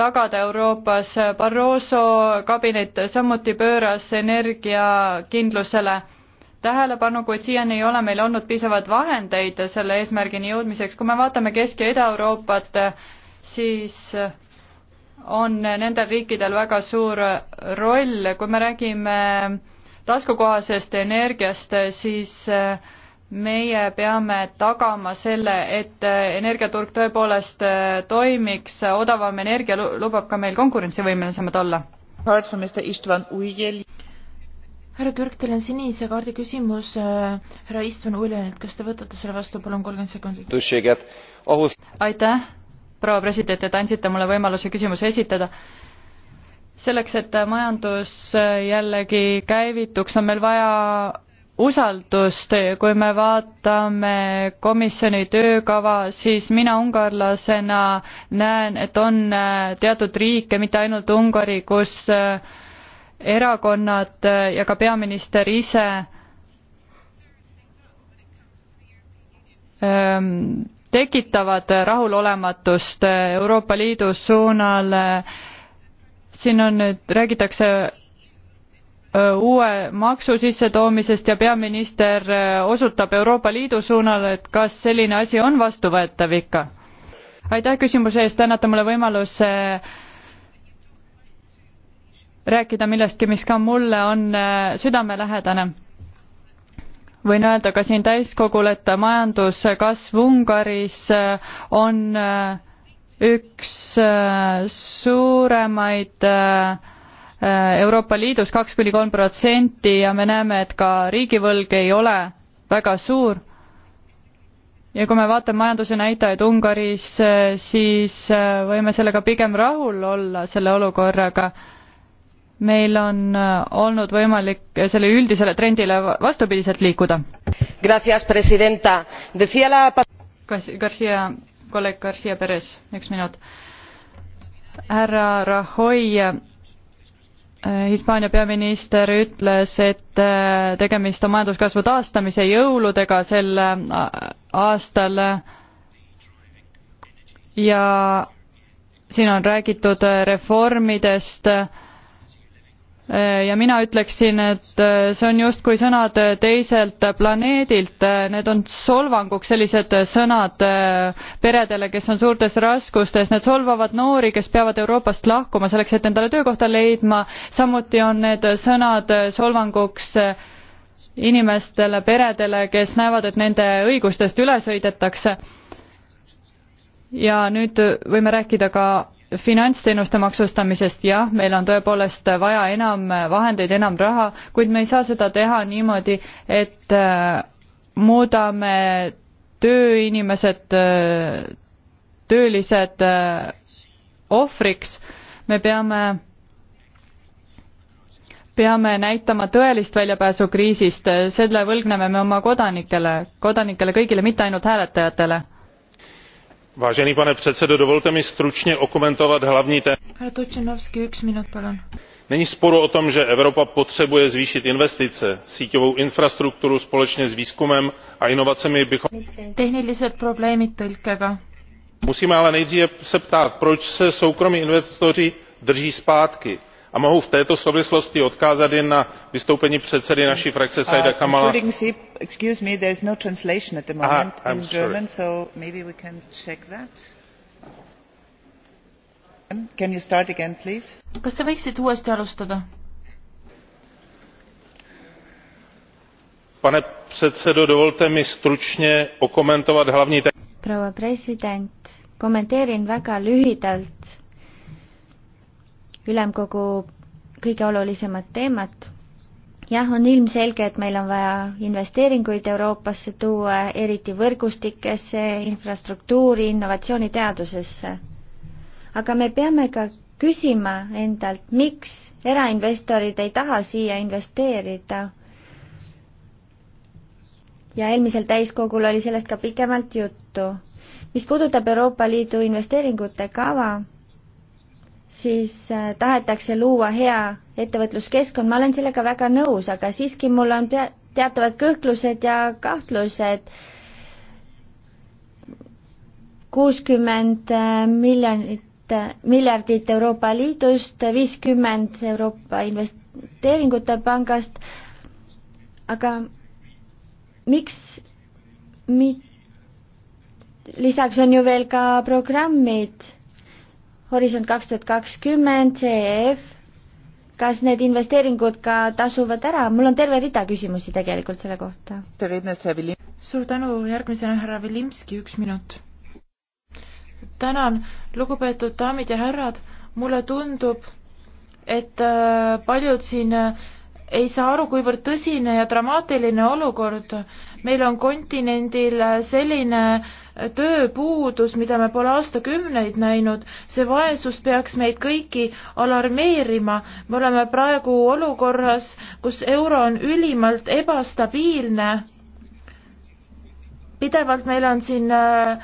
tagada Euroopas, Barroso kabinet samuti pööras energiakindlusele tähelepanu, kuid siiani ei ole meil olnud piisavalt vahendeid selle eesmärgini jõudmiseks. kui me vaatame Kesk- ja Ida-Euroopat, siis on nendel riikidel väga suur roll, kui me räägime taskukohasest energiast, siis meie peame tagama selle, et energiaturg tõepoolest toimiks, odavam energia lubab ka meil konkurentsivõimelisemad olla härra Kürk, teil on sinise kaardi küsimus äh, härra Istvan Uljanilt, kas te võtate selle vastu, palun kolmkümmend sekundit. aitäh, proua president, et andsite mulle võimaluse küsimuse esitada. selleks, et majandus äh, jällegi käivituks, on meil vaja usaldust, kui me vaatame komisjoni töökava, siis mina ungarlasena näen, et on äh, teatud riike, mitte ainult Ungari, kus äh, erakonnad ja ka peaminister ise ähm, tekitavad rahulolematust Euroopa Liidu suunal. siin on nüüd, räägitakse äh, uue maksu sissetoomisest ja peaminister äh, osutab Euroopa Liidu suunal, et kas selline asi on vastuvõetav ikka? aitäh küsimuse eest, te annate mulle võimaluse äh, rääkida millestki, mis ka mulle on äh, südamelähedane. võin öelda ka siin täiskogul, et majanduskasv Ungaris äh, on äh, üks suuremaid Euroopa Liidus kaks kuni kolm protsenti ja me näeme, et ka riigivõlg ei ole väga suur. ja kui me vaatame majanduse näitajaid Ungaris, siis võime sellega pigem rahul olla, selle olukorraga meil on äh, olnud võimalik äh, sellele üldisele trendile vastupidiselt liikuda. Garcia, kolleeg Garcia Perez, üks minut. härra Rajoy, äh, Hispaania peaminister ütles, et tegemist on majanduskasvu taastamise jõuludega sel aastal ja siin on räägitud reformidest Äh, ja mina ütleksin, et äh, see on justkui sõnad äh, teiselt planeedilt, need on solvanguks, sellised sõnad peredele, kes on suurtes raskustes, need solvavad noori, kes peavad Euroopast lahkuma selleks, et endale töökohta leidma, samuti on need sõnad solvanguks inimestele, peredele, kes näevad, et nende õigustest üle sõidetakse. ja nüüd võime rääkida ka finantsteenuste maksustamisest, jah, meil on tõepoolest vaja enam vahendeid, enam raha, kuid me ei saa seda teha niimoodi, et äh, muudame tööinimesed, äh, töölised äh, ohvriks, me peame, peame näitama tõelist väljapääsu kriisist, selle võlgneme me oma kodanikele, kodanikele kõigile, mitte ainult hääletajatele vážený pane předsedo dovolte mi stručně okomentovat hlavní témata. není sporu o tom že evropa potřebuje zvýšit investice síťovou infrastrukturu společně s výzkumem a inovacemi bychom. musíme se ale nejdříve ptát proč se soukromí investoři drží zpátky? a mohu v této souvislosti odkázat jen na vystoupení předsedy naší frakce uh, saida kamala pane předsedo dovolte mi stručně okomentovat hlavní. proua president kommenteerin väga lühidalt ülemkogu kõige olulisemat teemat. jah, on ilmselge, et meil on vaja investeeringuid Euroopasse tuua, eriti võrgustikesse, infrastruktuuri, innovatsiooni, teadusesse. aga me peame ka küsima endalt, miks erainvestorid ei taha siia investeerida ja eelmisel täiskogul oli sellest ka pikemalt juttu. mis puudutab Euroopa Liidu investeeringute kava, siis äh, tahetakse luua hea ettevõtluskeskkond, ma olen sellega väga nõus, aga siiski mul on pea-, teatavad kõhklused ja kahtlused. kuuskümmend äh, miljonit, äh, miljardit Euroopa Liidust, viiskümmend Euroopa Investeeringute Pangast, aga miks mi-, lisaks on ju veel ka programmid Horisont kaks tuhat kakskümmend, CEF, kas need investeeringud ka tasuvad ära, mul on terve rida küsimusi tegelikult selle kohta. suur tänu, järgmisena härra Vilimski, üks minut. tänan, lugupeetud daamid ja härrad, mulle tundub, et äh, paljud siin äh, ei saa aru, kuivõrd tõsine ja dramaatiline olukord meil on kontinendil äh, selline äh, tööpuudus, mida me pole aastakümneid näinud, see vaesus peaks meid kõiki alarmeerima. me oleme praegu olukorras, kus euro on ülimalt ebastabiilne. pidevalt meil on siin äh,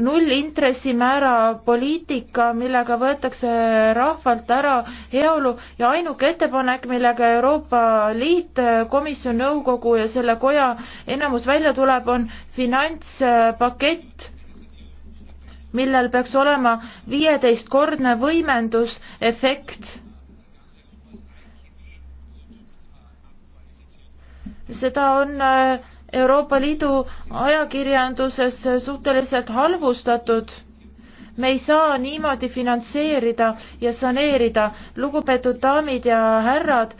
nullintressimäära poliitika, millega võetakse rahvalt ära heaolu ja ainuke ettepanek, millega Euroopa Liit, komisjon, nõukogu ja selle koja enamus välja tuleb, on finantspakett, millel peaks olema viieteistkordne võimendusefekt. seda on äh, Euroopa Liidu ajakirjanduses suhteliselt halvustatud. me ei saa niimoodi finantseerida ja saneerida, lugupeetud daamid ja härrad,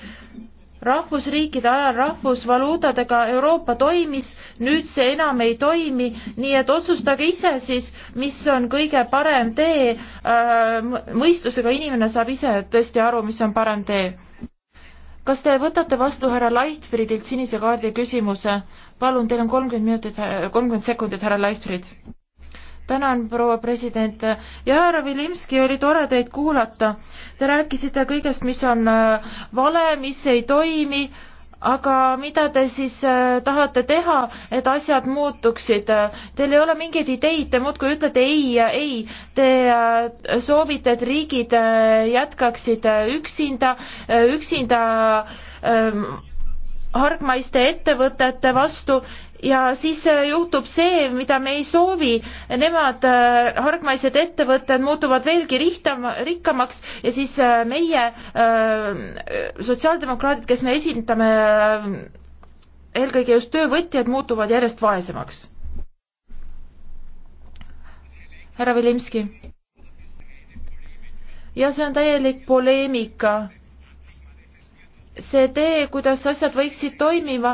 rahvusriikide ajal rahvusvaluutadega Euroopa toimis, nüüd see enam ei toimi, nii et otsustage ise siis, mis on kõige parem tee. Äh, mõistusega inimene saab ise tõesti aru, mis on parem tee kas te võtate vastu härra Leichtfriedilt sinise kaardi küsimuse? palun, teil on kolmkümmend minutit, kolmkümmend sekundit, härra Leifrid. tänan, proua president. ja härra Vilimski, oli tore teid kuulata. Te rääkisite kõigest, mis on äh, vale, mis ei toimi, aga mida te siis äh, tahate teha, et asjad muutuksid? Teil ei ole mingeid ideid, te muudkui ütlete ei ja ei. Te äh, soovite, et riigid jätkaksid üksinda, üksinda ähm, hargmaiste ettevõtete vastu ja siis äh, juhtub see, mida me ei soovi. Nemad, äh, hargmaised ettevõtted muutuvad veelgi rihtam-, rikkamaks ja siis äh, meie, sotsiaaldemokraadid, kes me esindame eelkõige just töövõtjad, muutuvad järjest vaesemaks. härra Vilimski. jah, see on täielik poleemika see tee, kuidas asjad võiksid toimima,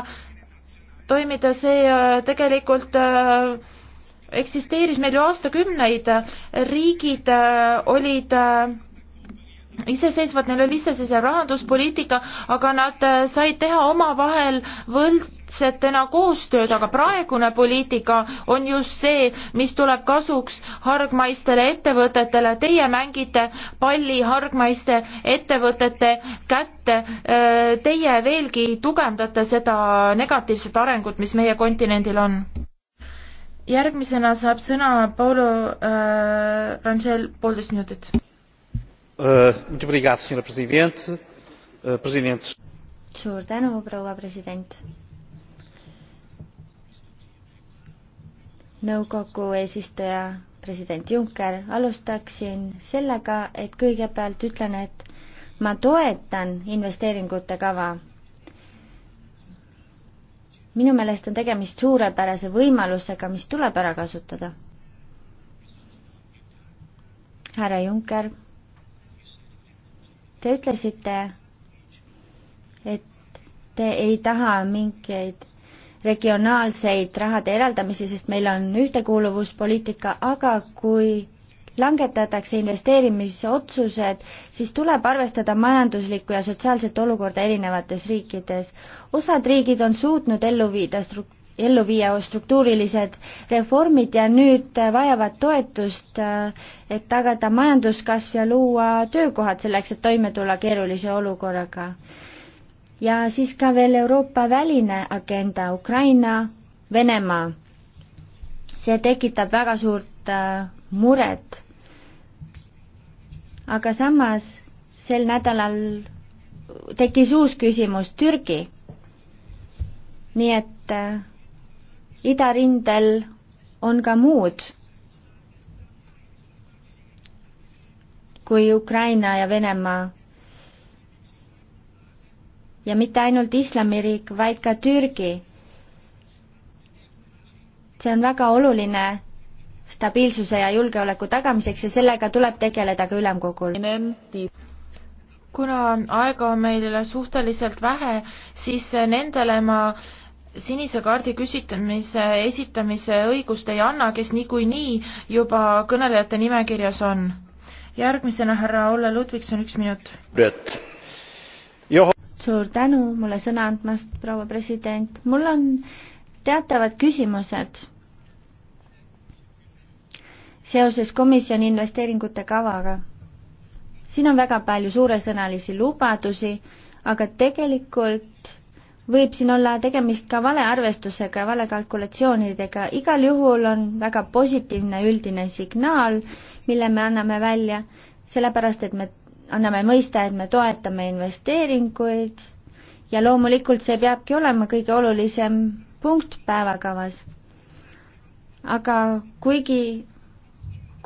toimida, see äh, tegelikult äh, eksisteeris meil ju aastakümneid, riigid äh, olid iseseisvad, neil oli iseseisev rahanduspoliitika, aga nad äh, said teha omavahel võrdsetena koostööd, aga praegune poliitika on just see, mis tuleb kasuks hargmaistele ettevõtetele. Teie mängite palli hargmaiste ettevõtete kätte. Äh, teie veelgi tugevdate seda negatiivset arengut, mis meie kontinendil on. järgmisena saab sõna Paolo äh, Rangel, poolteist minutit Eh, eh, suur tänu, proua president. nõukogu eesistuja president Juncker, alustaksin sellega, et kõigepealt ütlen, et ma toetan investeeringute kava minu meelest on tegemist suurepärase võimalusega, mis tuleb ära kasutada. härra Juncker Te ütlesite, et te ei taha mingeid regionaalseid rahade eraldamisi, sest meil on ühtekuuluvuspoliitika, aga kui langetatakse investeerimisotsused, siis tuleb arvestada majanduslikku ja sotsiaalset olukorda erinevates riikides. osad riigid on suutnud ellu viida struk-, ellu viia struktuurilised reformid ja nüüd vajavad toetust, et tagada majanduskasv ja luua töökohad selleks, et toime tulla keerulise olukorraga. ja siis ka veel Euroopa väline agenda Ukraina, Venemaa. see tekitab väga suurt äh, muret. aga samas sel nädalal tekkis uus küsimus, Türgi. nii et äh, idarindel on ka muud kui Ukraina ja Venemaa. ja mitte ainult Islamiriik, vaid ka Türgi. see on väga oluline stabiilsuse ja julgeoleku tagamiseks ja sellega tuleb tegeleda ka ülemkogul. kuna aega on meil suhteliselt vähe, siis nendele ma sinise kaardi küsitamise esitamise õigust ei anna, kes niikuinii juba kõnelejate nimekirjas on. järgmisena härra Olle Ludvigson, üks minut. suur tänu mulle sõna andmast, proua president. mul on teatavad küsimused seoses komisjoni investeeringute kavaga. siin on väga palju suuresõnalisi lubadusi, aga tegelikult võib siin olla tegemist ka valearvestusega ja valekalkulatsioonidega, igal juhul on väga positiivne üldine signaal, mille me anname välja, sellepärast et me anname mõista, et me toetame investeeringuid ja loomulikult see peabki olema kõige olulisem punkt päevakavas. aga kuigi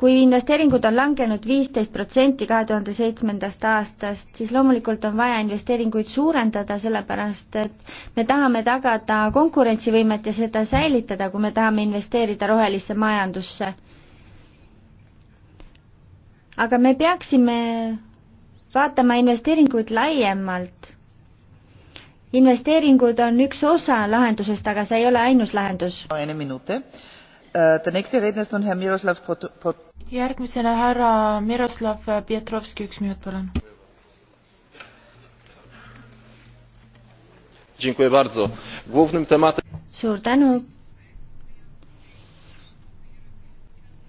kui investeeringud on langenud viisteist protsenti kahe tuhande seitsmendast aastast, siis loomulikult on vaja investeeringuid suurendada, sellepärast et me tahame tagada konkurentsivõimet ja seda säilitada, kui me tahame investeerida rohelisse majandusse. aga me peaksime vaatama investeeringuid laiemalt. investeeringud on üks osa lahendusest, aga see ei ole ainus lahendus. Äh, järgmisena härra Miroslav Pietrovski, üks minut, palun. suur tänu.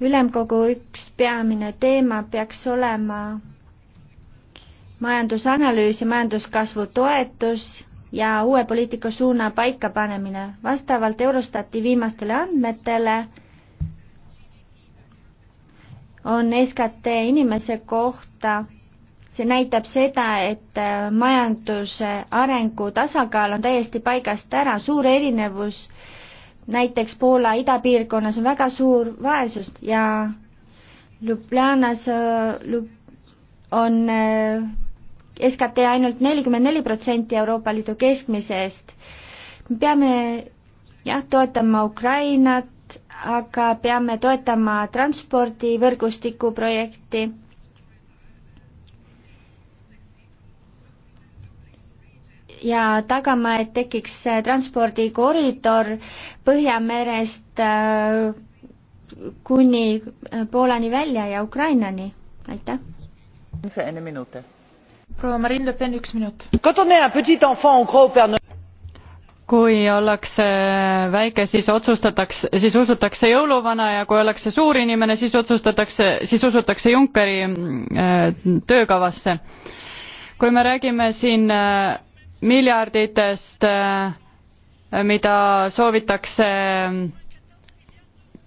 ülemkogu üks peamine teema peaks olema majandusanalüüs ja majanduskasvu toetus ja uue poliitika suuna paikapanemine. vastavalt Eurostati viimastele andmetele on SKT inimese kohta, see näitab seda, et äh, majanduse arengu tasakaal on täiesti paigast ära, suur erinevus näiteks Poola idapiirkonnas on väga suur vaesus ja Ljubljanas äh, on äh, SKT ainult nelikümmend neli protsenti Euroopa Liidu keskmisest. me peame jah, toetama Ukrainat, aga peame toetama transpordivõrgustiku projekti. ja tagama, et tekiks transpordikoridor Põhjamerest äh, kuni Poolani välja ja Ukrainani, aitäh proua Marine Le Pen, üks minut. kui ollakse väike, siis otsustatakse, siis usutakse jõuluvana ja kui ollakse suur inimene, siis otsustatakse, siis usutakse Junckeri äh, töökavasse. kui me räägime siin äh, miljarditest, äh, mida soovitakse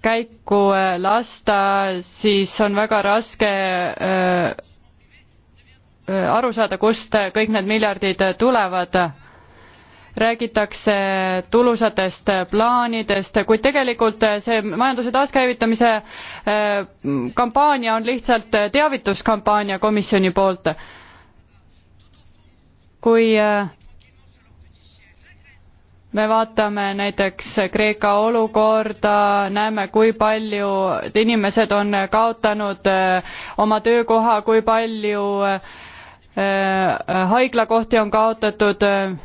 käiku lasta, siis on väga raske Äh, aru saada, kust äh, kõik need miljardid äh, tulevad. räägitakse tulusatest plaanidest, kuid tegelikult see majanduse taaskäivitamise kampaania on lihtsalt teavituskampaania komisjoni poolt. kui me vaatame näiteks Kreeka olukorda, näeme, kui palju inimesed on kaotanud oma töökoha, kui palju äh, Äh, äh, haiglakohti on kaotatud, äh,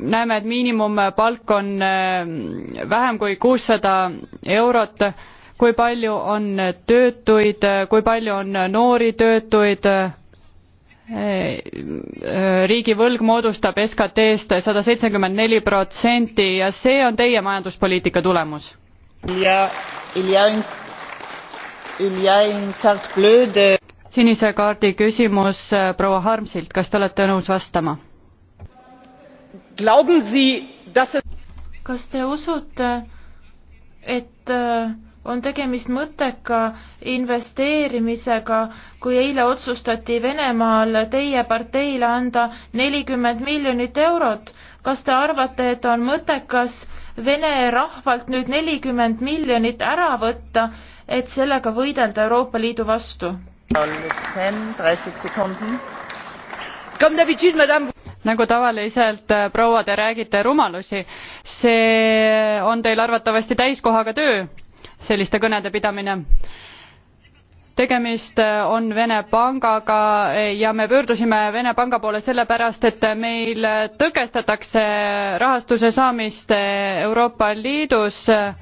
näeme, et miinimumpalk on vähem kui kuussada eurot, kui palju on töötuid, kui palju on noori töötuid, riigivõlg moodustab SKT-st sada seitsekümmend neli protsenti ja see on teie majanduspoliitika tulemus. ja, ja, ja, ja, ja, ja, ja, sinise kaardi küsimus äh, proua Harmsilt, kas te olete nõus vastama? kas te usute, et äh, on tegemist mõtteka investeerimisega, kui eile otsustati Venemaal teie parteile anda nelikümmend miljonit eurot. kas te arvate, et on mõttekas Vene rahvalt nüüd nelikümmend miljonit ära võtta, et sellega võidelda Euroopa Liidu vastu? nagu tavaliselt äh, proua te räägite rumalusi see äh, on teil arvatavasti täiskohaga töö selliste kõnede pidamine tegemist äh, on vene pangaga ja me pöördusime vene panga poole sellepärast et meil tõkestatakse rahastuse saamist euroopa liidus ja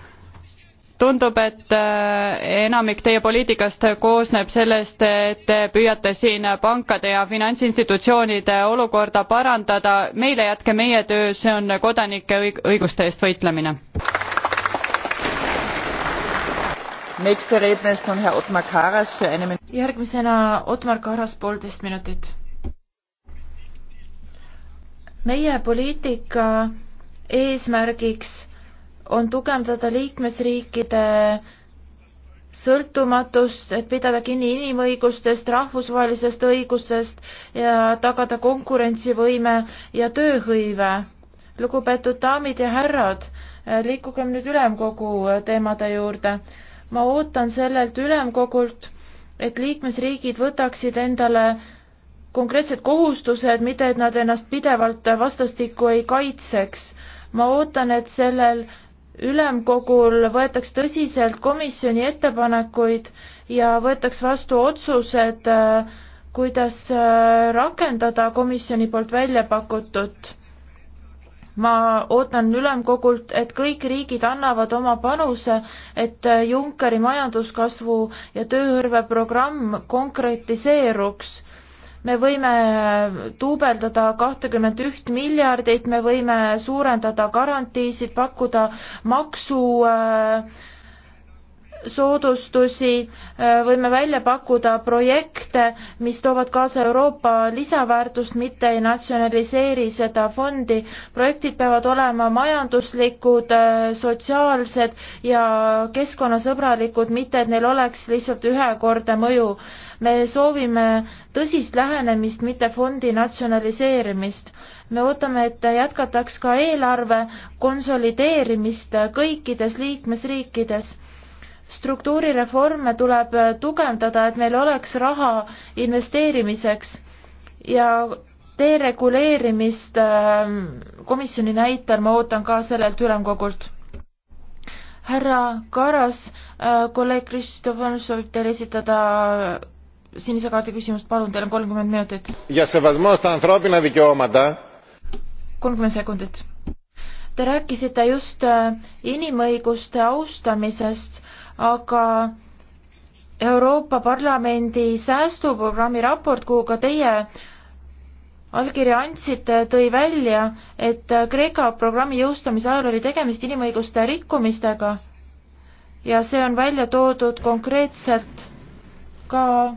tundub, et äh, enamik teie poliitikast koosneb sellest, et te püüate siin pankade ja finantsinstitutsioonide olukorda parandada. meile jätke meie töö, see on kodanike õig õiguste eest võitlemine. järgmisena Otmar Karas, poolteist minutit. meie poliitika eesmärgiks on tugevdada liikmesriikide sõltumatust, et pidada kinni inimõigustest, rahvusvahelisest õigusest ja tagada konkurentsivõime ja tööhõive. lugupeetud daamid ja härrad, liikugem nüüd ülemkogu teemade juurde. ma ootan sellelt ülemkogult, et liikmesriigid võtaksid endale konkreetsed kohustused, mitte et nad ennast pidevalt vastastikku ei kaitseks. ma ootan, et sellel ülemkogul võetakse tõsiselt komisjoni ettepanekuid ja võetakse vastu otsused, äh, kuidas äh, rakendada komisjoni poolt välja pakutut. ma ootan ülemkogult, et kõik riigid annavad oma panuse, et äh, Junckeri majanduskasvu ja tööhõrve programm konkretiseeruks me võime duubeldada kahtekümmet üht miljardit, me võime suurendada garantiisid, pakkuda maksu äh, soodustusi, äh, võime välja pakkuda projekte, mis toovad kaasa Euroopa lisaväärtust, mitte ei natsionaliseeri seda fondi. projektid peavad olema majanduslikud, äh, sotsiaalsed ja keskkonnasõbralikud, mitte et neil oleks lihtsalt ühekordne mõju me soovime tõsist lähenemist, mitte fondi natsionaliseerimist. me ootame, et jätkataks ka eelarve konsolideerimist kõikides liikmesriikides struktuurireforme tuleb tugevdada, et meil oleks raha investeerimiseks ja dereguleerimist ähm, komisjoni näitel ma ootan ka sellelt ülemkogult. härra Karas, äh, kolleeg Kristof Anšov, teile esitada sinise kaardi küsimust, palun, teil on kolmkümmend minutit. kolmkümmend sekundit. Te rääkisite just äh, inimõiguste austamisest, aga Euroopa Parlamendi säästuprogrammi raport, kuhu ka teie allkirja andsite, tõi välja, et äh, Kreeka programmi jõustamise ajal oli tegemist inimõiguste rikkumistega ja see on välja toodud konkreetselt ka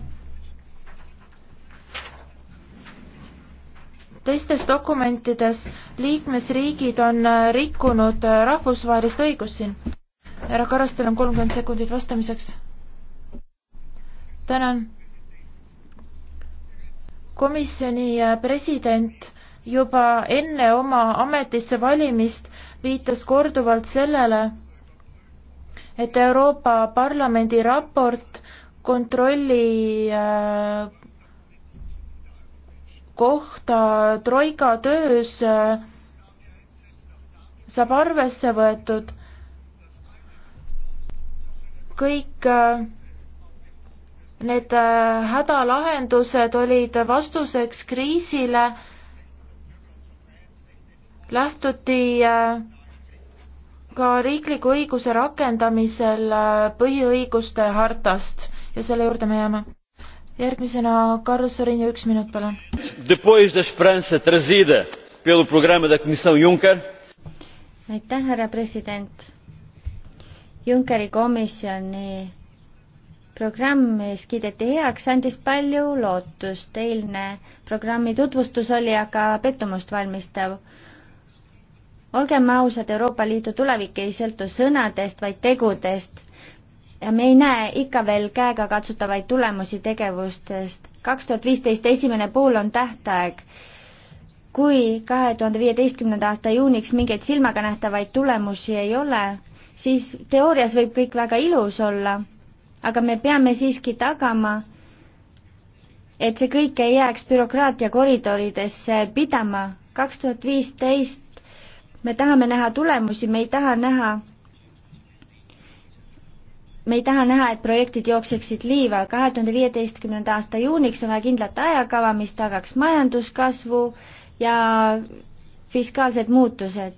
teistes dokumentides liikmesriigid on äh, rikkunud äh, rahvusvahelist õigust siin. härra Karas, teil on kolmkümmend sekundit vastamiseks. tänan. komisjoni äh, president juba enne oma ametisse valimist viitas korduvalt sellele, et Euroopa Parlamendi raport kontrollikoja kohta Troika töös äh, saab arvesse võetud kõik äh, need äh, hädalahendused olid vastuseks kriisile, lähtuti ka riikliku õiguse rakendamisel põhiõiguste hartast ja selle juurde me jääme järgmisena Carlos Sorinio, üks minut, palun. Depois da esperança trazida pelo programa da Comissão Juncker. aitäh, härra president. Junckeri komisjoni programm, mis kiideti heaks, andis palju lootust. eilne programmi tutvustus oli aga pettumust valmistav olgem ausad, Euroopa Liidu tulevik ei sõltu sõnadest, vaid tegudest ja me ei näe ikka veel käegakatsutavaid tulemusi tegevustest. kaks tuhat viisteist esimene pool on tähtaeg. kui kahe tuhande viieteistkümnenda aasta juuniks mingeid silmaga nähtavaid tulemusi ei ole, siis teoorias võib kõik väga ilus olla, aga me peame siiski tagama, et see kõik ei jääks bürokraatia koridoridesse pidama. kaks tuhat viisteist me tahame näha tulemusi, me ei taha näha me ei taha näha, et projektid jookseksid liiva. kahe tuhande viieteistkümnenda aasta juuniks on vaja kindlat ajakava, mis tagaks majanduskasvu ja fiskaalsed muutused.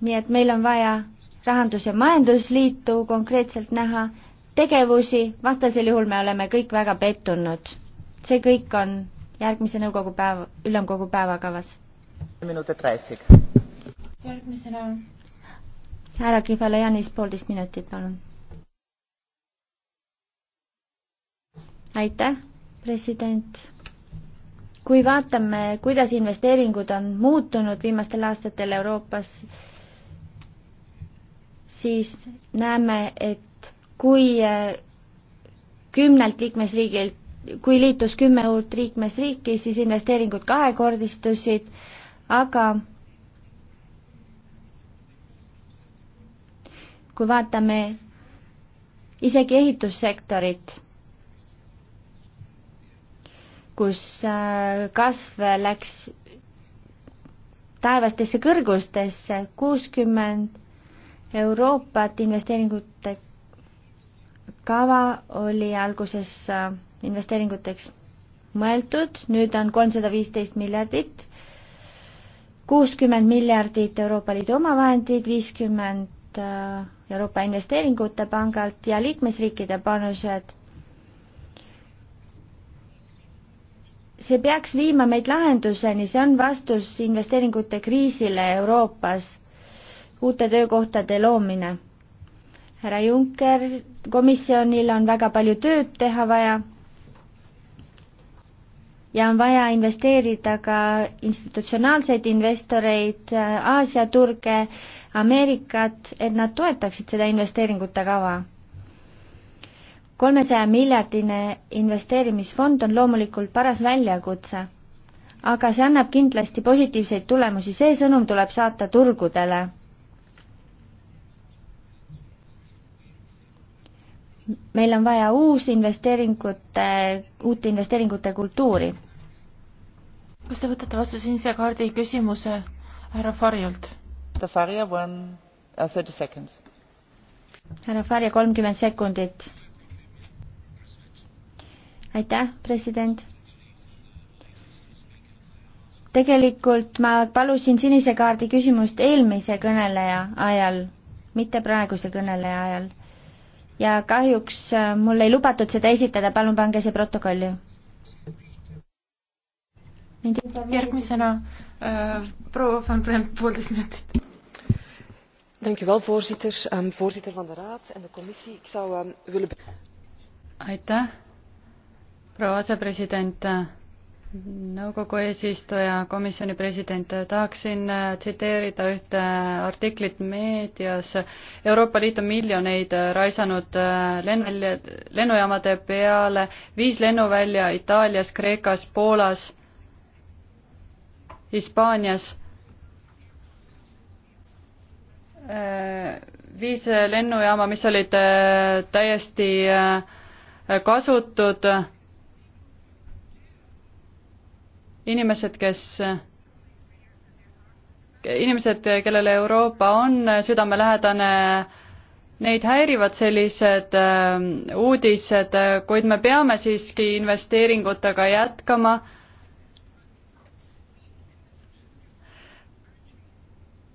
nii et meil on vaja rahandus- ja majandusliitu konkreetselt näha, tegevusi, vastasel juhul me oleme kõik väga pettunud. see kõik on järgmise nõukogu päev, ülemkogu päevakavas. järgmisena härra Kivalajanis, poolteist minutit, palun. aitäh, president. kui vaatame, kuidas investeeringud on muutunud viimastel aastatel Euroopas, siis näeme, et kui eh, kümnelt liikmesriigilt, kui liitus kümme uut liikmesriiki, siis investeeringud kahekordistusid, aga kui vaatame isegi ehitussektorit, kus äh, kasv läks taevastesse kõrgustesse, kuuskümmend Euroopat investeeringute kava oli alguses äh, investeeringuteks mõeldud, nüüd on kolmsada viisteist miljardit, kuuskümmend miljardit Euroopa Liidu omavahendid, viiskümmend Äh, Euroopa Investeeringute Pangalt ja liikmesriikide panused. see peaks viima meid lahenduseni, see on vastus investeeringute kriisile Euroopas, uute töökohtade loomine. härra Juncker, komisjonil on väga palju tööd teha vaja ja on vaja investeerida ka institutsionaalseid investoreid, äh, Aasia turge, Ameerikat, et nad toetaksid seda investeeringute kava. kolmesaja miljardine investeerimisfond on loomulikult paras väljakutse, aga see annab kindlasti positiivseid tulemusi, see sõnum tuleb saata turgudele meil on vaja uus investeeringute, uute investeeringute kultuuri. kas te võtate vastu sinise kaardi küsimuse härra Farjult? Uh, härra Farja, kolmkümmend sekundit. aitäh, president. tegelikult ma palusin sinise kaardi küsimust eelmise kõneleja ajal, mitte praeguse kõneleja ajal. ja kahjuks äh, mul ei lubatud seda esitada, palun pange see protokolli. järgmisena äh, proua Van Brent, poolteist minutit voorzitter ehm, voorzitter van de raad en de commissie ik zou ehm, willen. aitäh proua asepresident nõukogu eesistuja komisjoni president tahaksin äh, tsiteerida ühte artiklit meedias euroopa liit on miljoneid äh, raisanud äh, lennuvälja lennujaamade peale viis lennuvälja itaalias kreekas poolas hispaanias Äh, viis lennujaama, mis olid äh, täiesti äh, kasutud. inimesed, kes, inimesed, kellele Euroopa on südamelähedane, neid häirivad sellised uudised, kuid me peame siiski investeeringutega jätkama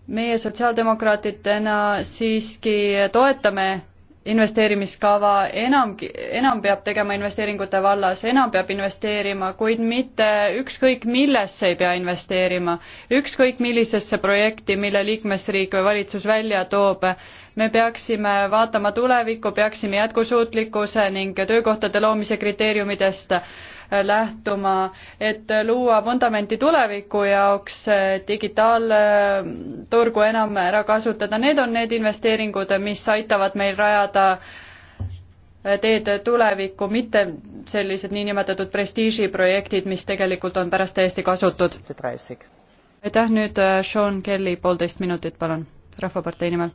meie sotsiaaldemokraatidena siiski toetame investeerimiskava, enam, enam peab tegema investeeringute vallas, enam peab investeerima, kuid mitte ükskõik millesse ei pea investeerima. ükskõik millisesse projekti, mille liikmesriik või valitsus välja toob, me peaksime vaatama tulevikku, peaksime jätkusuutlikkuse ning töökohtade loomise kriteeriumidest lähtuma, et luua vundamenti tuleviku jaoks, digitaalturgu enam ära kasutada, need on need investeeringud, mis aitavad meil rajada teed tulevikku, mitte sellised niinimetatud prestiižiprojektid, mis tegelikult on pärast täiesti kasutud. aitäh, nüüd äh, Sean Kelly, poolteist minutit, palun, Rahvapartei nimel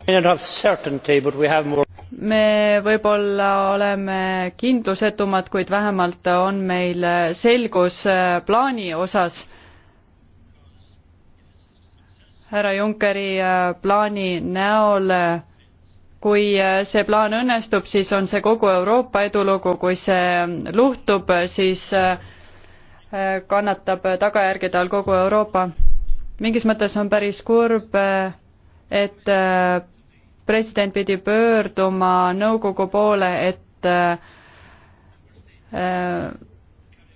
me võib-olla oleme kindlusetumad, kuid vähemalt on meil selgus äh, plaani osas. härra Junckeri äh, plaani näol, äh, kui see plaan õnnestub, siis on see kogu Euroopa edulugu, kui see luhtub, siis kannatab tagajärgede all kogu Euroopa. mingis mõttes on päris kurb, et president pidi pöörduma nõukogu poole, et äh,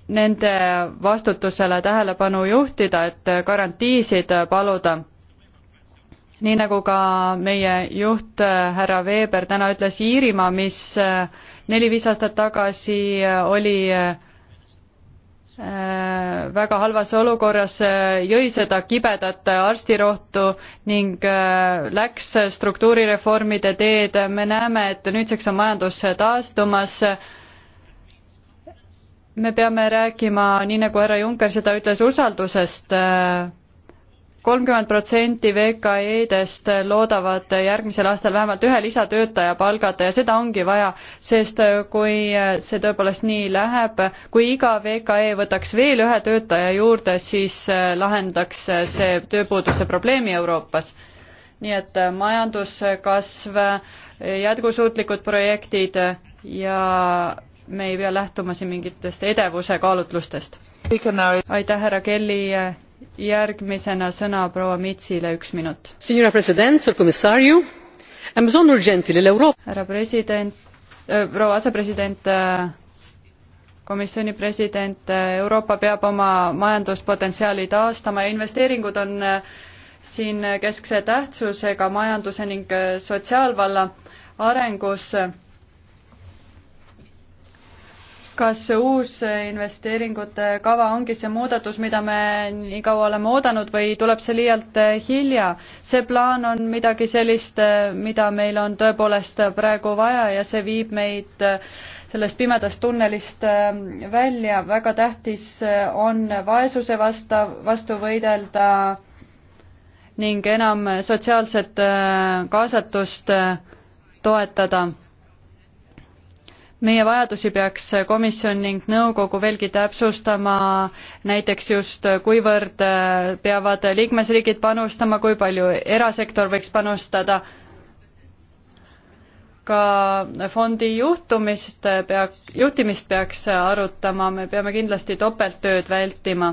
nende vastutusele tähelepanu juhtida, et garantiisid paluda. nii nagu ka meie juht äh, härra Weber täna ütles, Iirimaa, mis äh, neli-viis aastat tagasi oli Äh, väga halvas olukorras, äh, jõi seda kibedat äh, arstirohtu ning läks struktuurireformide teed, me näeme, et nüüdseks on majandus taastumas, me peame rääkima, nii nagu härra Juncker seda ütles, usaldusest kolmkümmend protsenti VKE-dest loodavad järgmisel aastal vähemalt ühe lisatöötaja palgata ja seda ongi vaja, sest kui see tõepoolest nii läheb, kui iga VKE võtaks veel ühe töötaja juurde, siis lahendaks see tööpuuduse probleemi Euroopas. nii et majanduskasv, jätkusuutlikud projektid ja me ei pea lähtuma siin mingitest edevuse kaalutlustest. aitäh, härra Kelly järgmisena sõna proua Mitsile, üks minut. härra president, äh, proua asepresident, äh, komisjoni president, äh, Euroopa peab oma majanduspotentsiaali taastama ja investeeringud on siin keskse tähtsusega majanduse ning sotsiaalvalla arengus kas uus investeeringute kava ongi see muudatus, mida me nii kaua oleme oodanud või tuleb see liialt hilja? see plaan on midagi sellist, mida meil on tõepoolest praegu vaja ja see viib meid sellest pimedast tunnelist välja, väga tähtis on vaesuse vasta, vastu võidelda ning enam sotsiaalset kaasatust toetada meie vajadusi peaks komisjon ning nõukogu veelgi täpsustama, näiteks just kuivõrd peavad liikmesriigid panustama, kui palju erasektor võiks panustada, ka fondi juhtumist pea, juhtimist peaks arutama, me peame kindlasti topelttööd vältima.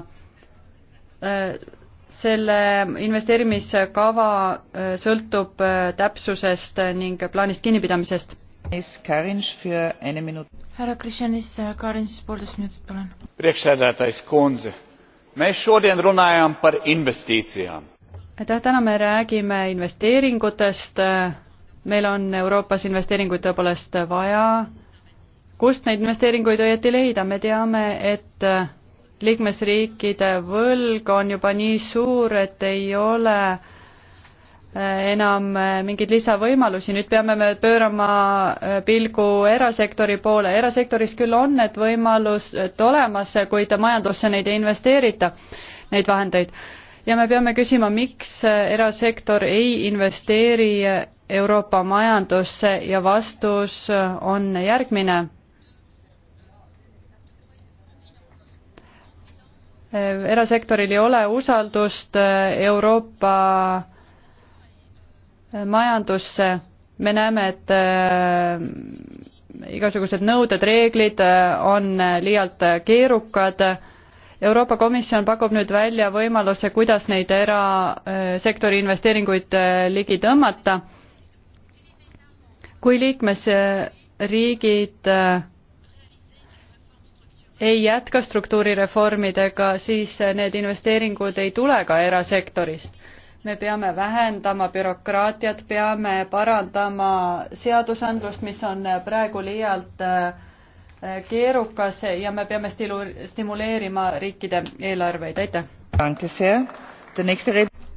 selle investeerimiskava sõltub täpsusest ning plaanist kinnipidamisest härra Kristjanis äh, Karins, poolteist minutit, palun. aitäh, täna me räägime investeeringutest. meil on Euroopas investeeringuid tõepoolest vaja. kust neid investeeringuid õieti leida, me teame, et liikmesriikide võlg on juba nii suur, et ei ole enam äh, mingeid lisavõimalusi, nüüd peame me pöörama äh, pilgu erasektori poole, erasektoris küll on need võimalused olemas, kuid majandusse neid ei investeerita, neid vahendeid. ja me peame küsima, miks äh, erasektor ei investeeri Euroopa majandusse ja vastus on järgmine erasektoril ei ole usaldust Euroopa majandusse, me näeme, et äh, igasugused nõuded, reeglid äh, on äh, liialt keerukad Euroopa Komisjon pakub nüüd välja võimaluse, kuidas neid erasektori investeeringuid ligi tõmmata. kui liikmesriigid ei jätka struktuurireformidega, siis need investeeringud ei tule ka erasektorist me peame vähendama bürokraatiat, peame parandama seadusandlust, mis on praegu liialt äh, keerukas ja me peame stilu-, stimuleerima riikide eelarveid, aitäh!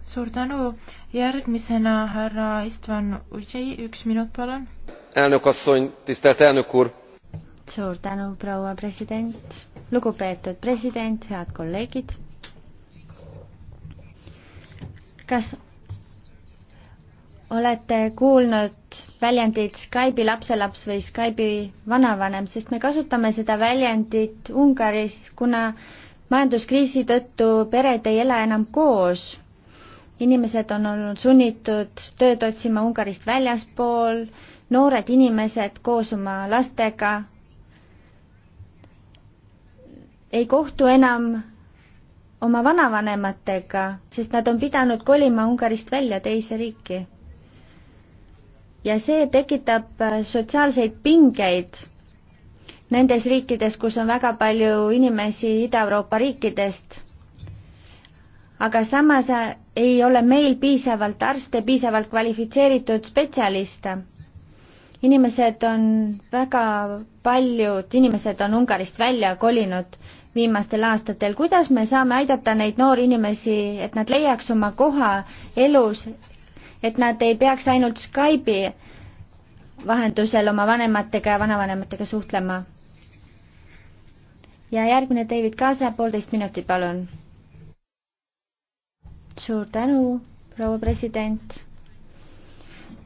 suur tänu, järgmisena härra Istvan Udži, üks minut palun. suur tänu, proua president, lugupeetud president, head kolleegid kas olete kuulnud väljendit Skype'i lapselaps või Skype'i vanavanem, sest me kasutame seda väljendit Ungaris, kuna majanduskriisi tõttu pered ei ela enam koos. inimesed on olnud sunnitud tööd otsima Ungarist väljaspool, noored inimesed koos oma lastega ei kohtu enam oma vanavanematega, sest nad on pidanud kolima Ungarist välja teise riiki. ja see tekitab äh, sotsiaalseid pingeid nendes riikides, kus on väga palju inimesi Ida-Euroopa riikidest. aga samas äh, ei ole meil piisavalt arste, piisavalt kvalifitseeritud spetsialiste inimesed on, väga paljud inimesed on Ungarist välja kolinud viimastel aastatel, kuidas me saame aidata neid noori inimesi, et nad leiaks oma koha elus, et nad ei peaks ainult Skype'i vahendusel oma vanematega ja vanavanematega suhtlema? ja järgmine David Kaasa, poolteist minutit, palun. suur tänu, proua president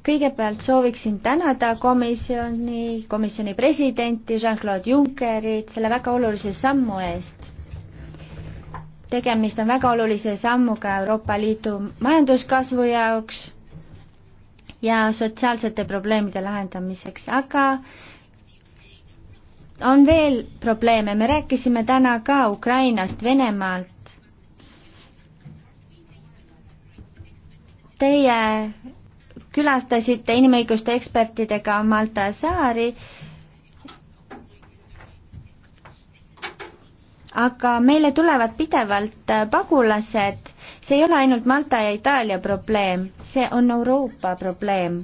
kõigepealt sooviksin tänada komisjoni, komisjoni presidenti Jean-Claude Junckerit selle väga olulise sammu eest. tegemist on väga olulise sammuga Euroopa Liidu majanduskasvu jaoks ja sotsiaalsete probleemide lahendamiseks, aga on veel probleeme, me rääkisime täna ka Ukrainast, Venemaalt. Teie külastasite inimõiguste ekspertidega Malta saari. aga meile tulevad pidevalt pagulased, see ei ole ainult Malta ja Itaalia probleem, see on Euroopa probleem.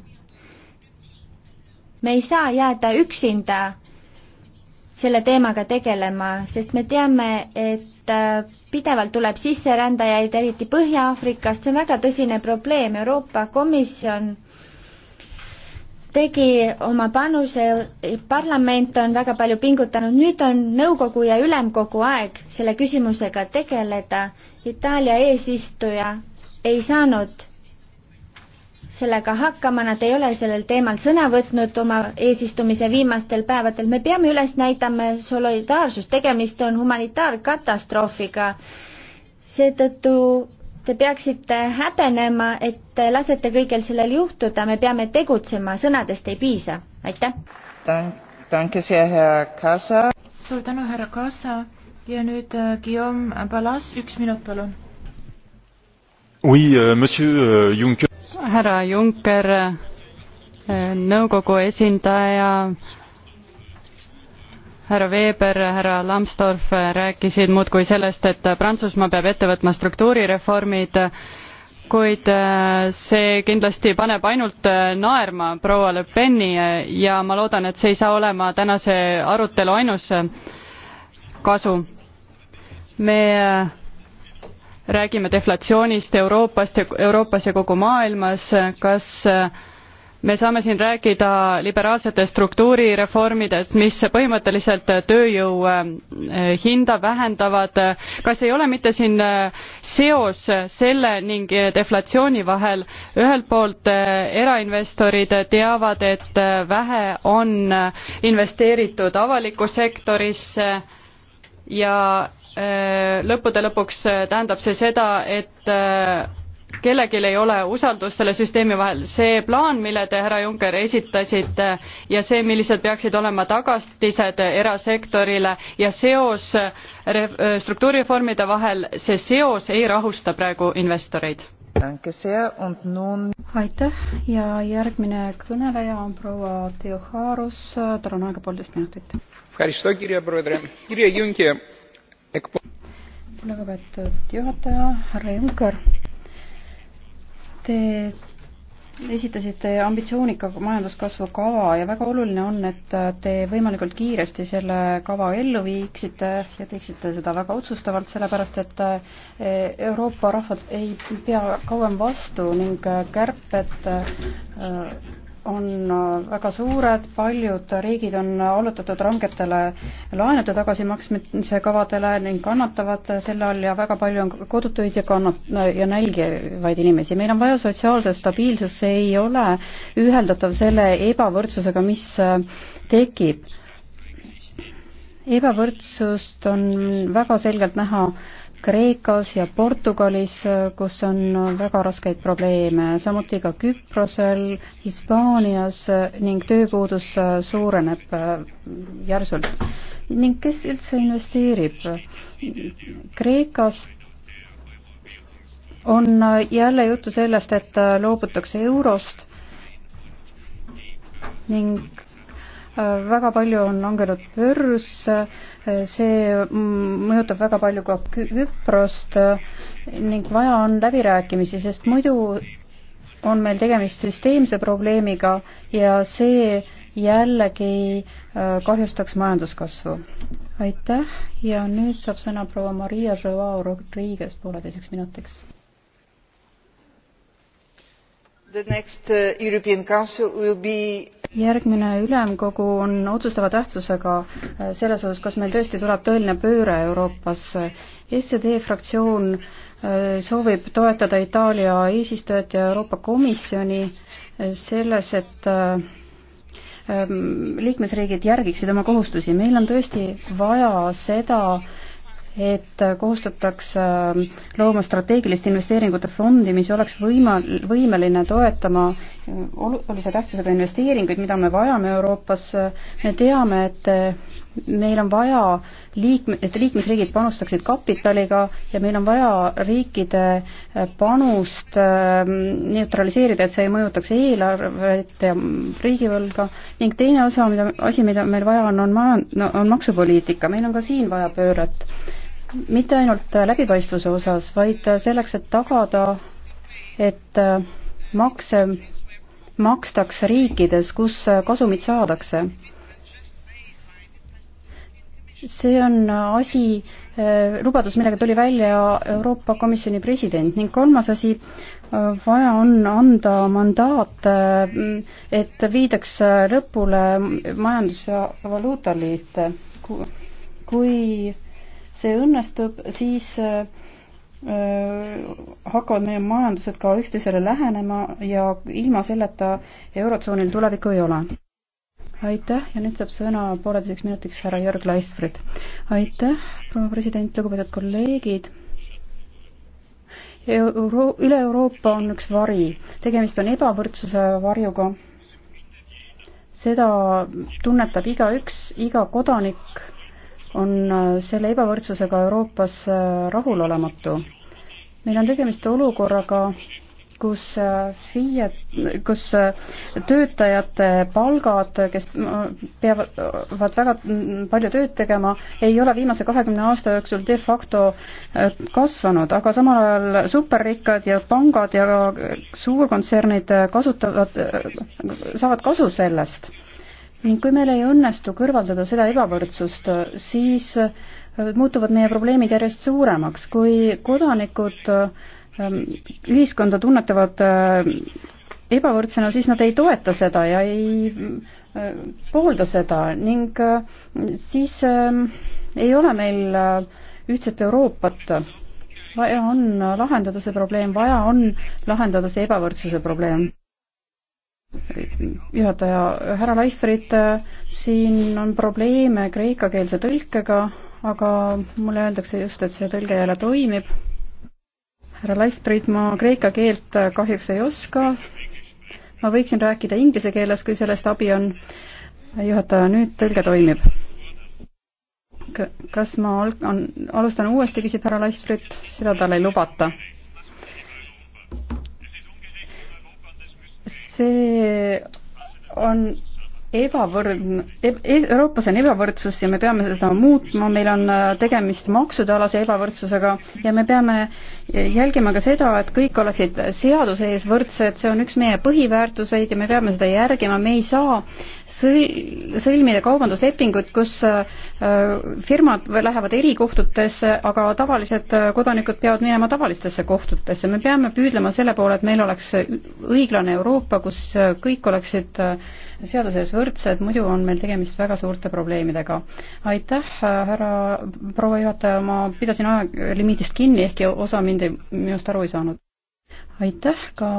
me ei saa jääda üksinda selle teemaga tegelema, sest me teame, et äh, pidevalt tuleb sisserändajaid, eriti Põhja-Aafrikast, see on väga tõsine probleem, Euroopa Komisjon tegi oma panuse, parlament on väga palju pingutanud, nüüd on nõukogu ja ülemkogu aeg selle küsimusega tegeleda. Itaalia eesistuja ei saanud sellega hakkama, nad ei ole sellel teemal sõna võtnud oma eesistumise viimastel päevadel, me peame üles näitama solidaarsust, tegemist on humanitaarkatastroofiga. seetõttu Te peaksite häbenema, et lasete kõigel sellel juhtuda, me peame tegutsema, sõnadest ei piisa, aitäh. suur tänu, härra Kasa ja nüüd äh, Guillaume Palas, üks minut, palun. Oui, euh, monsieur euh, Juncker. härra Juncker, äh, nõukogu esindaja äh, härra Weber, härra Lambsdorff rääkisid muudkui sellest, et Prantsusmaa peab ette võtma struktuurireformid, kuid äh, see kindlasti paneb ainult äh, naerma proua Le Peni ja ma loodan, et see ei saa olema tänase arutelu ainus äh, kasu. me räägime deflatsioonist Euroopast ja Euroopas ja kogu maailmas, kas me saame siin rääkida liberaalsetest struktuurireformidest mis põhimõtteliselt tööjõu äh, hinda vähendavad kas ei ole mitte siin äh, seos selle ning äh, deflatsiooni vahel ühelt poolt erainvestorid teavad et vähe on investeeritud avalikku sektorisse ja lõppude lõpuks tähendab see seda et kellelgi ei ole usaldust selle süsteemi vahel. see plaan, mille te, härra Juncker, esitasite ja see, millised peaksid olema tagastised erasektorile ja seos struktuurireformide vahel, see seos ei rahusta praegu investoreid. aitäh ja järgmine kõneleja on proua Teoharus, tal on aega poolteist minutit. lugupeetud juhataja, härra Juncker Te esitasite ambitsioonika majanduskasvu kava ja väga oluline on, et te võimalikult kiiresti selle kava ellu viiksite ja teeksite seda väga otsustavalt, sellepärast et e, Euroopa rahvad ei pea kauem vastu ning kärped e, on äh, väga suured, paljud riigid on allutatud rangetele laenude tagasimaksmise kavadele ning kannatavad selle all ja väga palju on kodutuid ja kannat- ja nälgivaid inimesi. meil on vaja sotsiaalset stabiilsust, see ei ole üheldatav selle ebavõrdsusega, mis äh, tekib. ebavõrdsust on väga selgelt näha äh, Kreekas ja Portugalis, kus on väga raskeid probleeme, samuti ka Küprosel, Hispaanias ning tööpuudus suureneb äh, järsult. ning kes üldse investeerib? Kreekas on jälle juttu sellest, et loobutakse eurost ning väga palju on langenud börs, see mõjutab väga palju ka Küprost ning vaja on läbirääkimisi, sest muidu on meil tegemist süsteemse probleemiga ja see jällegi äh, kahjustaks majanduskasvu. aitäh ja nüüd saab sõna proua Maria Joao Rodriguez pooleteiseks minutiks Uh, järgmine ülemkogu on otsustava tähtsusega äh, selles osas, kas meil tõesti tuleb tõeline pööre Euroopas. SED fraktsioon äh, soovib toetada Itaalia eesistujat ja Euroopa Komisjoni äh, selles, et ähm, liikmesriigid järgiksid oma kohustusi. meil on tõesti vaja seda, et koostataks äh, looma strateegilist investeeringute fondi, mis oleks võima-, võimeline toetama äh, olulise tähtsusega investeeringuid, mida me vajame Euroopas, me teame, et äh, meil on vaja liikme, et liikmesriigid panustaksid kapitaliga ja meil on vaja riikide panust neutraliseerida, et see ei mõjutaks eelarvet ja riigivõlga ning teine osa, mida, asi, mida meil vaja on, on maja-, on maksupoliitika, meil on ka siin vaja pööret mitte ainult läbipaistvuse osas, vaid selleks, et tagada, et äh, makse makstaks riikides, kus äh, kasumit saadakse. see on äh, asi, lubadus, millega tuli välja Euroopa Komisjoni president ning kolmas asi, vaja on anda mandaat, et viidaks lõpule majandus- ja valuutaliit. kui see õnnestub, siis äh, äh, hakkavad meie majandused ka üksteisele lähenema ja ilma selleta Eurotsoonil tulevikku ei ole. aitäh ja nüüd saab sõna pooleteiseks minutiks härra Jörg Laistfrid. aitäh, proua president, lugupeetud kolleegid Euro-, üle Euroopa on üks vari, tegemist on ebavõrdsuse varjuga. seda tunnetab igaüks, iga kodanik on äh, selle ebavõrdsusega Euroopas äh, rahulolematu. meil on tegemist olukorraga, kus äh, FIE, kus töötajate palgad, kes peavad väga mm, palju tööd tegema, ei ole viimase kahekümne aasta jooksul de facto kasvanud, aga samal ajal superrikkad ja pangad ja suurkontsernid kasutavad, saavad kasu sellest kui meil ei õnnestu kõrvaldada seda ebavõrdsust, siis äh, muutuvad meie probleemid järjest suuremaks, kui kodanikud ähm, ühiskonda tunnetavad äh, ebavõrdsena, siis nad ei toeta seda ja ei äh, poolda seda ning siis ähm, ei ole meil ühtset Euroopat. vaja on lahendada see probleem, vaja on lahendada see ebavõrdsuse probleem juhataja, härra Leifrit, siin on probleeme kreekakeelse tõlkega, aga mulle öeldakse just, et see tõlge jälle toimib. härra Leifrit, ma kreeka keelt kahjuks ei oska. ma võiksin rääkida inglise keeles, kui sellest abi on. juhataja, nüüd tõlge toimib. kas ma al-, alustan uuesti, küsib härra Leifrit, seda talle ei lubata see on ebavõrdne e, Euroopas on ebavõrdsus ja me peame seda muutma, meil on äh, tegemist maksudealase ebavõrdsusega ja me peame jälgima ka seda, et kõik oleksid seaduse ees võrdsed, see on üks meie põhiväärtuseid ja me peame seda järgima, me ei saa sõlmida kaubanduslepingut, kus äh, firmad lähevad erikohtutesse, aga tavalised äh, kodanikud peavad minema tavalistesse kohtutesse, me peame püüdlema selle poole, et meil oleks õiglane Euroopa, kus kõik oleksid seaduse ees võrdsed, muidu on meil tegemist väga suurte probleemidega. aitäh, härra proua juhataja, ma pidasin ajalimiidist kinni, ehkki osa mind ei, minust aru ei saanud. aitäh ka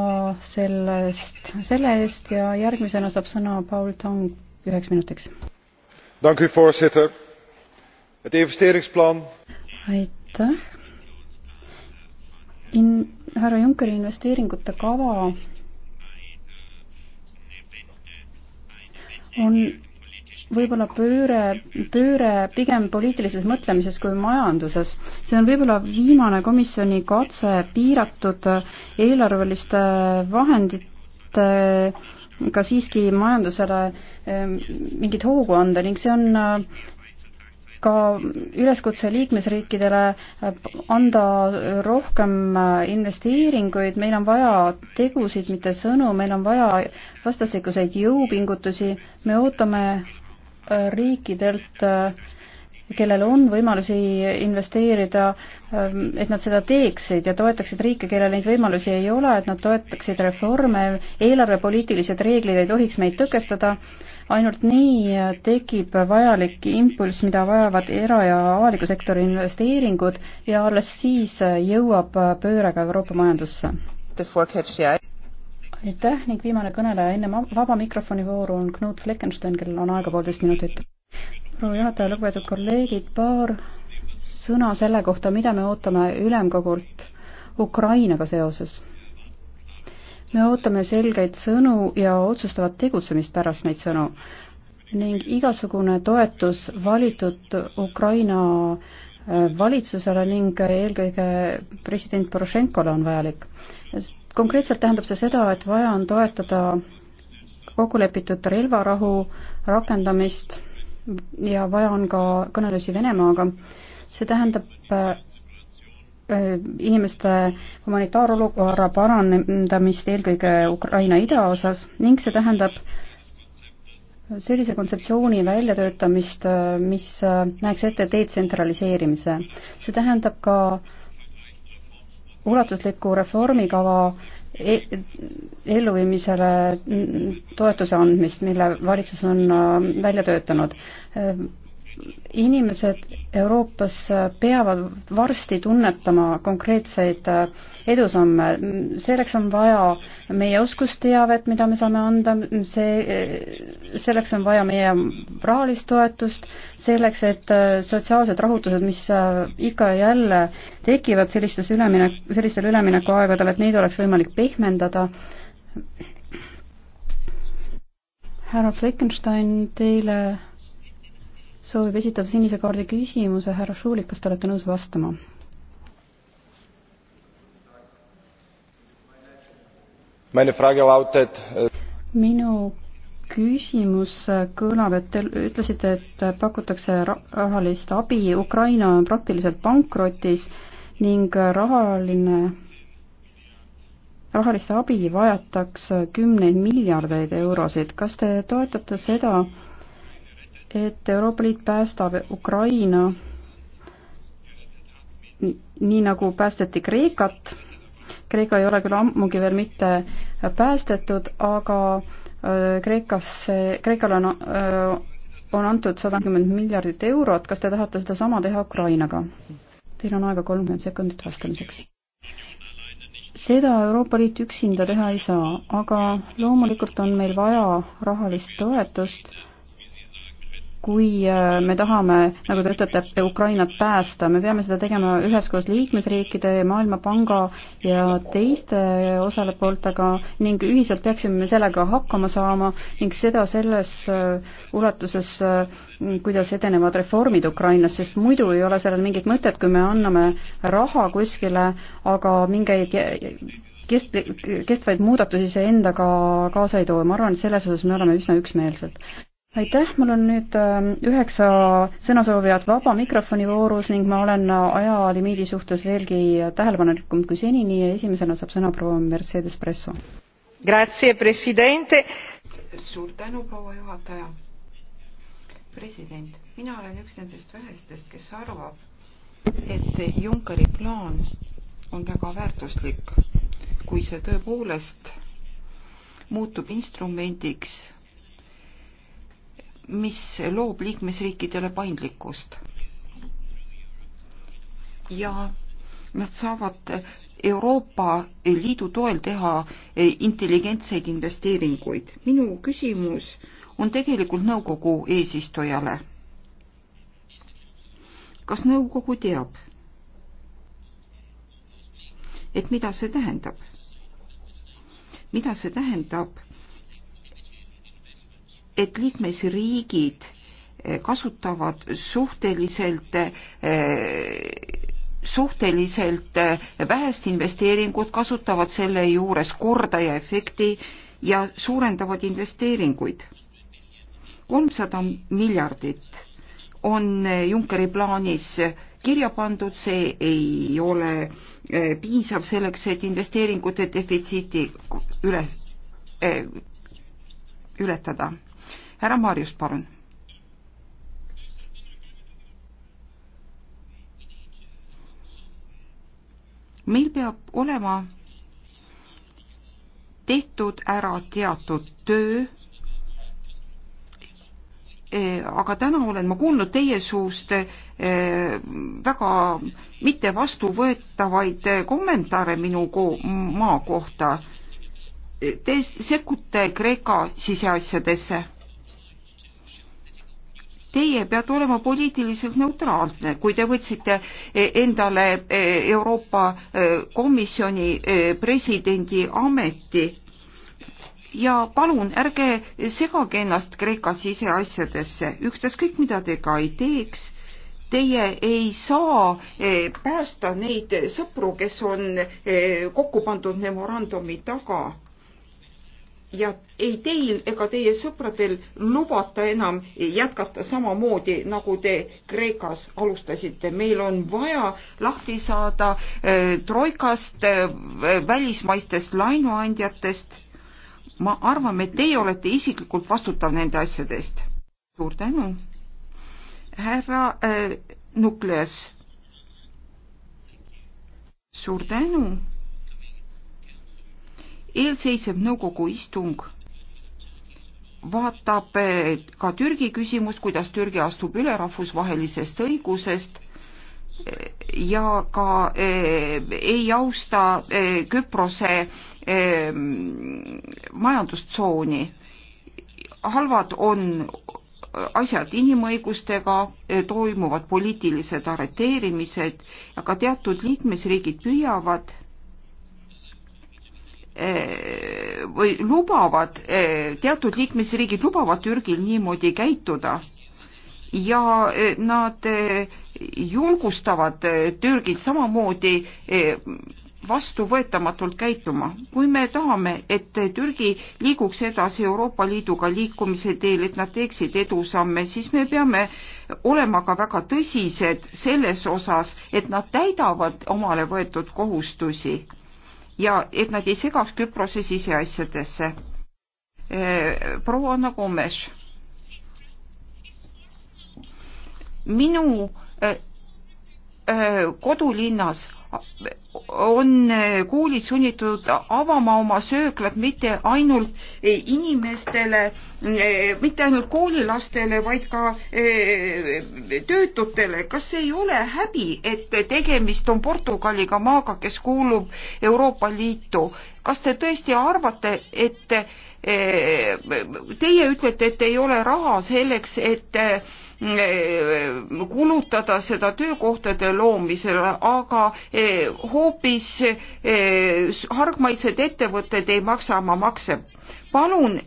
sellest, selle eest ja järgmisena saab sõna Paul Tang üheks minutiks. aitäh In,. härra Junckeri investeeringute kava on võib-olla pööre, pööre pigem poliitilises mõtlemises kui majanduses. see on võib-olla viimane komisjoni katse piiratud eelarveliste vahendite ka siiski majandusele eh, mingit hoogu anda ning see on ka üleskutse liikmesriikidele äh, anda rohkem äh, investeeringuid, meil on vaja tegusid, mitte sõnu, meil on vaja vastastikuseid jõupingutusi, me ootame äh, riikidelt, kellel on võimalusi investeerida, ähm, et nad seda teeksid ja toetaksid riike, kellel neid võimalusi ei ole, et nad toetaksid reforme, eelarvepoliitilised reeglid ei tohiks meid tõkestada ainult nii tekib vajalik impulss, mida vajavad era- ja avaliku sektori investeeringud ja alles siis jõuab pööre ka Euroopa majandusse. aitäh ning viimane kõneleja enne vaba mikrofoni vooru on Knut Fleckenstein, kellel on aega poolteist minutit. proua juhataja, lugupeetud kolleegid, paar sõna selle kohta, mida me ootame ülemkogult Ukrainaga seoses me ootame selgeid sõnu ja otsustavat tegutsemist pärast neid sõnu ning igasugune toetus valitud Ukraina äh, valitsusele ning eelkõige president Porošenkole on vajalik. konkreetselt tähendab see seda, et vaja on toetada kokkulepitud relvarahu rakendamist ja vaja on ka kõnelusi Venemaaga. see tähendab äh, Äh, inimeste humanitaarolukorra parandamist eelkõige Ukraina idaosas ning see tähendab sellise kontseptsiooni väljatöötamist, äh, mis äh, näeks ette detsentraliseerimise. see tähendab ka ulatusliku reformikava e-, elluviimisele toetuse andmist, mille valitsus on välja töötanud inimesed Euroopas peavad varsti tunnetama konkreetseid äh, edusamme. selleks on vaja meie oskusteavet, mida me saame anda, see, äh, selleks on vaja meie rahalist toetust, selleks, et äh, sotsiaalsed rahutused, mis ikka ja jälle tekivad sellistes üleminek, sellistel üleminekuaegadel, et neid oleks võimalik pehmendada. härra Fleckenstein, teile soovib esitada sinise kaardi küsimuse, härra Šuulik, kas te olete nõus vastama? Äh, minu küsimus kõlab, et te ütlesite, et pakutakse rahalist abi, Ukraina on praktiliselt pankrotis ning rahaline, rahalist abi vajatakse kümneid miljardeid eurosid. kas te toetate seda, et Euroopa Liit päästab Ukraina nii nagu päästeti Kreekat. Kreeka ei ole küll ammugi veel mitte päästetud, aga äh, Kreekasse, Kreekale on, äh, on antud sada kümmend miljardit eurot, kas te tahate sedasama teha Ukrainaga? Teil on aega kolmkümmend sekundit vastamiseks. seda Euroopa Liit üksinda teha ei saa, aga loomulikult on meil vaja rahalist toetust kui äh, me tahame, nagu te ütlete, Ukrainat päästa, me peame seda tegema üheskoos liikmesriikide, Maailmapanga ja teiste osapooltega ning ühiselt peaksime me sellega hakkama saama ning seda selles äh, ulatuses, äh, kuidas edenevad reformid Ukrainas, sest muidu ei ole sellel mingit mõtet, kui me anname raha kuskile, aga mingeid kest-, kestvaid muudatusi see endaga kaasa ei too ja ma arvan, et selles osas me oleme üsna üksmeelsed aitäh, mul on nüüd äh, üheksa sõnasoovijat vaba mikrofoni voorus ning ma olen äh, ajalimiidi suhtes veelgi tähelepanelikum kui senini ja esimesena saab sõna proua Mercedes Presso. suur tänu, proua juhataja. president, mina olen üks nendest vähestest, kes arvab, et Junckeri plaan on väga väärtuslik, kui see tõepoolest muutub instrumendiks mis loob liikmesriikidele paindlikkust. ja nad saavad Euroopa Liidu toel teha intelligentseid investeeringuid. minu küsimus on tegelikult nõukogu eesistujale. kas nõukogu teab, et mida see tähendab? mida see tähendab et liikmesriigid eh, kasutavad suhteliselt eh, suhteliselt eh, vähest investeeringut, kasutavad selle juures kordaja efekti ja suurendavad investeeringuid. kolmsada miljardit on Junckeri plaanis kirja pandud, see ei ole piisav selleks, et investeeringute defitsiiti üles, ületada härra Marjus, palun. meil peab olema tehtud ära teatud töö, e, aga täna olen ma kuulnud teie suust e, väga mitte vastuvõetavaid kommentaare minu ko maa kohta. Te sekkute Kreeka siseasjadesse Teie peate olema poliitiliselt neutraalne, kui te võtsite e, endale e, Euroopa e, Komisjoni presidendi ameti ja palun ärge segage ennast Kreeka siseasjadesse, ükstaskõik mida te ka ei teeks, teie ei saa päästa neid sõpru, kes on kokku pandud memorandumi taga ja ei teil ega teie sõpradel lubata enam jätkata samamoodi, nagu te Kreekas alustasite. meil on vaja lahti saada äh, troikast äh,, välismaistest laenuandjatest. ma arvan, et teie olete isiklikult vastutav nende asjade eest. suur tänu. härra äh, Nukleas. suur tänu eelseisev nõukogu istung vaatab ka Türgi küsimust, kuidas Türgi astub üle rahvusvahelisest õigusest ja ka eh, ei austa eh, Küprose eh, majandustsooni. halvad on asjad inimõigustega, toimuvad poliitilised arreteerimised, aga teatud liikmesriigid püüavad Eh, või lubavad, eh, teatud liikmesriigid lubavad Türgil niimoodi käituda ja eh, nad julgustavad Türgit samamoodi vastuvõetamatult käituma. kui me tahame, et Türgi liiguks edasi Euroopa Liiduga liikumise teel, et nad teeksid edusamme, siis me peame olema ka väga tõsised selles osas, et nad täidavad omale võetud kohustusi ja et nad ei segaks Küprose siseasjadesse. Eh, proua Anna Komes. minu eh, eh, kodulinnas on koolid sunnitud avama oma sööklad mitte ainult e, inimestele, e, mitte ainult koolilastele, vaid ka e, töötutele. kas ei ole häbi, et tegemist on Portugaliga maaga, kes kuulub Euroopa Liitu? kas te tõesti arvate, et teie ütlete, et ei ole raha selleks, et Eh, kulutada seda töökohtade loomisele, aga eh, hoopis eh, hargmaised ettevõtted ei maksa oma makse. palun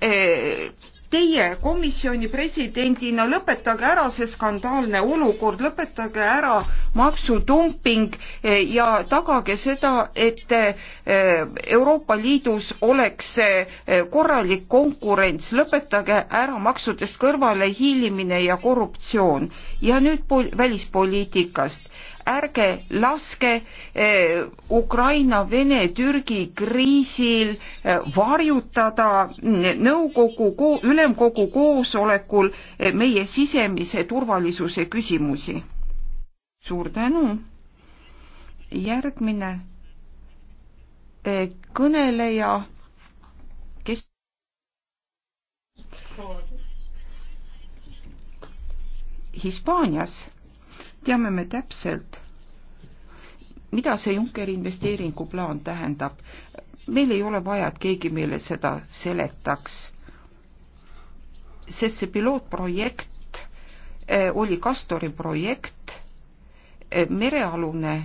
Teie komisjoni presidendina lõpetage ära see skandaalne olukord, lõpetage ära maksudumping eh, ja tagage seda, et eh, Euroopa Liidus oleks eh, korralik konkurents, lõpetage ära maksudest kõrvalehiilimine ja korruptsioon. ja nüüd välispoliitikast ärge laske eh, Ukraina, Vene, Türgi kriisil eh, varjutada nõukogu ko ülemkogu koosolekul eh, meie sisemise turvalisuse küsimusi. suur tänu. järgmine eh, kõneleja, kes Hispaanias teame me täpselt, mida see Junckeri investeeringuplaan tähendab. meil ei ole vaja, et keegi meile seda seletaks, sest see pilootprojekt eh, oli Kastori projekt, eh, merealune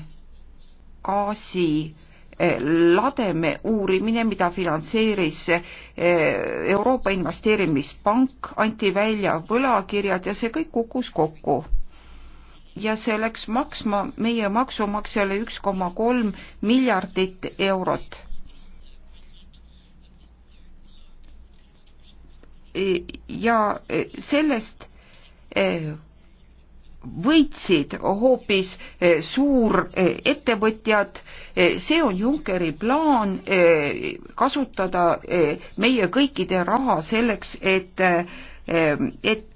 gaasi eh, lademe uurimine, mida finantseeris Euroopa Investeerimispank, anti välja võlakirjad ja see kõik kukkus kokku ja see läks maksma meie maksumaksjale üks koma kolm miljardit eurot. ja sellest eh, võitsid hoopis eh, suurettevõtjad, eh, see on Junckeri plaan kasutada meie kõikide raha selleks, et, et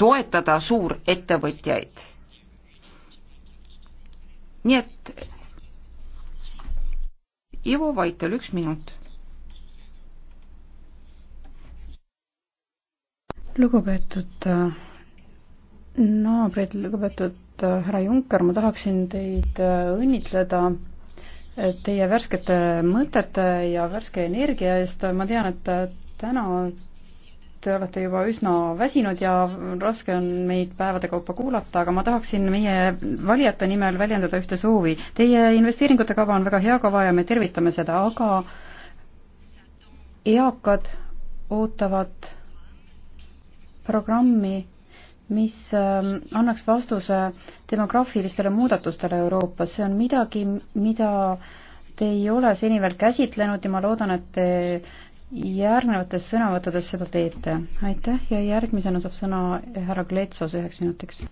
toetada suurettevõtjaid. nii et Ivo Vaitel üks minut. lugupeetud äh, naabrid, lugupeetud äh, härra Junker, ma tahaksin teid äh, õnnitleda teie värskete mõtete ja värske energia eest, ma tean, et täna te olete juba üsna väsinud ja raske on meid päevade kaupa kuulata, aga ma tahaksin meie valijate nimel väljendada ühte soovi. Teie investeeringute kava on väga hea kava ja me tervitame seda, aga eakad ootavad programmi, mis ähm, annaks vastuse demograafilistele muudatustele Euroopas, see on midagi, mida te ei ole seni veel käsitlenud ja ma loodan, et te järgnevates sõnavõttudes seda teete. aitäh ja järgmisena saab sõna härra Kletsos üheks minutiks.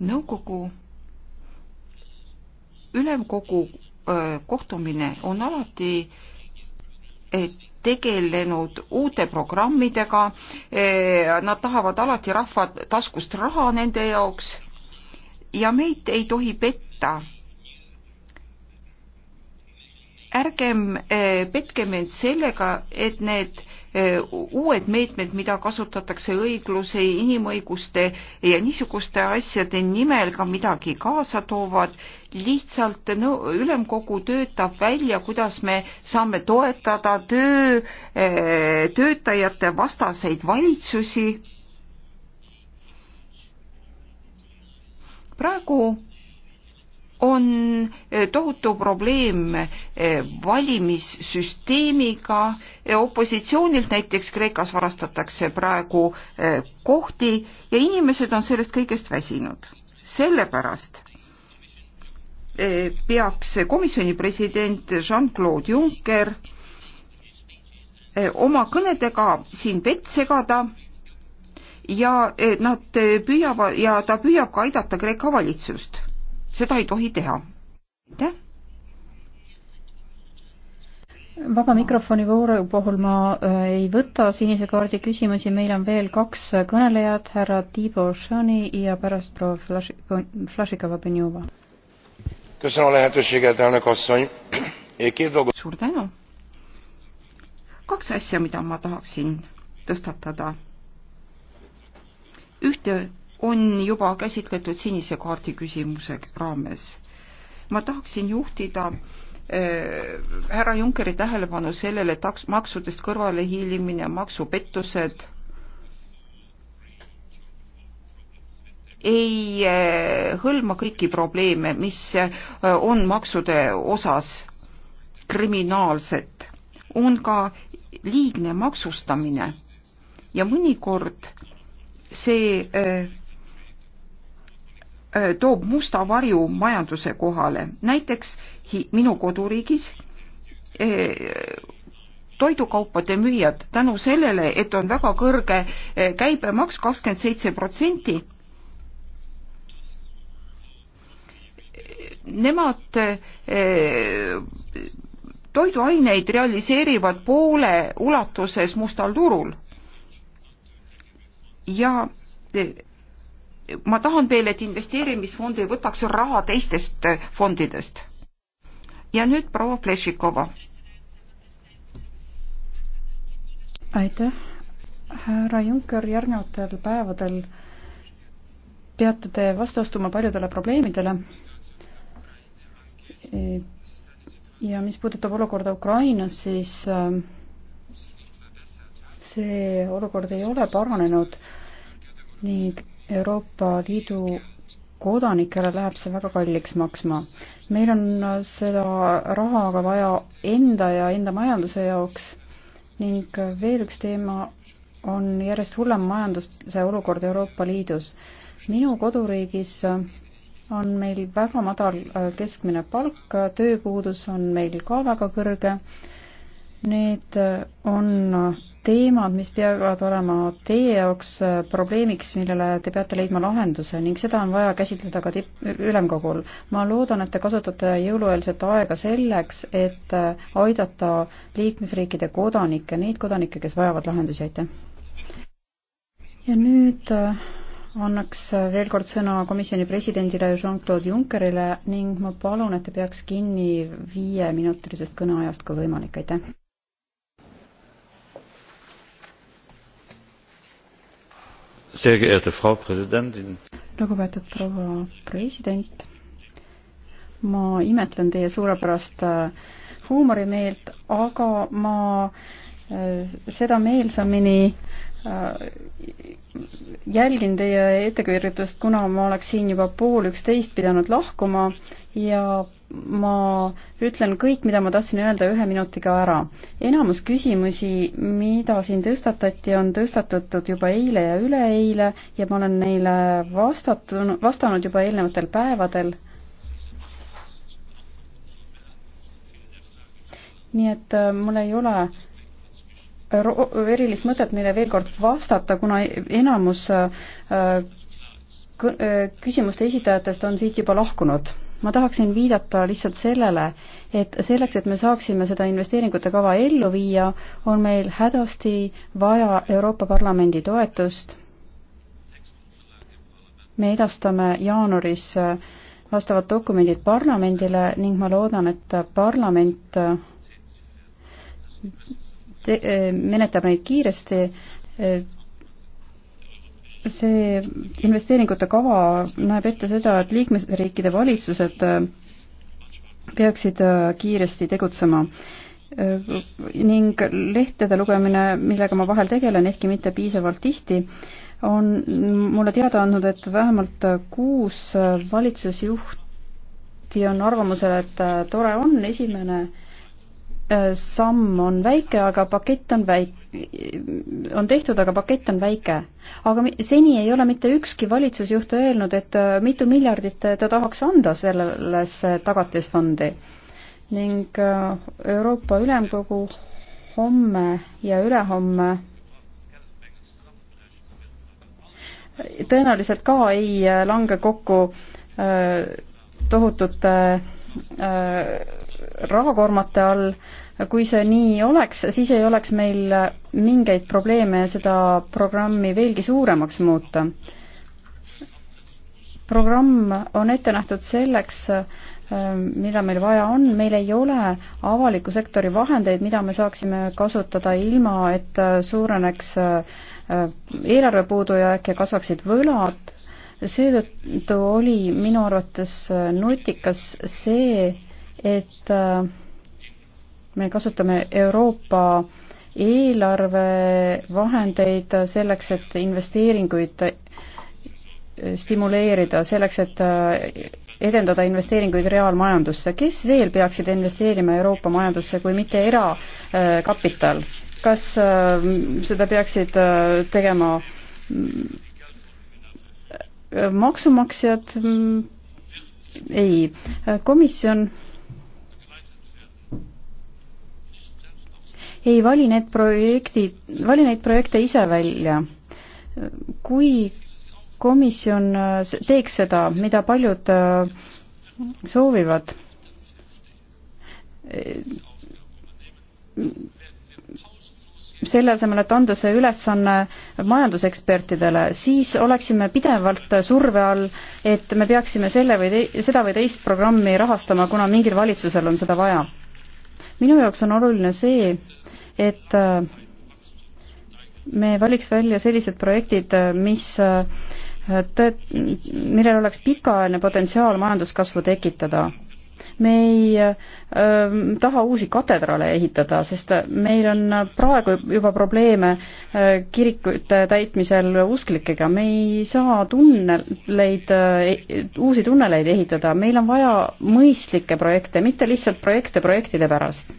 nõukogu ülemkogu kohtumine on alati e, tegelenud uute programmidega, e, nad tahavad alati rahva taskust raha nende jaoks ja meid ei tohi petta ärgem eh, petkem end sellega, et need eh, uued meetmed, mida kasutatakse õigluse, inimõiguste ja niisuguste asjade nimel ka midagi kaasa toovad, lihtsalt no, ülemkogu töötab välja, kuidas me saame toetada töö, eh, töötajate vastaseid valitsusi. praegu on eh, tohutu probleem eh, valimissüsteemiga. Eh, opositsioonilt näiteks Kreekas varastatakse praegu kohti ja inimesed on sellest kõigest väsinud. sellepärast peaks komisjoni president Jean-Claude Juncker oma kõnedega siin vett segada ja nad püüavad ja ta püüab ka aidata Kreeka valitsust seda ei tohi teha. aitäh! vaba mikrofoni vooru puhul ma äh, ei võta sinise kaardi küsimusi, meil on veel kaks kõnelejat, härra Tibor Šani ja pärast proua Flašikova Benjova. suur tänu. kaks asja, mida ma tahaksin tõstatada. ühte on juba käsitletud sinise kaardi küsimuse raames. ma tahaksin juhtida äh, härra Junckeri tähelepanu sellele, et maksudest kõrvalehiilimine, maksupettused ei äh, hõlma kõiki probleeme, mis äh, on maksude osas kriminaalsed. on ka liigne maksustamine ja mõnikord see äh, Äh, toob musta varju majanduse kohale. näiteks minu koduriigis äh, toidukaupade müüjad tänu sellele, et on väga kõrge äh, käibemaks, kakskümmend seitse protsenti, nemad toiduaineid realiseerivad poole ulatuses mustal turul ja ma tahan veel, et investeerimisfond ei võtaks raha teistest äh, fondidest. ja nüüd proua Flešikova. aitäh, härra Juncker, järgnevatel päevadel peate te vastu astuma paljudele probleemidele. ja mis puudutab olukorda Ukrainas, siis äh, see olukord ei ole paranenud ning Euroopa Liidu kodanikele läheb see väga kalliks maksma. meil on seda raha aga vaja enda ja enda majanduse jaoks ning veel üks teema on järjest hullem majanduse olukord Euroopa Liidus. minu koduriigis on meil väga madal keskmine palk, tööpuudus on meil ka väga kõrge Need äh, on äh, teemad, mis peavad olema teie jaoks äh, probleemiks, millele te peate leidma lahenduse ning seda on vaja käsitleda ka tipp, ülemkogul. ma loodan, et te kasutate jõulueelset aega selleks, et aidata liikmesriikide kodanikke, neid kodanikke, kes vajavad lahendusi, aitäh! ja nüüd annaks veel kord sõna komisjoni presidendile Jean-Claude Junckerile ning ma palun, et ta peaks kinni viieminutilisest kõneajast, kui võimalik, aitäh! lugupeetud proua president, ma imetlen teie suurepärast äh, huumorimeelt, aga ma äh, seda meelsamini Äh, jälgin teie ettekirjutust, kuna ma oleks siin juba pool üksteist pidanud lahkuma ja ma ütlen kõik, mida ma tahtsin öelda ühe minutiga ära. enamus küsimusi, mida siin tõstatati, on tõstatatud juba eile ja üleeile ja ma olen neile vastatud, vastanud juba eelnevatel päevadel. nii et äh, mul ei ole erilist mõtet neile veel kord vastata, kuna enamus äh, äh, küsimuste esitajatest on siit juba lahkunud. ma tahaksin viidata lihtsalt sellele, et selleks, et me saaksime seda investeeringute kava ellu viia, on meil hädasti vaja Euroopa Parlamendi toetust. me edastame jaanuaris äh, vastavad dokumendid parlamendile ning ma loodan, et parlament Äh, menetleb neid kiiresti. Äh, see investeeringute kava näeb ette seda, et liikmesriikide valitsused äh, peaksid kiiresti tegutsema ning lehtede lugemine, millega ma vahel tegelen, ehkki mitte piisavalt tihti, on mulle teada andnud, et vähemalt kuus valitsusjuhti on arvamusel, et tore on, esimene äh, Äh, samm on väike, aga pakett on väik-, on tehtud, aga pakett on väike. aga seni ei ole mitte ükski valitsusjuht öelnud, et äh, mitu miljardit ta tahaks anda sellesse tagatisfondi. ning äh, Euroopa Ülemkogu homme ja ülehomme tõenäoliselt ka ei lange kokku tohutute rahakoormate all, kui see nii oleks, siis ei oleks meil mingeid probleeme seda programmi veelgi suuremaks muuta. programm on ette nähtud selleks, ähm, mida meil vaja on, meil ei ole avaliku sektori vahendeid, mida me saaksime kasutada ilma, et äh, suureneks äh, eelarve puudujääk ja kasvaksid võlad, seetõttu oli minu arvates äh, nutikas see, et äh, me kasutame Euroopa eelarvevahendeid selleks, et investeeringuid äh, stimuleerida, selleks, et äh, edendada investeeringuid reaalmajandusse. kes veel peaksid investeerima Euroopa majandusse, kui mitte erakapital? kas seda peaksid tegema mm, maksumaksjad? Mm, ei, komisjon ei vali need projektid, vali neid projekte ise välja. kui komisjon äh, teeks seda, mida paljud äh, soovivad, äh, selle asemel, et anda see ülesanne majandusekspertidele, siis oleksime pidevalt surve all, et me peaksime selle või tei-, seda või teist programmi rahastama, kuna mingil valitsusel on seda vaja. minu jaoks on oluline see, et äh, me valiks välja sellised projektid, äh, mis äh, tõet-, millel oleks pikaajaline potentsiaal majanduskasvu tekitada. me ei äh, taha uusi katedrale ehitada, sest meil on praegu juba probleeme äh, kirikute täitmisel usklikega, me ei saa tunneleid äh,, uusi tunneleid ehitada, meil on vaja mõistlikke projekte, mitte lihtsalt projekte projektide pärast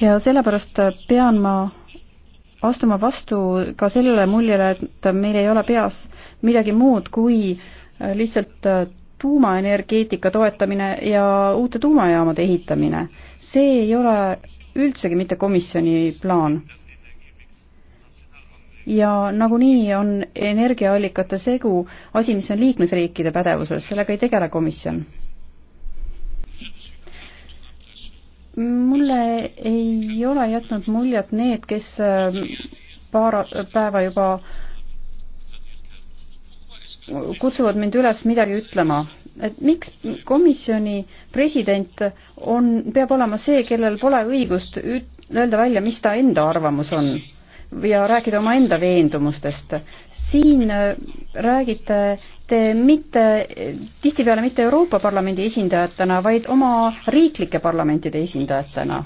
ja sellepärast pean ma astuma vastu ka sellele muljele, et meil ei ole peas midagi muud kui äh, lihtsalt äh, tuumaenergeetika toetamine ja uute tuumajaamade ehitamine. see ei ole üldsegi mitte komisjoni plaan. ja nagunii on energiaallikate segu asi, mis on liikmesriikide pädevuses, sellega ei tegele komisjon mulle ei ole jätnud muljet need, kes äh, paar päeva juba kutsuvad mind üles midagi ütlema, et miks komisjoni president on, peab olema see, kellel pole õigust üt-, öelda välja, mis ta enda arvamus on ja rääkida omaenda veendumustest. siin äh, räägite te mitte, tihtipeale mitte Euroopa Parlamendi esindajatena, vaid oma riiklike parlamentide esindajatena.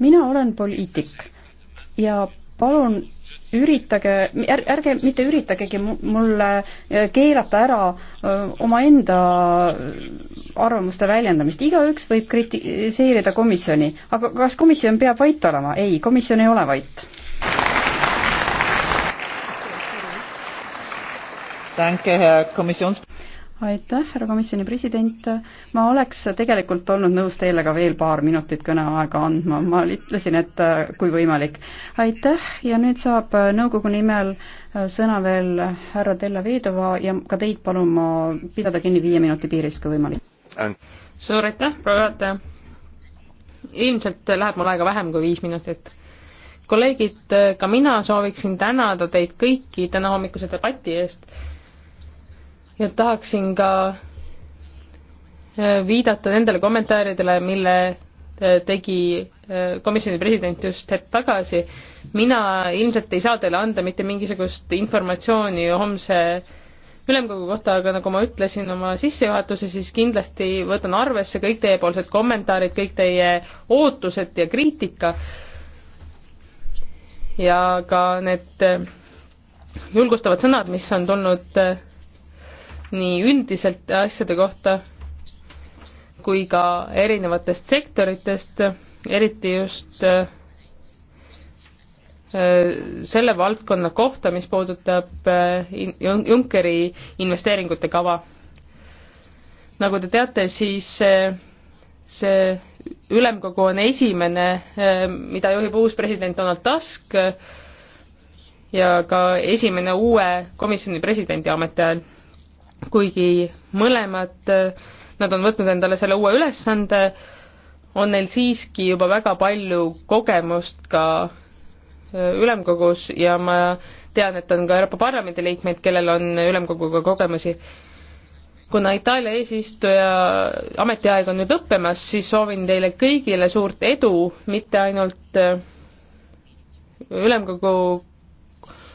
mina olen poliitik ja palun üritage är,, ärge mitte üritagegi mulle eh, keelata ära eh, omaenda arvamuste väljendamist, igaüks võib kritiseerida komisjoni, aga kas komisjon peab vait olema? ei, komisjon ei ole vait aitäh, härra komisjoni president, ma oleks tegelikult olnud nõus teile ka veel paar minutit kõneaega andma, ma ütlesin, et äh, kui võimalik. aitäh ja nüüd saab äh, nõukogu nimel äh, sõna veel härra Della Vedova ja ka teid palun ma pidada kinni viie minuti piirist, kui võimalik. suur aitäh, proua juhataja. ilmselt läheb mul aega vähem kui viis minutit kolleegid, ka mina sooviksin tänada teid kõiki tänahommikuse debati eest ja tahaksin ka äh, viidata nendele kommentaaridele, mille äh, tegi äh, komisjoni president just hetk tagasi. mina ilmselt ei saa teile anda mitte mingisugust informatsiooni homse ülemkogu kohta, aga nagu ma ütlesin oma sissejuhatuse, siis kindlasti võtan arvesse kõik teiepoolsed kommentaarid, kõik teie ootused ja kriitika ja ka need julgustavad sõnad, mis on tulnud nii üldiselt asjade kohta kui ka erinevatest sektoritest, eriti just äh, selle valdkonna kohta, mis puudutab äh, Junckeri investeeringute kava. nagu te teate, siis see, äh, see ülemkogu on esimene, mida juhib uus president Donald Tusk ja ka esimene uue komisjoni presidendi ametiajal kuigi mõlemad, äh, nad on võtnud endale selle uue ülesande, on neil siiski juba väga palju kogemust ka äh, ülemkogus ja ma tean, et on ka Euroopa Parlamendi liikmeid, kellel on ülemkoguga kogemusi. kuna Itaalia eesistuja ametiaeg on nüüd lõppemas, siis soovin teile kõigile suurt edu, mitte ainult äh, ülemkogu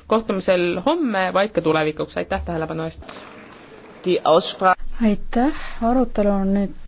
kohtumisel homme, vaid ka tulevikuks, aitäh tähelepanu eest! aitäh, arutelu on nüüd